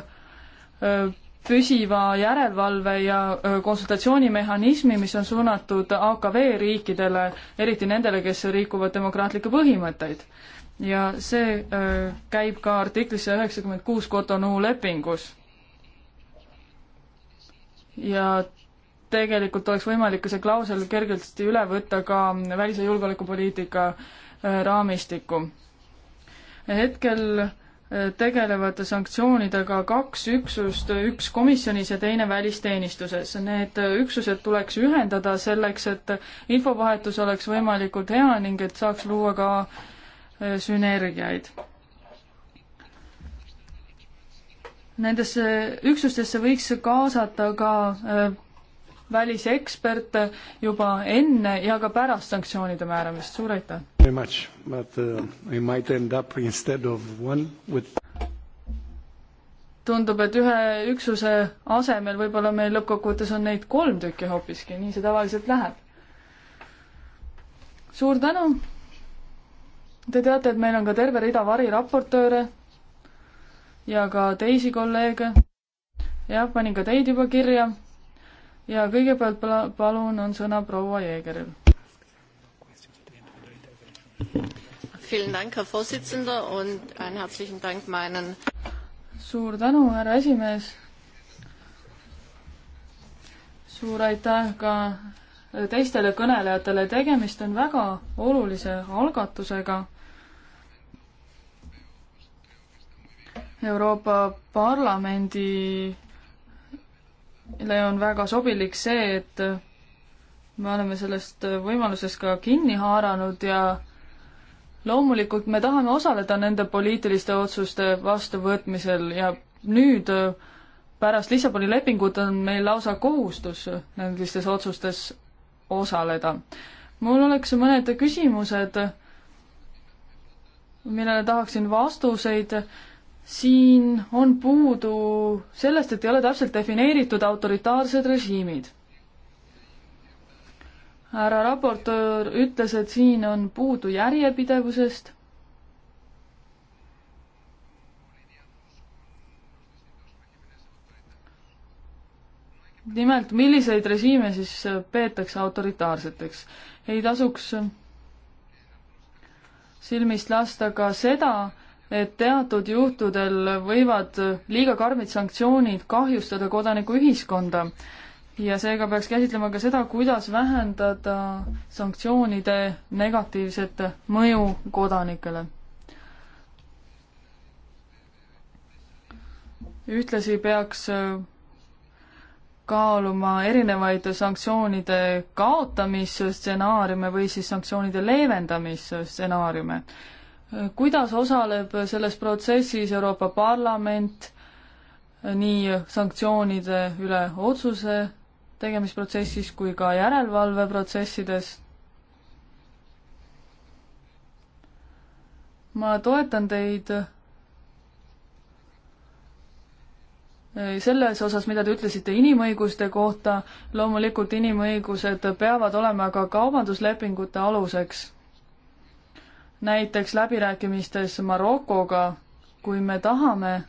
äh, püsiva järelevalve ja konsultatsioonimehhanismi, mis on suunatud AKV riikidele, eriti nendele, kes rikuvad demokraatlikke põhimõtteid. ja see öö, käib ka artiklisse üheksakümmend kuus Cotonou lepingus. ja tegelikult oleks võimalik see klausel kergesti üle võtta ka välis- ja julgeolekupoliitika raamistikku. hetkel öö, tegelevad sanktsioonidega kaks üksust, üks komisjonis ja teine välisteenistuses. Need üksused tuleks ühendada selleks, et infovahetus oleks võimalikult hea ning et saaks luua ka äh, sünergiaid. Nendesse üksustesse võiks kaasata ka äh, väliseksperte juba enne ja ka pärast sanktsioonide määramist, suur aitäh! Uh, tundub, et ühe üksuse asemel võib-olla meil lõppkokkuvõttes on neid kolm tükki hoopiski, nii see tavaliselt läheb. suur tänu! Te teate, et meil on ka terve rida variraportööre ja ka teisi kolleege. jah, panin ka teid juba kirja ja kõigepealt pala-, palun, on sõna proua Jeegeril. suur tänu, härra esimees. suur aitäh ka teistele kõnelejatele, tegemist on väga olulise algatusega. Euroopa Parlamendi meile on väga sobilik see, et me oleme sellest võimalusest ka kinni haaranud ja loomulikult me tahame osaleda nende poliitiliste otsuste vastuvõtmisel ja nüüd pärast Lissaboni lepingut on meil lausa kohustus nendes otsustes osaleda. mul oleks mõned küsimused, millele tahaksin vastuseid siin on puudu sellest, et ei ole täpselt defineeritud autoritaarsed režiimid. härra raportöör ütles, et siin on puudu järjepidevusest nimelt, milliseid režiime siis peetakse autoritaarseteks? ei tasuks silmist lasta ka seda, et teatud juhtudel võivad liiga karmid sanktsioonid kahjustada kodanikuühiskonda ja seega peaks käsitlema ka seda, kuidas vähendada sanktsioonide negatiivset mõju kodanikele. ühtlasi peaks kaaluma erinevaid sanktsioonide kaotamise stsenaariume või siis sanktsioonide leevendamise stsenaariume kuidas osaleb selles protsessis Euroopa Parlament äh, nii sanktsioonide üle otsuse tegemisprotsessis kui ka järelevalveprotsessides? ma toetan teid äh, selles osas, mida te ütlesite inimõiguste kohta, loomulikult inimõigused peavad olema ka kaubanduslepingute aluseks näiteks läbirääkimistes Marokoga, kui me tahame,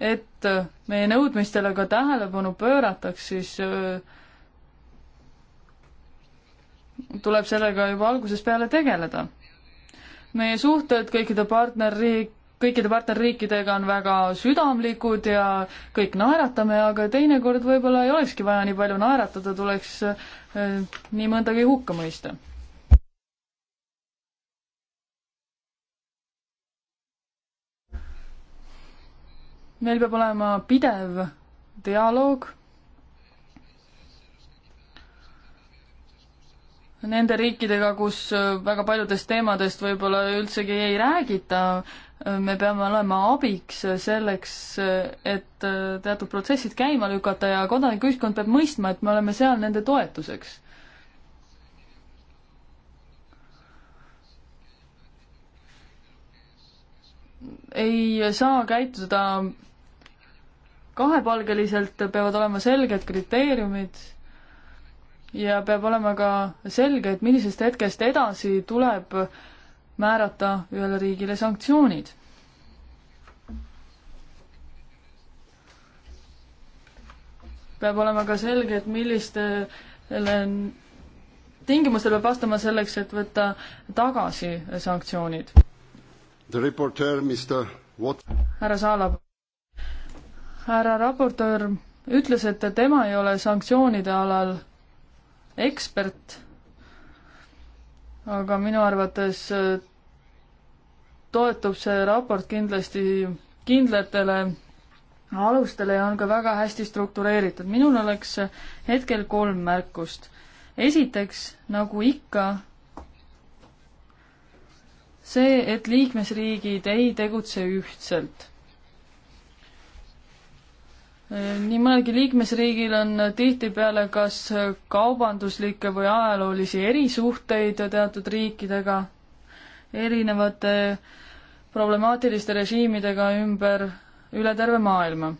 et meie nõudmistele ka tähelepanu pöörataks, siis äh, tuleb sellega juba algusest peale tegeleda. meie suhted kõikide partnerriik-, kõikide partnerriikidega on väga südamlikud ja kõik naeratame, aga teinekord võib-olla ei olekski vaja nii palju naeratada, tuleks eh, nii mõndagi hukka mõista meil peab olema pidev dialoog nende riikidega, kus eh, väga paljudest teemadest võib-olla üldsegi ei räägita, me peame olema abiks selleks, et teatud protsessid käima lükata ja kodanikuühiskond peab mõistma, et me oleme seal nende toetuseks. ei saa käituda kahepalgeliselt, peavad olema selged kriteeriumid ja peab olema ka selge, et millisest hetkest edasi tuleb äh, määrata ühele riigile sanktsioonid. peab olema ka selge, et millistele tingimustele peab vastama selleks, et võtta tagasi sanktsioonid. härra Saalav, härra raportöör ütles, et tema ei ole sanktsioonide alal ekspert aga minu arvates äh, toetub see raport kindlasti kindlatele alustele ja on ka väga hästi struktureeritud. minul oleks äh, hetkel kolm märkust. esiteks, nagu ikka, see, et liikmesriigid ei tegutse ühtselt nii mõnelgi liikmesriigil on tihtipeale kas kaubanduslikke või ajaloolisi erisuhteid teatud riikidega, erinevate problemaatiliste režiimidega ümber üle terve maailma.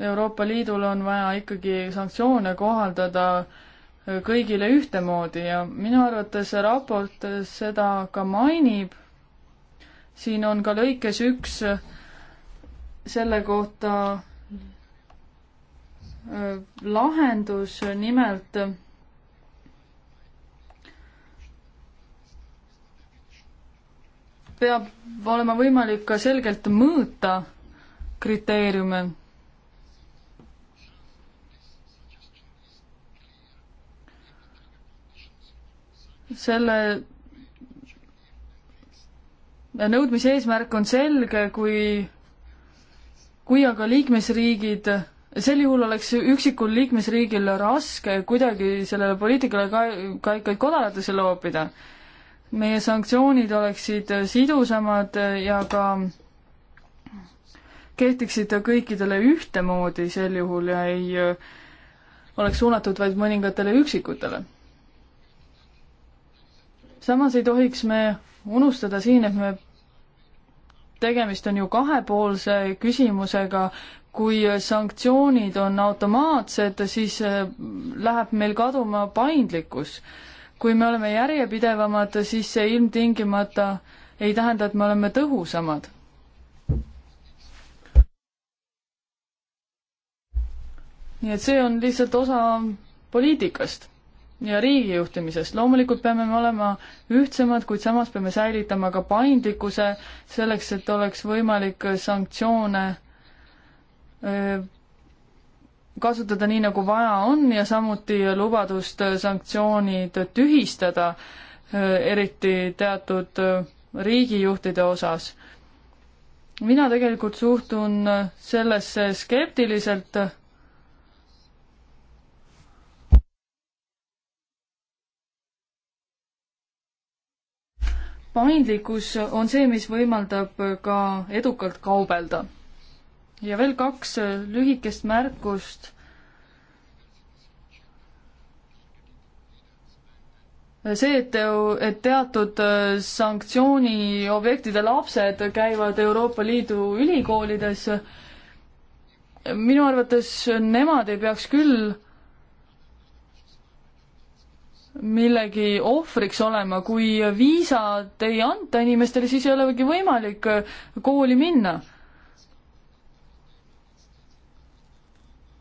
Euroopa Liidul on vaja ikkagi sanktsioone kohaldada kõigile ühtemoodi ja minu arvates see raport seda ka mainib. siin on ka lõikes üks selle kohta äh, lahendus, nimelt peab olema võimalik ka selgelt mõõta kriteeriume. selle nõudmise eesmärk on selge, kui kui aga liikmesriigid, sel juhul oleks üksikul liikmesriigil raske kuidagi sellele poliitikale ka, ka ikkagi kodaratesse loopida. meie sanktsioonid oleksid sidusamad ja ka kehtiksid kõikidele ühtemoodi sel juhul ja ei oleks suunatud vaid mõningatele üksikutele. samas ei tohiks me unustada siin, et me tegemist on ju kahepoolse küsimusega, kui sanktsioonid on automaatsed, siis äh, läheb meil kaduma paindlikkus. kui me oleme järjepidevamad, siis see ilmtingimata ei tähenda, et me oleme tõhusamad. nii et see on lihtsalt osa poliitikast ja riigijuhtimisest. loomulikult peame me olema ühtsemad, kuid samas peame säilitama ka paindlikkuse selleks, et oleks võimalik sanktsioone kasutada nii, nagu vaja on ja samuti lubadust sanktsioonid tühistada, eriti teatud riigijuhtide osas. mina tegelikult suhtun sellesse skeptiliselt paindlikkus on see, mis võimaldab ka edukalt kaubelda. ja veel kaks äh, lühikest märkust. see, et, et teatud äh, sanktsiooniobjektide lapsed käivad Euroopa Liidu ülikoolides, minu arvates nemad ei peaks küll millegi ohvriks olema, kui viisat ei anta inimestele, siis ei olegi võimalik äh, kooli minna.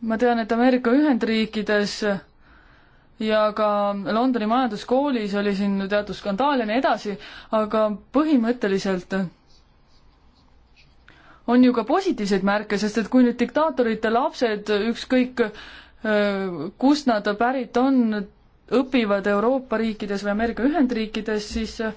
ma tean, et Ameerika Ühendriikides ja ka Londoni majanduskoolis oli siin teatud skandaal ja nii edasi, aga põhimõtteliselt on ju ka positiivseid märke, sest et kui nüüd diktaatorite lapsed, ükskõik äh, kust nad pärit on, õpivad Euroopa riikides või Ameerika Ühendriikides, siis äh,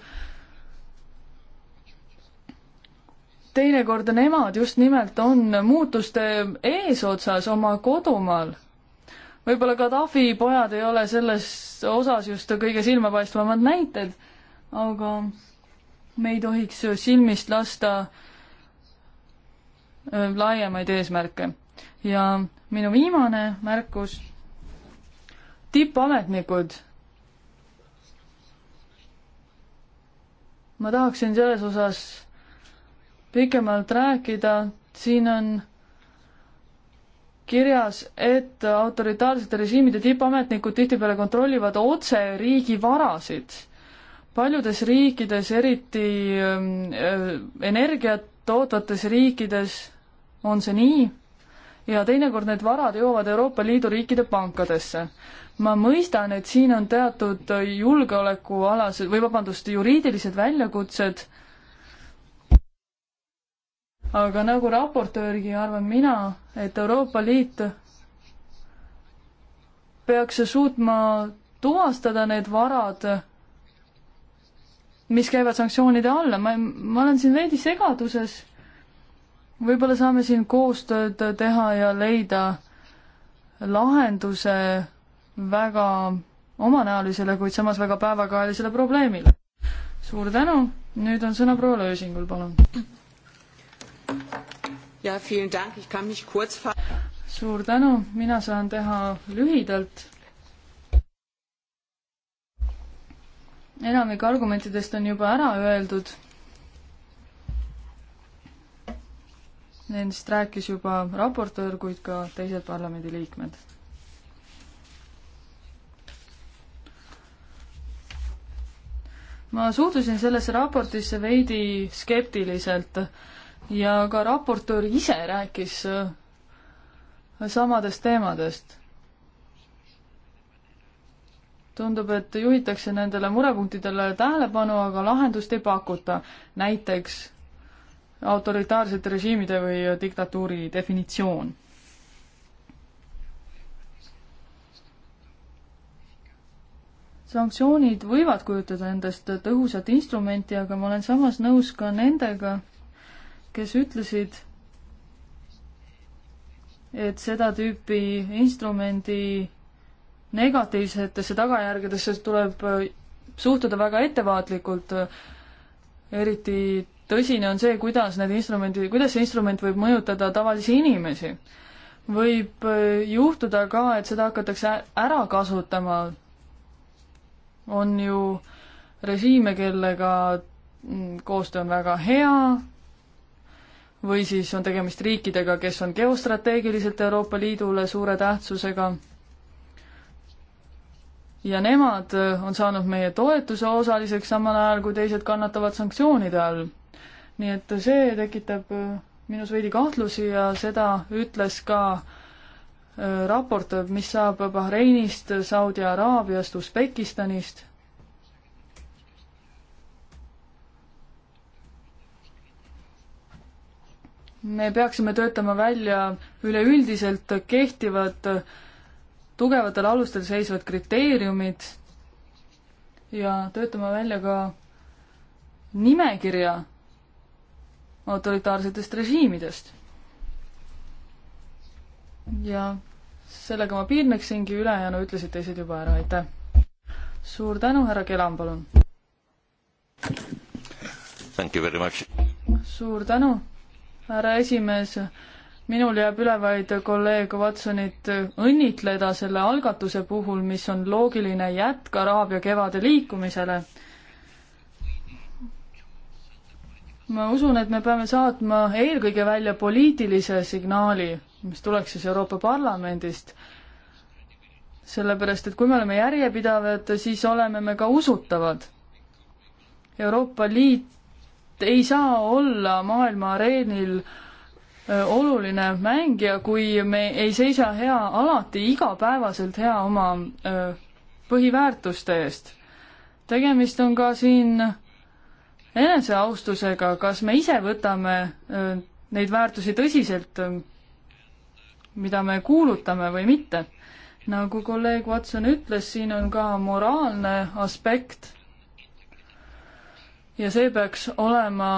teinekord nemad just nimelt on muutuste eesotsas oma kodumaal. võib-olla Gaddafi pojad ei ole selles osas just kõige silmapaistvamad näited, aga me ei tohiks silmist lasta äh, laiemaid eesmärke. ja minu viimane märkus tippametnikud. ma tahaksin selles osas pikemalt rääkida, siin on kirjas, et autoritaarsete režiimide tippametnikud tihtipeale kontrollivad otse riigi varasid. paljudes riikides, eriti ähm, äh, energiat tootvates riikides on see nii ja teinekord need varad jõuavad Euroopa Liidu riikide pankadesse ma mõistan, et siin on teatud julgeolekualased või vabandust, juriidilised väljakutsed, aga nagu raportöörgi arvan mina, et Euroopa Liit peaks suutma tuvastada need varad, mis käivad sanktsioonide alla, ma, ma olen siin veidi segaduses. võib-olla saame siin koostööd teha ja leida lahenduse väga omanäolisele, kuid samas väga päevakajalisele probleemile. suur tänu, nüüd on sõna proua Lösingul, palun. suur tänu, mina saan teha lühidalt. enamik argumentidest on juba ära öeldud. Nendest rääkis juba raportöör, kuid ka teised parlamendiliikmed ma suhtusin sellesse raportisse veidi skeptiliselt ja ka raportöör ise rääkis äh, samadest teemadest. tundub, et juhitakse nendele murepunktidele tähelepanu, aga lahendust ei pakuta. näiteks autoritaarsete režiimide või diktatuuri definitsioon sanktsioonid võivad kujutada endast tõhusat instrumenti, aga ma olen samas nõus ka nendega, kes ütlesid, et seda tüüpi instrumendi negatiivsetesse tagajärgedesse tuleb äh, suhtuda väga ettevaatlikult. eriti tõsine on see, kuidas need instrumendid, kuidas see instrument võib mõjutada tavalisi inimesi. võib äh, juhtuda ka, et seda hakatakse ära kasutama on ju režiime, kellega koostöö on väga hea, või siis on tegemist riikidega, kes on geostrateegiliselt Euroopa Liidule suure tähtsusega. ja nemad on saanud meie toetuse osaliseks, samal ajal kui teised kannatavad sanktsioonide all. nii et see tekitab minus veidi kahtlusi ja seda ütles ka äh, raport, mis saab Bahreinist, Saudi Araabiast, Usbekistanist. me peaksime töötama välja üleüldiselt kehtivad tugevatel alustel seisvad kriteeriumid ja töötama välja ka nimekirja autoritaarsetest režiimidest. ja sellega ma piirneksingi, ülejäänu ütlesid teised juba ära, aitäh. suur tänu, härra Kelam, palun. Thank you very much. suur tänu, härra esimees. minul jääb üle vaid kolleeg Watsonit õnnitleda selle algatuse puhul, mis on loogiline jätk Araabia kevade liikumisele. ma usun, et me peame saatma eelkõige välja poliitilise signaali mis tuleks siis Euroopa Parlamendist, sellepärast et kui me oleme järjepidevad, siis oleme me ka usutavad. Euroopa Liit ei saa olla maailma areenil oluline mängija, kui me ei seisa hea, alati igapäevaselt hea oma öö, põhiväärtuste eest. tegemist on ka siin eneseaustusega, kas me ise võtame öö, neid väärtusi tõsiselt, mida me kuulutame või mitte. nagu kolleeg Watson ütles, siin on ka moraalne aspekt ja see peaks olema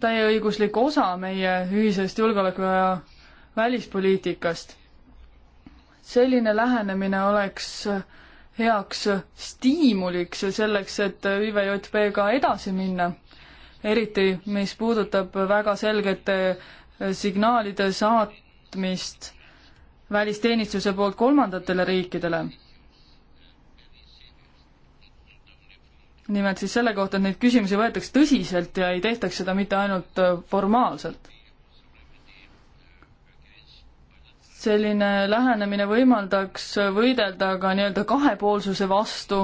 täieõiguslik osa meie ühisest julgeoleku ja välispoliitikast. selline lähenemine oleks heaks stiimuliks selleks, et ÜVJP-ga edasi minna, eriti mis puudutab väga selgete signaalide saatmist välisteenistuse poolt kolmandatele riikidele. nimelt siis selle kohta, et neid küsimusi võetaks tõsiselt ja ei tehtaks seda mitte ainult äh, formaalselt. selline lähenemine võimaldaks võidelda ka nii-öelda kahepoolsuse vastu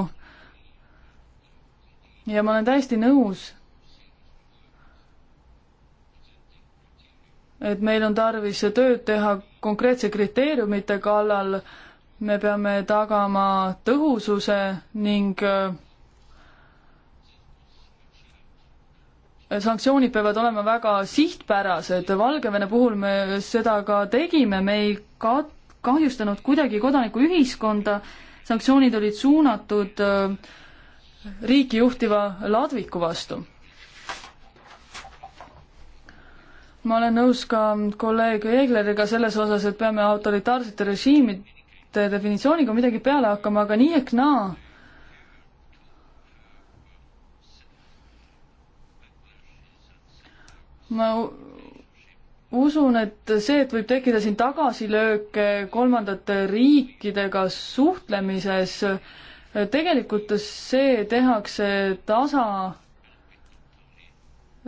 ja ma olen täiesti nõus et meil on tarvis tööd teha konkreetse kriteeriumite kallal, me peame tagama tõhususe ning äh, sanktsioonid peavad olema väga sihtpärased, Valgevene puhul me seda ka tegime, me ei ka-, kahjustanud kuidagi kodanikuühiskonda, sanktsioonid olid suunatud äh, riiki juhtiva Ladviku vastu ma olen nõus ka kolleeg Eegleriga selles osas, et peame autoritaarsete režiimide definitsiooniga midagi peale hakkama, aga nii ehk naa. ma usun, et see, et võib tekkida siin tagasilööke kolmandate riikidega suhtlemises, tegelikult see tehakse tasa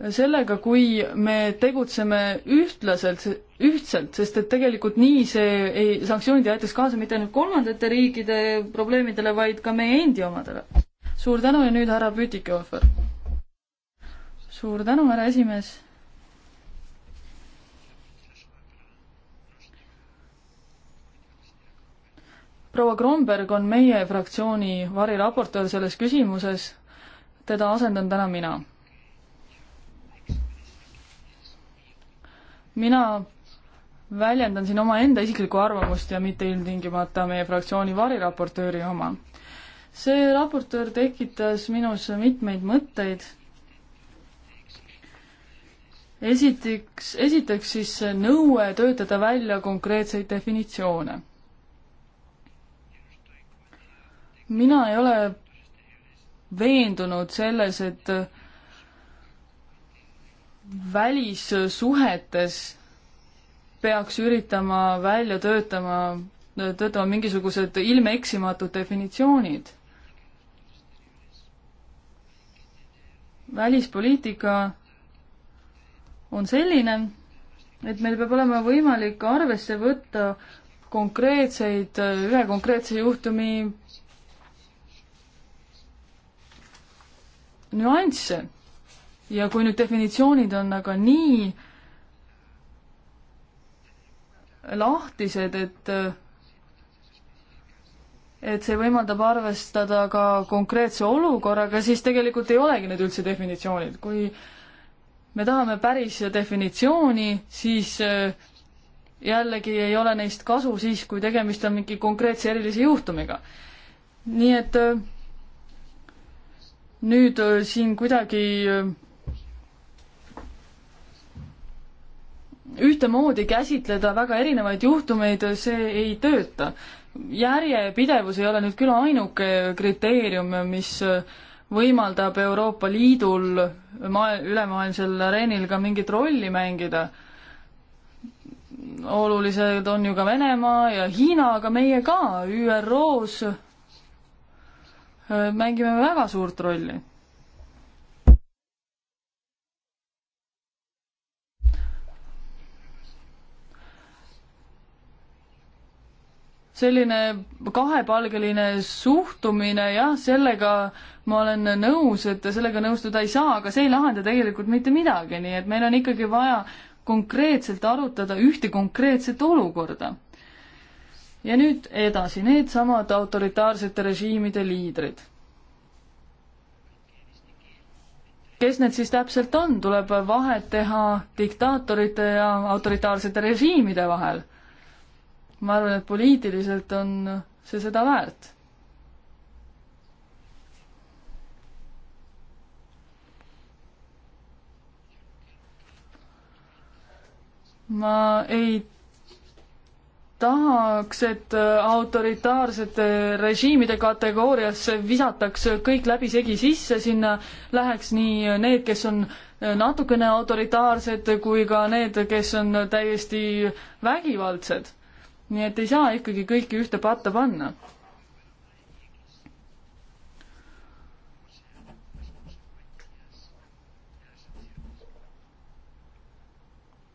sellega, kui me tegutseme ühtlaselt, ühtselt, sest et tegelikult nii see ei, sanktsioonid ei aitaks kaasa mitte ainult kolmandate riikide probleemidele, vaid ka meie endi omadele. suur tänu ja nüüd härra Pütikofer. suur tänu, härra esimees. proua Kromberg on meie fraktsiooni variraportöör selles küsimuses, teda asendan täna mina mina väljendan siin omaenda isiklikku arvamust ja mitte ilmtingimata meie fraktsiooni variraportööri oma. see raportöör tekitas minus mitmeid mõtteid. esiteks, esiteks siis nõue töötada välja konkreetseid definitsioone. mina ei ole veendunud selles, et välissuhetes peaks üritama välja töötama, töötama mingisugused ilmeeksimatud definitsioonid. välispoliitika on selline, et meil peab olema võimalik arvesse võtta konkreetseid, ühe konkreetse juhtumi nüansse ja kui nüüd definitsioonid on aga nii lahtised, et et see võimaldab arvestada ka konkreetse olukorraga, siis tegelikult ei olegi need üldse definitsioonid. kui me tahame päris definitsiooni, siis eh, jällegi ei ole neist kasu siis, kui tegemist on mingi konkreetse erilise juhtumiga. nii et eh, nüüd eh, siin kuidagi ühtemoodi käsitleda väga erinevaid juhtumeid, see ei tööta. järjepidevus ei ole nüüd küll ainuke kriteerium, mis võimaldab Euroopa Liidul maa-, ülemaailmsel areenil ka mingit rolli mängida. olulised on ju ka Venemaa ja Hiina, aga meie ka ÜRO-s mängime väga suurt rolli selline kahepalgeline suhtumine, jah, sellega ma olen nõus, et sellega nõustuda ei saa, aga see ei lahenda tegelikult mitte midagi, nii et meil on ikkagi vaja konkreetselt arutada ühte konkreetset olukorda. ja nüüd edasi, needsamad autoritaarsete režiimide liidrid. kes need siis täpselt on, tuleb vahet teha diktaatorite ja autoritaarsete režiimide vahel ma arvan, et poliitiliselt on see seda väärt. ma ei tahaks, et autoritaarsete režiimide kategooriasse visataks kõik läbisegi sisse, sinna läheks nii need, kes on natukene autoritaarsed, kui ka need, kes on täiesti vägivaldsed nii et ei saa ikkagi kõiki ühte patta panna.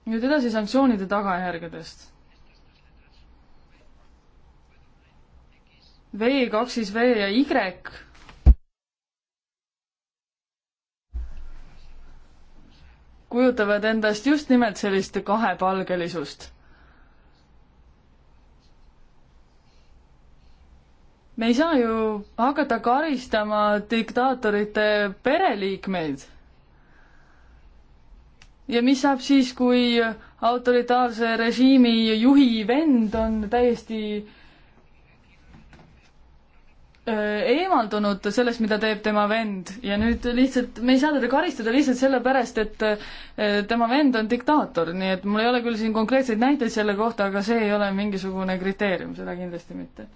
nüüd edasi sanktsioonide tagajärgedest. V kaks siis V ja Y kujutavad endast just nimelt sellist kahepalgelisust me ei saa ju hakata karistama diktaatorite pereliikmeid. ja mis saab siis, kui autoritaarse režiimi juhi vend on täiesti äh, eemaldunud sellest, mida teeb tema vend ja nüüd lihtsalt, me ei saa teda karistada lihtsalt sellepärast, et äh, tema vend on diktaator, nii et mul ei ole küll siin konkreetseid näiteid selle kohta, aga see ei ole mingisugune kriteerium, seda kindlasti mitte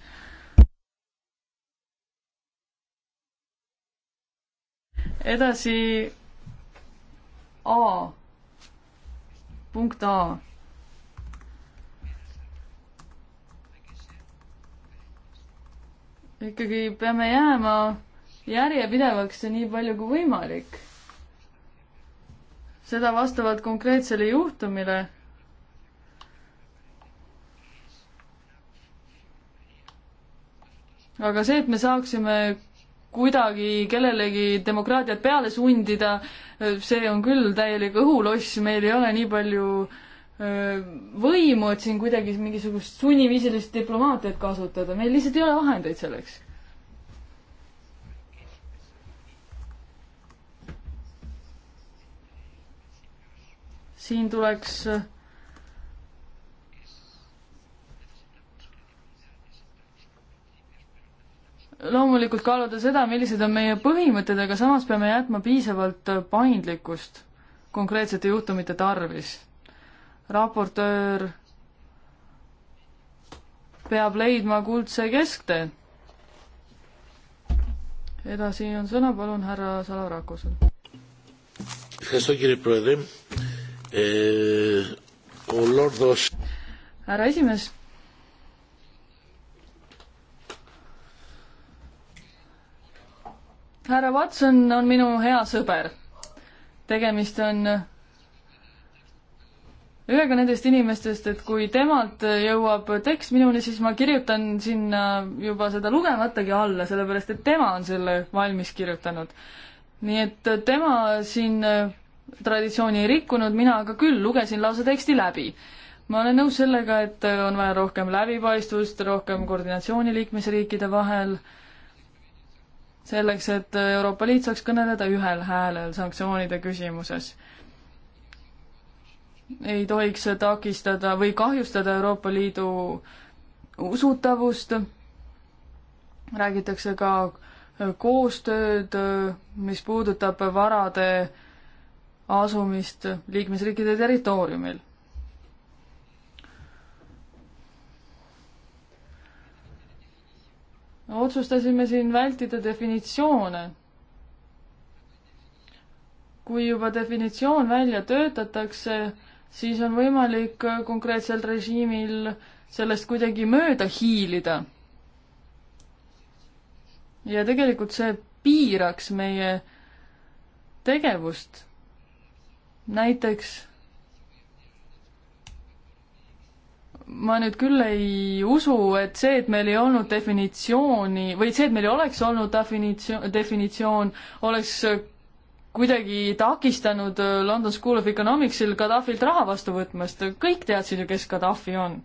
edasi A, punkt A. ikkagi peame jääma järjepidevaks ja nii palju kui võimalik. seda vastavalt konkreetsele juhtumile aga see, et me saaksime kuidagi kellelegi demokraatiat peale sundida, see on küll täielik õhuloss, meil ei ole nii palju võimu, et siin kuidagi mingisugust sunniviisilist diplomaatiat kasutada, meil lihtsalt ei ole vahendeid selleks siin tuleks loomulikult kaaluda seda, millised on meie põhimõtted, aga samas peame jätma piisavalt paindlikkust konkreetsete juhtumite tarvis. raportöör peab leidma kuldse kesktee. edasi on sõna, palun, härra Salarakusel. härra esimees härra Watson on minu hea sõber. tegemist on ühega nendest inimestest, et kui temalt jõuab tekst minuni, siis ma kirjutan sinna juba seda lugematagi alla, sellepärast et tema on selle valmis kirjutanud. nii et tema siin traditsiooni ei rikkunud, mina aga küll lugesin lausa teksti läbi. ma olen nõus sellega, et on vaja rohkem läbipaistvust, rohkem koordinatsiooni liikmesriikide vahel äh,, selleks, et Euroopa Liit saaks kõneleda ühel häälel sanktsioonide küsimuses. ei tohiks takistada või kahjustada Euroopa Liidu usutavust, räägitakse ka koostööd, mis puudutab varade asumist liikmesriikide territooriumil otsustasime siin vältida definitsioone. kui juba definitsioon välja töötatakse, siis on võimalik konkreetsel režiimil sellest kuidagi mööda hiilida. ja tegelikult see piiraks meie tegevust. näiteks ma nüüd küll ei usu, et see, et meil ei olnud definitsiooni või see, et meil ei oleks olnud definitsioon, definitsioon, oleks kuidagi takistanud äh, London School of Economicsil Gaddafilt raha vastu võtmast, kõik teadsid ju, kes Gaddafi on.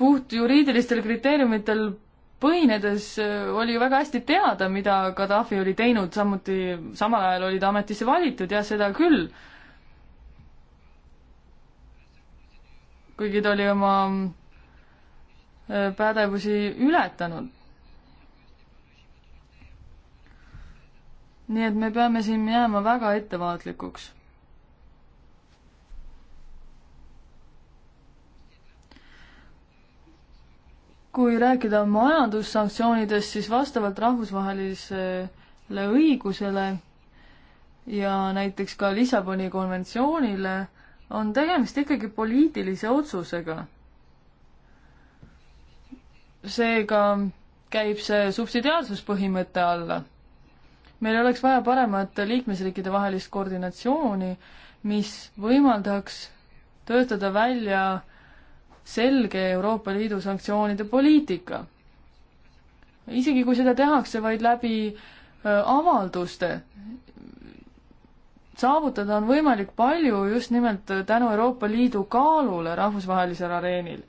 puht juriidilistel kriteeriumitel põhinedes äh, oli ju väga hästi teada, mida Gaddafi oli teinud, samuti samal ajal oli ta ametisse valitud ja seda küll. kuigi ta oli oma äh, pädevusi ületanud. nii et me peame siin jääma väga ettevaatlikuks kui rääkida majandussanktsioonidest, siis vastavalt rahvusvahelisele õigusele ja näiteks ka Lissaboni konventsioonile on tegemist ikkagi poliitilise otsusega. seega käib see subsidiaarsuspõhimõtte alla. meil oleks vaja paremat liikmesriikide vahelist koordinatsiooni, mis võimaldaks töötada välja selge Euroopa Liidu sanktsioonide poliitika. isegi kui seda tehakse vaid läbi avalduste, saavutada on võimalik palju just nimelt tänu Euroopa Liidu kaalule rahvusvahelisel areenil.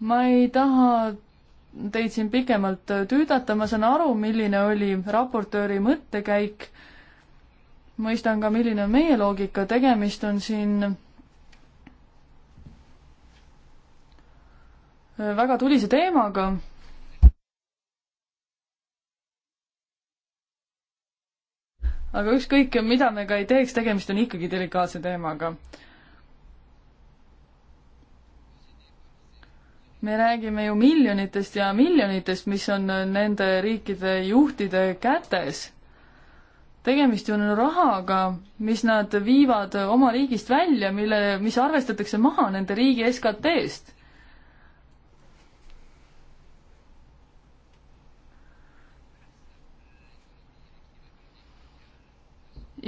ma ei taha teid siin pikemalt tüüdata, ma saan aru, milline oli raportööri mõttekäik, mõistan ka, milline on meie loogika, tegemist on siin väga tulise teemaga. aga ükskõik, mida me ka ei teeks, tegemist on ikkagi delikaatse teemaga. me räägime ju miljonitest ja miljonitest, mis on nende riikide juhtide kätes tegemist on rahaga, mis nad viivad oma riigist välja, mille, mis arvestatakse maha nende riigi SKT-st.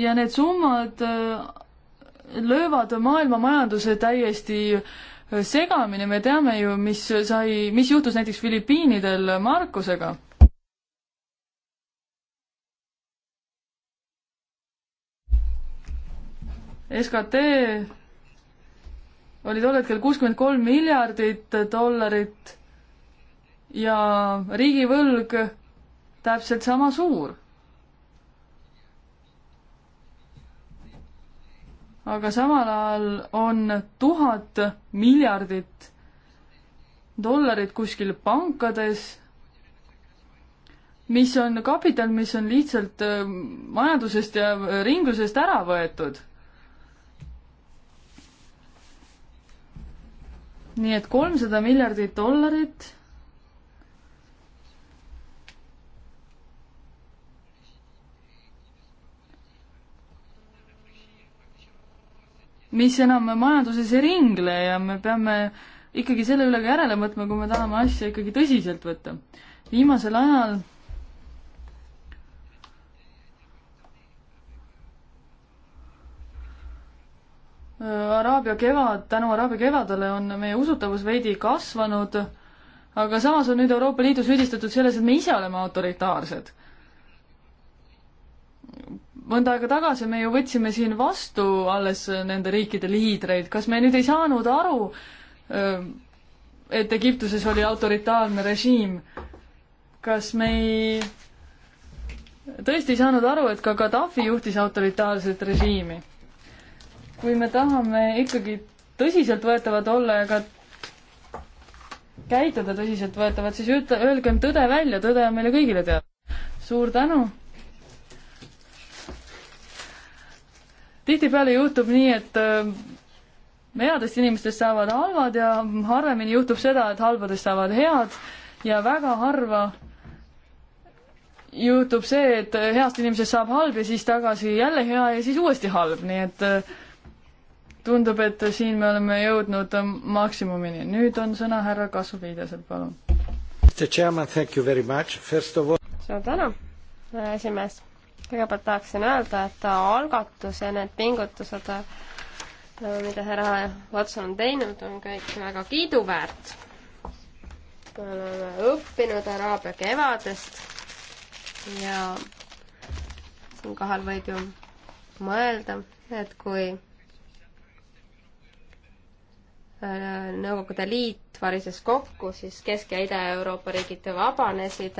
ja need summad äh, löövad maailma majanduse täiesti äh, segamini, me teame ju, mis sai, mis juhtus näiteks Filipiinidel Markusega. SKT oli tol hetkel kuuskümmend kolm miljardit dollarit ja riigivõlg täpselt sama suur aga samal ajal on tuhat miljardit dollarit kuskil pankades, mis on kapital, mis on lihtsalt äh, majandusest ja äh, ringlusest ära võetud. nii et kolmsada miljardit dollarit mis enam majanduses ei ringle ja me peame ikkagi selle üle ka järele mõtlema, kui me tahame asja ikkagi tõsiselt võtta. viimasel ajal Araabia kevad, tänu Araabia kevadele on meie usutavus veidi kasvanud, aga samas on nüüd Euroopa Liidu süüdistatud selles, et me ise oleme autoritaarsed mõnda aega tagasi me ju võtsime siin vastu alles nende riikide liidreid, kas me nüüd ei saanud aru, äh, et Egiptuses oli autoritaarne režiim? kas me ei, tõesti ei saanud aru, et ka Gaddafi juhtis autoritaarset režiimi? kui me tahame ikkagi tõsiseltvõetavad olla ja ka käituda tõsiseltvõetavad, siis ütle, öelgem tõde välja, tõde on meile kõigile teada. suur tänu! tihtipeale juhtub nii, et äh, headest inimestest saavad halvad ja harvemini juhtub seda, et halbadest saavad head ja väga harva juhtub see, et heast inimesest saab halb ja siis tagasi jälle hea ja siis uuesti halb, nii et äh, tundub, et siin me oleme jõudnud äh, maksimumini. nüüd on sõna härra Kassuliidesel, palun. suur tänu, härra esimees kõigepealt tahaksin öelda, et algatus ja need pingutused, äh, mida härra Watson on teinud, on kõik väga kiiduväärt. me oleme õppinud Araabia kevadest ja siinkohal võib ju mõelda, et kui äh, Nõukogude Liit varises kokku, siis Kesk- ja Ida-Euroopa riigid vabanesid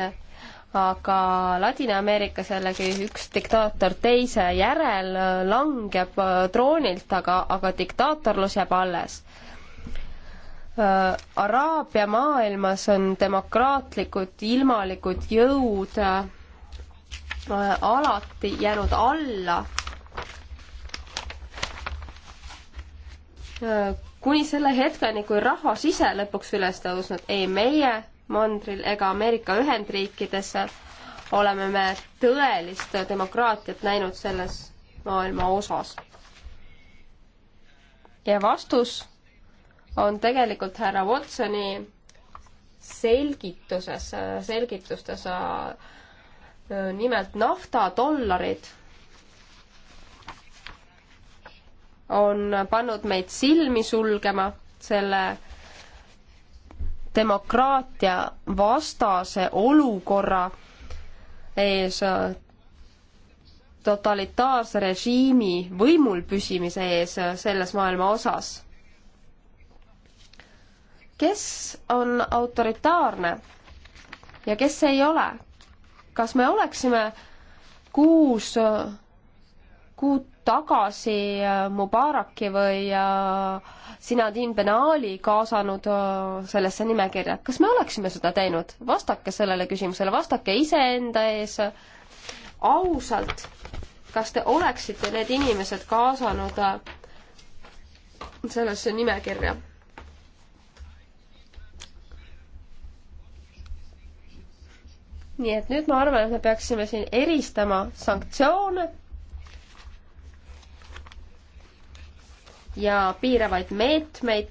aga Ladina-Ameerikas jällegi üks diktaator teise järel äh, langeb äh, troonilt, aga, aga diktaatorlus jääb alles. Äh, Araabia maailmas on demokraatlikud, ilmalikud jõud alati jäänud alla kuni selle hetkeni, kui rahvas ise lõpuks üles tõusnud, ei meie mandril ega Ameerika Ühendriikides oleme me tõelist demokraatiat näinud selles maailma osas. ja vastus on tegelikult härra Watsoni selgituses, selgitustes äh, nimelt naftadollarid on pannud meid silmi sulgema selle demokraatia vastase olukorra ees, totalitaarse režiimi võimul püsimise ees selles maailma osas. kes on autoritaarne ja kes ei ole? kas me oleksime kuus kuud tagasi Mubaraki või äh, Sinadin Benali kaasanud äh, sellesse nimekirja. kas me oleksime seda teinud? vastake sellele küsimusele, vastake iseenda ees ausalt. kas te oleksite need inimesed kaasanud äh, sellesse nimekirja? nii et nüüd ma arvan, et me peaksime siin eristama sanktsioone ja piiravaid meetmeid.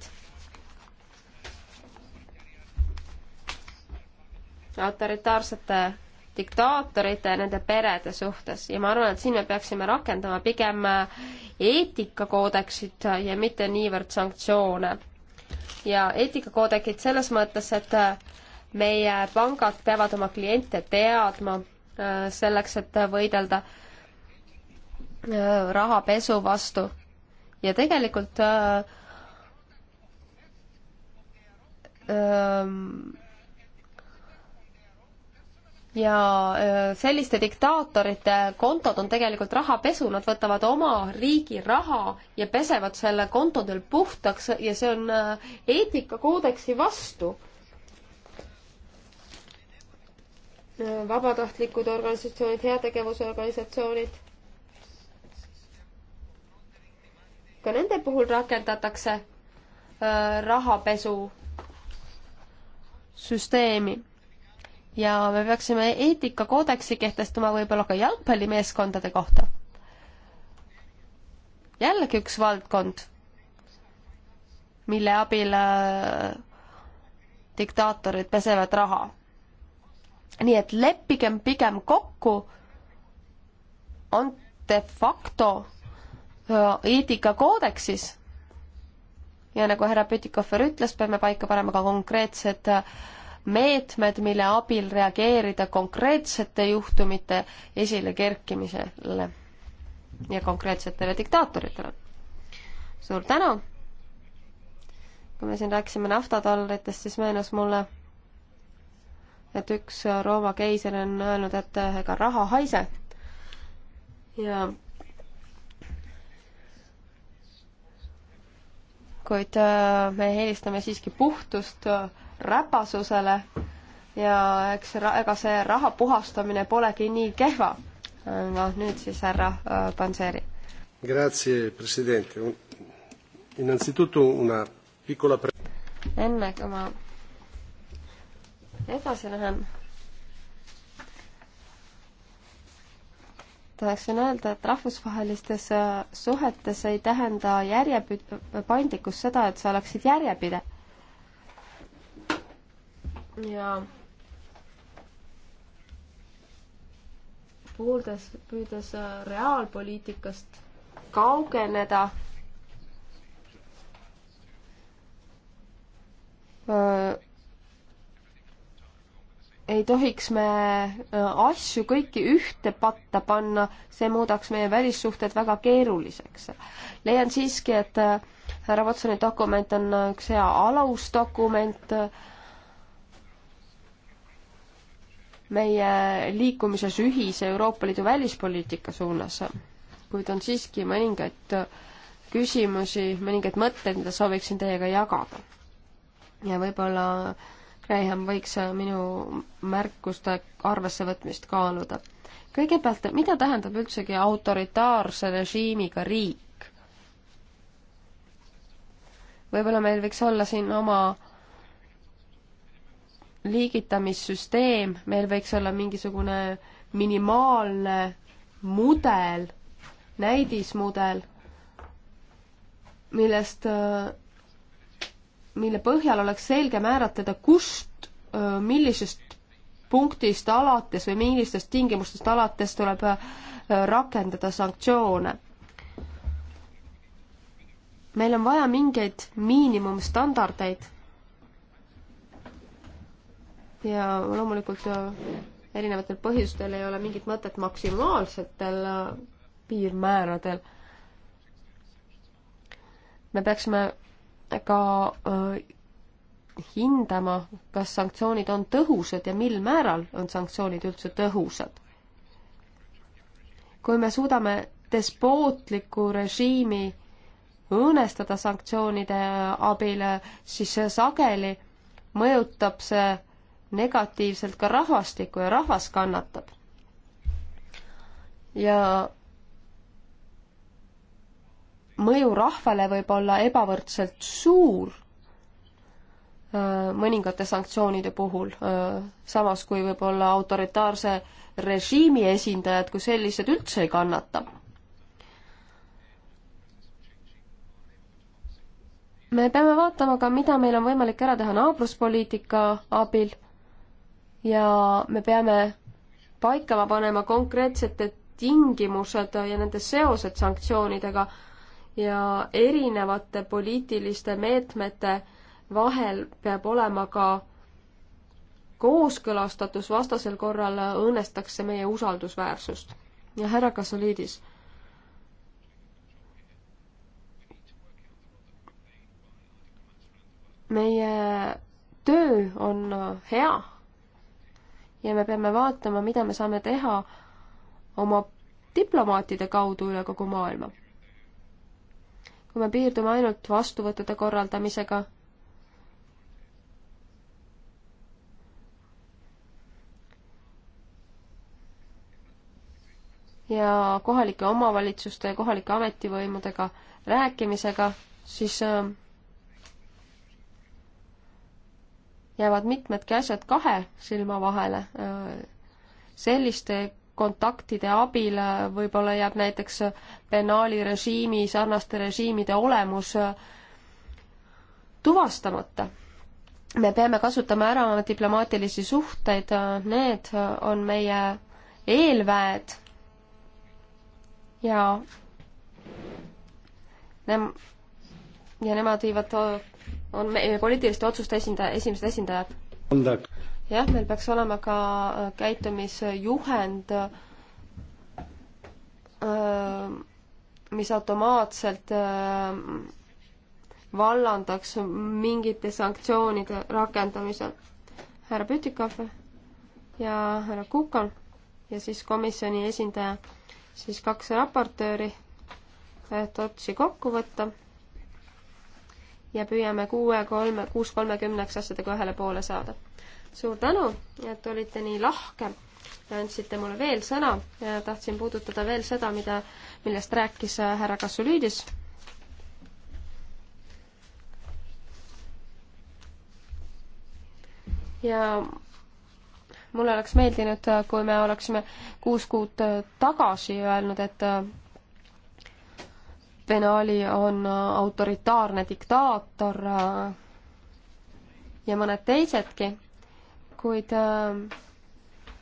autoritaarsete diktaatorite ja nende perede suhtes ja ma arvan, et siin me peaksime rakendama pigem eetikakoodeksit ja mitte niivõrd sanktsioone. ja eetikakoodekit selles mõttes, et meie pangad peavad oma kliente teadma äh, selleks, et võidelda äh, rahapesu vastu ja tegelikult öö, äh, öö, ähm, ja äh, selliste diktaatorite kontod on tegelikult rahapesu, nad võtavad oma riigi raha ja pesevad selle kontodel puhtaks ja see on äh, eetikakoodeksi vastu. vabatahtlikud organisatsioonid, heategevuse organisatsioonid ka nende puhul rakendatakse rahapesu süsteemi. ja me peaksime eetikakoodeksi kehtestama võib-olla ka jalgpallimeeskondade kohta. jällegi üks valdkond, mille abil diktaatorid pesevad raha. nii et leppigem pigem kokku, on de facto Äh, eetikakoodeksis ja nagu härra Pütikofer ütles, peame paika panema ka konkreetsed äh, meetmed, mille abil reageerida konkreetsete juhtumite esilekerkimisele ja konkreetsetele diktaatoritele. suur tänu! kui me siin rääkisime naftadollaritest, siis meenus mulle, et üks Rooma keiser on öelnud, et ega raha haise ja kuid äh, me eelistame siiski puhtust äh, räpasusele ja eks ega see raha puhastamine polegi nii kehva. noh, nüüd siis härra äh, Panseri. Grazie, president. Innanzitutto una piccola pre-. enne kui ma edasi lähen tahaksin öelda, et rahvusvahelistes äh, suhetes ei tähenda järjepid-, paindlikkus seda, et sa oleksid järjepidev. ja puuldes, püüdes äh, reaalpoliitikast kaugeneda, äh, ei tohiks me asju kõiki ühte patta panna, see muudaks meie välissuhted väga keeruliseks. leian siiski, et härra Watsoni dokument on üks hea alusdokument meie liikumises ühise Euroopa Liidu välispoliitika suunas, kuid on siiski mõningaid küsimusi, mõningaid mõtteid, mida sooviksin teiega jagada. ja võib-olla äh, Graham võiks äh, minu märkuste arvesse võtmist kaaluda. kõigepealt, mida tähendab üldsegi autoritaarse režiimiga riik? võib-olla meil võiks olla siin oma liigitamissüsteem, meil võiks olla mingisugune minimaalne mudel, näidismudel, millest äh, mille põhjal oleks selge määratleda, kust, millisest punktist alates või millistest tingimustest alates tuleb rakendada sanktsioone. meil on vaja mingeid miinimumstandardeid. ja loomulikult erinevatel põhjustel ei ole mingit mõtet maksimaalsetel piirmääradel. me peaksime ka äh, hindama, kas sanktsioonid on tõhusad ja mil määral on sanktsioonid üldse tõhusad. kui me suudame despootliku režiimi õõnestada sanktsioonide abil, siis sageli mõjutab see negatiivselt ka rahvastikku ja rahvas kannatab. ja mõju rahvale võib olla ebavõrdselt suur äh, mõningate sanktsioonide puhul, äh, samas kui võib-olla autoritaarse režiimi esindajad kui sellised üldse ei kannata. me peame vaatama ka, mida meil on võimalik ära teha naabruspoliitika abil ja me peame paikama panema konkreetsed tingimused ja nende seosed sanktsioonidega ja erinevate poliitiliste meetmete vahel peab olema ka kooskõlastatus, vastasel korral õõnestakse meie usaldusväärsust. ja härra Kasoliidis. meie töö on hea ja me peame vaatama, mida me saame teha oma diplomaatide kaudu üle kogu maailma kui me piirdume ainult vastuvõttude korraldamisega, ja kohalike omavalitsuste ja kohalike ametivõimudega rääkimisega, siis äh, jäävad mitmedki asjad kahe silma vahele. Äh, selliste kontaktide abil võib-olla jääb näiteks penaalirežiimi, sarnaste režiimide olemus tuvastamata. me peame kasutama ära oma diplomaatilisi suhteid, need on meie eelväed ja nem-, ja nemad viivad, on meie poliitiliste otsuste esindaja, esimesed esindajad jah, meil peaks olema ka äh, käitumisjuhend, äh, mis automaatselt äh, vallandaks mingite sanktsioonide rakendamisel. härra Pütikov ja härra Kukan ja siis komisjoni esindaja, siis kaks raportööri, et otsi kokku võtta ja püüame kuue kolme, kuus kolmekümneks asjadega ühele poole saada suur tänu, et olite nii lahke ja andsite mulle veel sõna. tahtsin puudutada veel seda, mida, millest rääkis äh, härra Kasulüüdis. ja mulle oleks meeldinud, äh, kui me oleksime kuus kuud äh, tagasi öelnud, et Ben Ali on autoritaarne diktaator ja mõned teisedki kuid äh,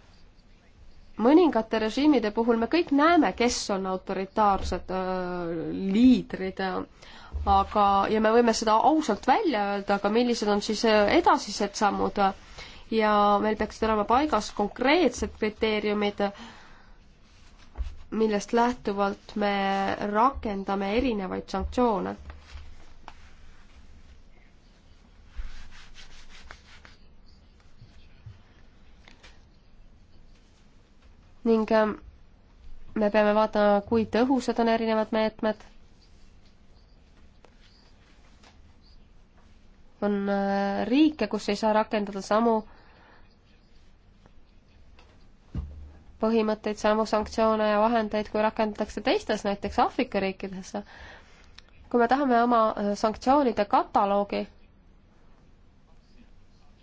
mõningate režiimide puhul me kõik näeme, kes on autoritaarsed äh, liidrid, äh, aga, ja me võime seda ausalt välja öelda, aga millised on siis edasised sammud ja meil peaksid olema paigas konkreetsed kriteeriumid, millest lähtuvalt me rakendame erinevaid sanktsioone ning ähm, me peame vaatama, kui tõhusad on erinevad meetmed. on äh, riike, kus ei saa rakendada samu põhimõtteid, samu sanktsioone ja vahendeid, kui rakendatakse teistes, näiteks Aafrika riikides. kui me tahame oma äh, sanktsioonide kataloogi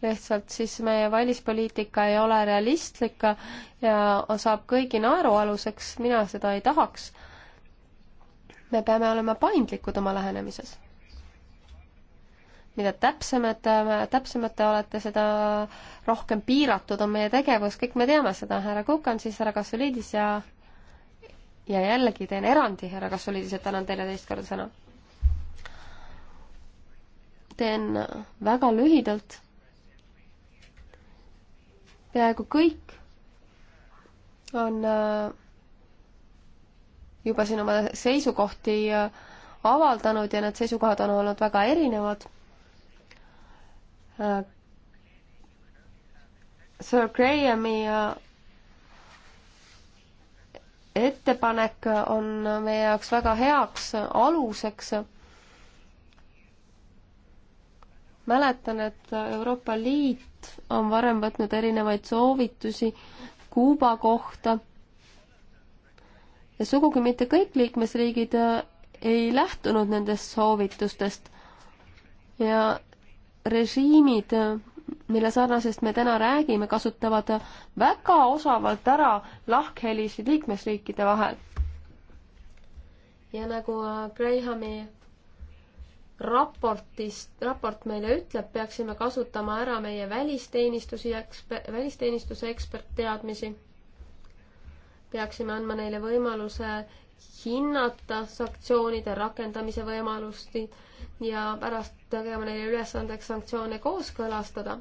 lihtsalt siis meie välispoliitika ei ole realistlik ja saab kõigi naerualuseks, mina seda ei tahaks. me peame olema paindlikud oma lähenemises. mida täpsemad, täpsemad te olete, seda rohkem piiratud on meie tegevus, kõik me teame seda, härra Kukan, siis härra Kasuliidis ja ja jällegi teen erandi, härra Kasuliidis, et annan teile teist korda sõna. teen väga lühidalt peaaegu kõik on äh, juba siin oma seisukohti äh, avaldanud ja need seisukohad on olnud väga erinevad. Äh, Sir Grahami ettepanek on meie jaoks väga heaks aluseks mäletan, et Euroopa Liit on varem võtnud erinevaid soovitusi Kuuba kohta ja sugugi mitte kõik liikmesriigid äh, ei lähtunud nendest soovitustest ja režiimid, äh, mille sarnasest me täna räägime, kasutavad äh, väga osavalt ära lahkhelisid liikmesriikide vahel. ja nagu Grahami raportist, raport meile ütleb, peaksime kasutama ära meie välisteenistusi, välisteenistuse ekspertteadmisi. peaksime andma neile võimaluse hinnata sanktsioonide rakendamise võimalust ja pärast tegema neile ülesandeks sanktsioone kooskõlastada.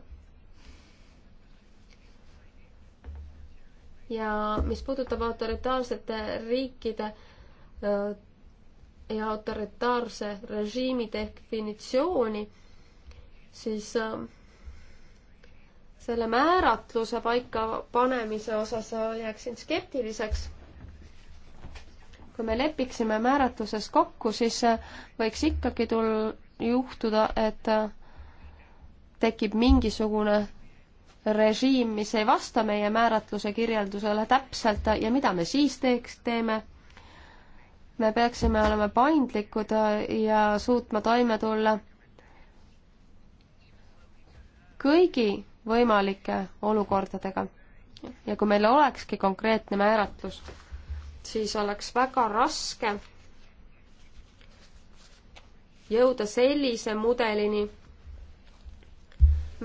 ja mis puudutab autoritaarsete riikide ja autoritaarse režiimi definitsiooni, siis äh, selle määratluse paikapanemise osas äh, jääksin skeptiliseks. kui me lepiksime määratluses kokku, siis äh, võiks ikkagi tul-, juhtuda, et tekib mingisugune režiim, mis ei vasta meie määratluse kirjeldusele täpselt ja mida me siis teeks, teeme me peaksime olema paindlikud äh, ja suutma toime tulla kõigi võimalike olukordadega. ja kui meil olekski konkreetne määratlus, siis oleks väga raske jõuda sellise mudelini,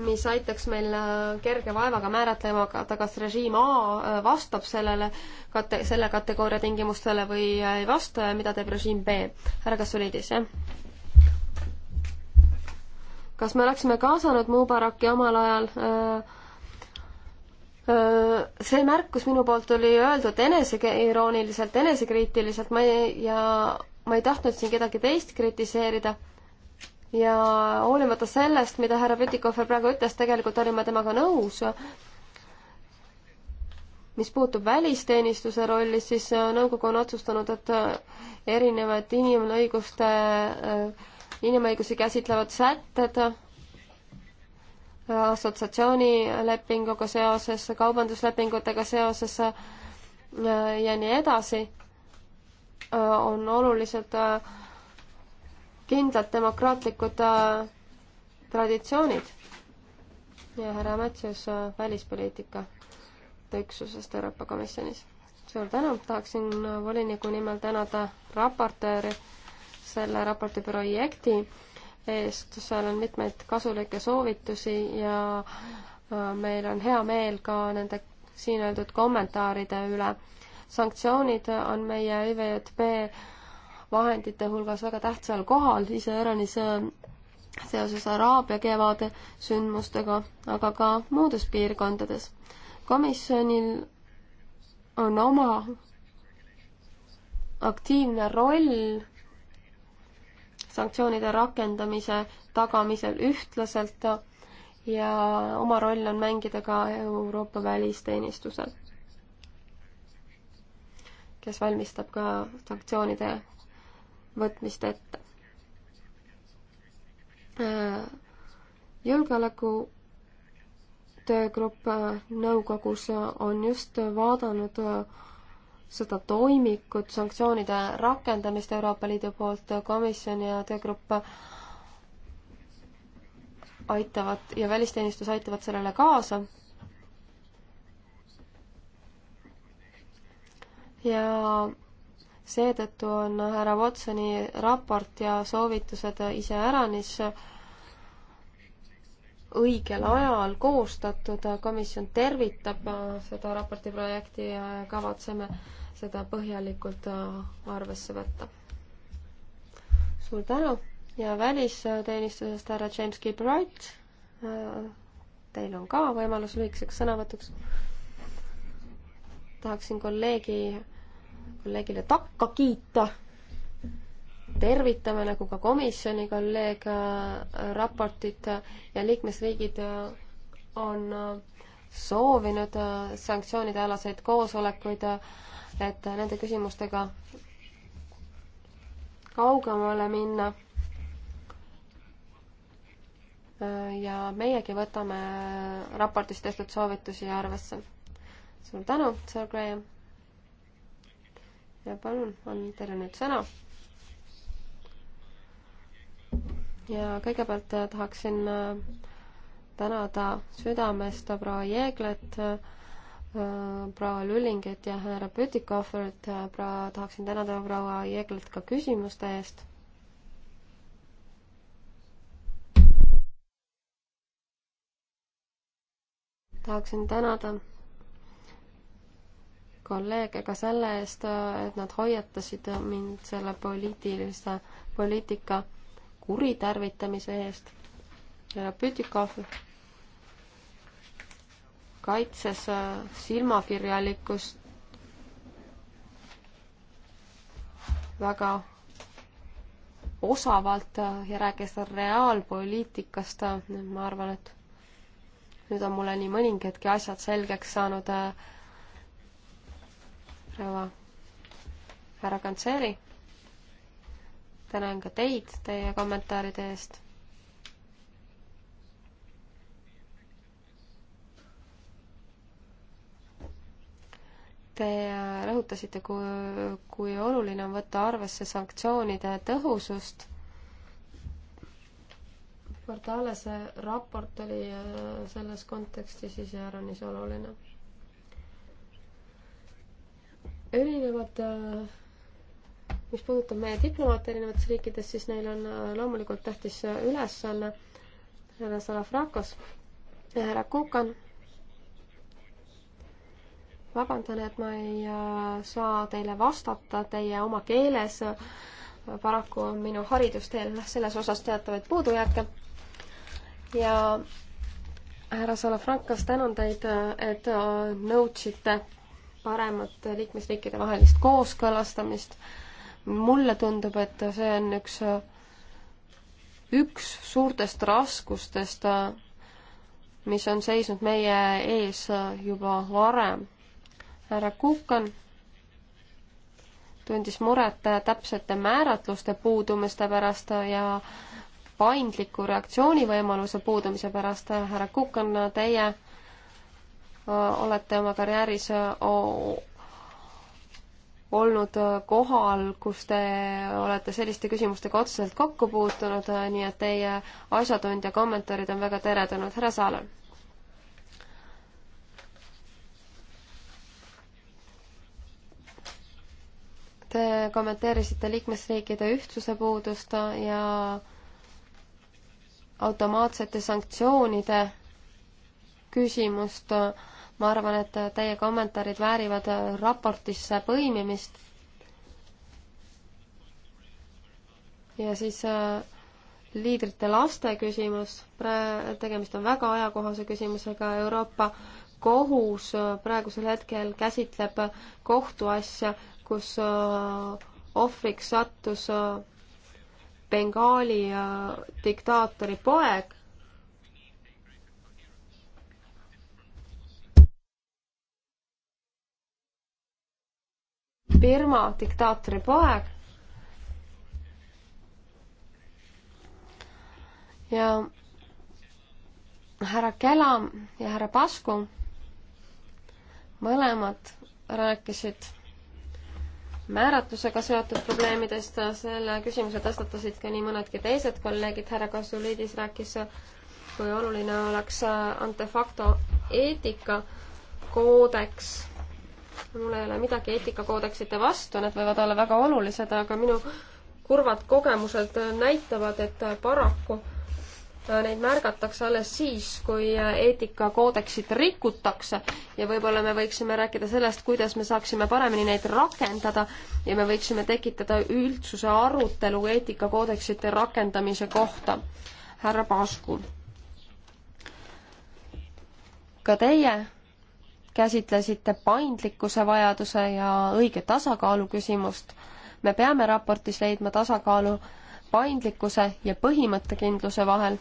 mis aitaks meil äh, kerge vaevaga määratlema, kas režiim A äh, vastab sellele kate-, selle kategooria tingimustele või äh, ei vasta ja mida teeb režiim B. härra Kasuliidis, jah? kas me oleksime kaasanud Mubaraki omal ajal äh, see märkus minu poolt oli öeldud eneseirooniliselt, enesekriitiliselt, ma ei, ja ma ei tahtnud siin kedagi teist kritiseerida ja hoolimata sellest, mida härra Pütikofer praegu ütles, tegelikult olin ma temaga nõus. mis puutub välisteenistuse rolli, siis äh, nõukogu on otsustanud, et äh, erinevad inimõiguste, äh, inimõigusi käsitlevad sätted assotsiatsioonilepinguga seoses, kaubanduslepingutega seoses ja nii edasi on oluliselt äh, kindlad demokraatlikud äh, traditsioonid. ja härra Mätsius äh, välispoliitika üksusest Euroopa Komisjonis. suur tänu, tahaksin äh, voliniku nimel tänada raportööri selle raporti projekti eest, seal on mitmeid kasulikke soovitusi ja meil on hea meel ka nende siin öeldud kommentaaride üle. sanktsioonid on meie ÜVJP vahendite hulgas väga tähtsal kohal, iseäranis äh, seoses Araabia kevade sündmustega, aga ka muudes piirkondades. komisjonil on oma aktiivne roll sanktsioonide rakendamise tagamisel ühtlaselt ja oma roll on mängida ka Euroopa välisteenistusel, kes valmistab ka sanktsioonide võtmist ette. Äh, julgeoleku töögrupp äh, nõukogus äh, on just vaadanud seda toimikut, sanktsioonide rakendamist Euroopa Liidu poolt, komisjon ja töögrupp aitavad ja välisteenistus aitavad sellele kaasa. ja seetõttu on härra Watsoni raport ja soovitused iseäranis õigel ajal koostatud, komisjon tervitab seda raporti projekti ja kavatseme seda põhjalikult arvesse võtta. suur tänu ja välisteenistusest härra James Gibright. Teil on ka võimalus lühikeseks sõnavõtuks. tahaksin kolleegi kolleegile takka kiita. tervitame, nagu ka komisjoni kolleeg, raportit ja liikmesriigid on soovinud sanktsioonide alaseid koosolekuid, et nende küsimustega kaugemale minna. ja meiegi võtame raportis tehtud soovitusi arvesse. suur tänu, Sir Graham! ja palun, on teile nüüd sõna. ja kõigepealt äh, tahaksin äh, tänada südamest proua Jeeglet, proua äh, Lüllingit ja härra Pütikohvrit, proua, tahaksin tänada proua Jeeglet ka küsimuste eest tahaksin tänada kolleege ka selle eest, et nad hoiatasid mind selle poliitilise, poliitika kuritarvitamise eest. härra Pütikov kaitses äh, silmakirjalikkust väga osavalt äh, ja rääkis reaalpoliitikast, ma arvan, et nüüd on mulle nii mõningadki asjad selgeks saanud äh, proua härra Kantseri. tänan ka teid teie kommentaaride eest. Te rõhutasite, kui, kui oluline on võtta arvesse sanktsioonide tõhusust Portalese raport oli äh, selles kontekstis iseäranis oluline erinevad, äh, mis puudutab meie diplomaate erinevates riikides, siis neil on äh, loomulikult tähtis äh, ülesanne härra Salafrakos ja härra Kukan. vabandan, et ma ei saa teile vastata teie oma keeles. paraku on minu haridusteel selles osas teatavaid puudujääke. ja härra Salafrakos, tänan teid, et nõudsite paremat liikmesriikide vahelist kooskõlastamist. mulle tundub, et see on üks, üks suurtest raskustest, mis on seisnud meie ees juba varem. härra Kukan tundis muret täpsete määratluste puudumiste pärast ja paindliku reaktsioonivõimaluse puudumise pärast. härra Kukan, teie olete oma karjääris äh, olnud äh, kohal, kus te olete selliste küsimustega otseselt kokku puutunud, äh, nii et teie asjatundja kommentaarid on väga teretulnud. härra Saalon. Te kommenteerisite liikmesriikide ühtsuse puudust ja automaatsete sanktsioonide küsimust ma arvan, et teie kommentaarid väärivad raportisse põimimist. ja siis äh, liidrite laste küsimus, tegemist on väga ajakohase küsimusega, Euroopa kohus äh, praegusel hetkel käsitleb kohtuasja, kus äh, ohvriks sattus Bengaali diktaatori poeg Birma diktaatori poeg. ja härra Kelam ja härra Pasku mõlemad rääkisid määratlusega seotud probleemidest, selle küsimuse tõstatasid ka nii mõnedki teised kolleegid, härra Kasuliidis rääkis, kui oluline oleks ante facto eetikakoodeks mul ei ole midagi eetikakoodeksite vastu, need võivad olla väga olulised, aga minu kurvad kogemused näitavad, et paraku äh, neid märgatakse alles siis, kui äh, eetikakoodeksit rikutakse ja võib-olla me võiksime rääkida sellest, kuidas me saaksime paremini neid rakendada ja me võiksime tekitada üldsuse arutelu eetikakoodeksite rakendamise kohta. härra Paasku. ka teie käsitlesite paindlikkuse vajaduse ja õige tasakaalu küsimust. me peame raportis leidma tasakaalu paindlikkuse ja põhimõttekindluse vahel.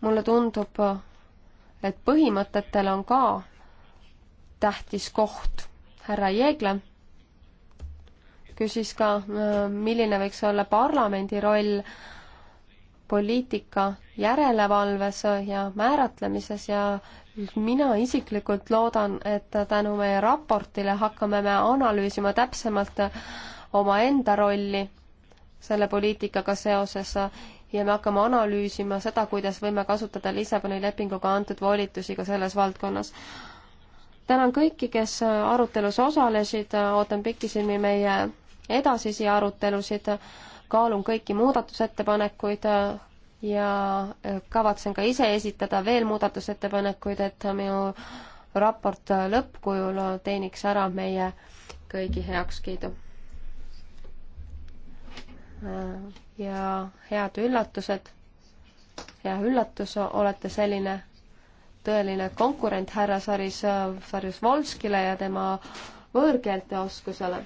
mulle tundub, et põhimõtetel on ka tähtis koht. härra Jeegle küsis ka, milline võiks olla parlamendi roll poliitika järelevalves ja määratlemises ja mina isiklikult loodan, et tänu meie raportile hakkame me analüüsima täpsemalt omaenda rolli selle poliitikaga seoses ja me hakkame analüüsima seda, kuidas võime kasutada Lissaboni lepinguga antud volitusi ka selles valdkonnas. tänan kõiki, kes arutelus osalesid, ootan pikisilmi meie edasisi arutelusid, kaalun kõiki muudatusettepanekuid, ja äh, kavatsen ka ise esitada veel muudatusettepanekuid, et minu raport lõppkujul teeniks ära meie kõigi heakskiidu. Äh, ja head üllatused, hea üllatus, olete selline tõeline konkurent härra Saris, Sarjus Volskile ja tema võõrkeelte oskusele.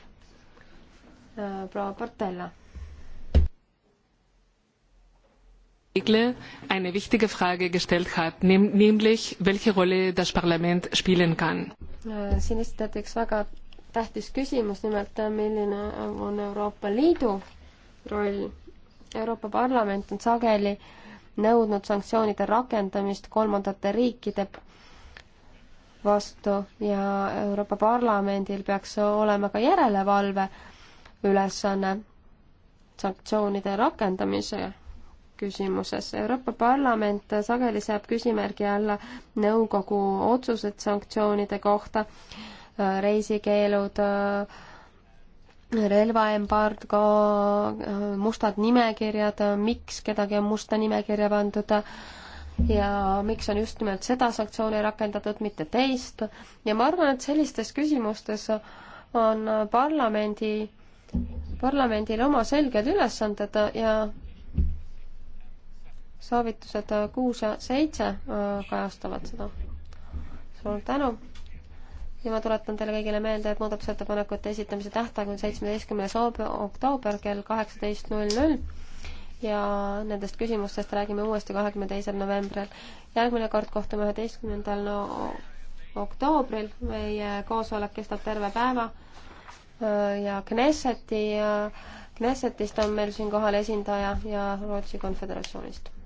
Äh, proua Portella Regler eine wichtige Frage gestellt hat, nämlich welche Rolle das Parlament spielen kann. Äh, siin esitati üks väga tähtis küsimus, nimelt äh, milline on Euroopa Liidu roll. Euroopa Parlament on sageli nõudnud sanktsioonide rakendamist kolmandate riikide vastu ja Euroopa Parlamendil peaks olema ka järelevalve ülesanne sanktsioonide rakendamise küsimuses. Euroopa Parlament sageli seab küsimärgi alla nõukogu otsused sanktsioonide kohta, reisikeelud, relvaembargo, mustad nimekirjad, miks kedagi on musta nimekirja pandud ja miks on just nimelt seda sanktsiooni rakendatud, mitte teist. ja ma arvan, et sellistes küsimustes on parlamendi parlamendil oma selged ülesanded ja soovitused kuus ja seitse äh, kajastavad seda. suur tänu! ja ma tuletan teile kõigile meelde, et muudatusettepanekute esitamise tähtaeg on seitsmeteistkümnes oktoober kell kaheksateist null null ja nendest küsimustest räägime uuesti kahekümne teisel novembril. järgmine kord kohtume üheteistkümnendal no oktoobril, meie koosolek kestab terve päeva äh, ja Knesseti ja Knessetist on meil siin kohal esindaja ja Rootsi Konföderatsioonist.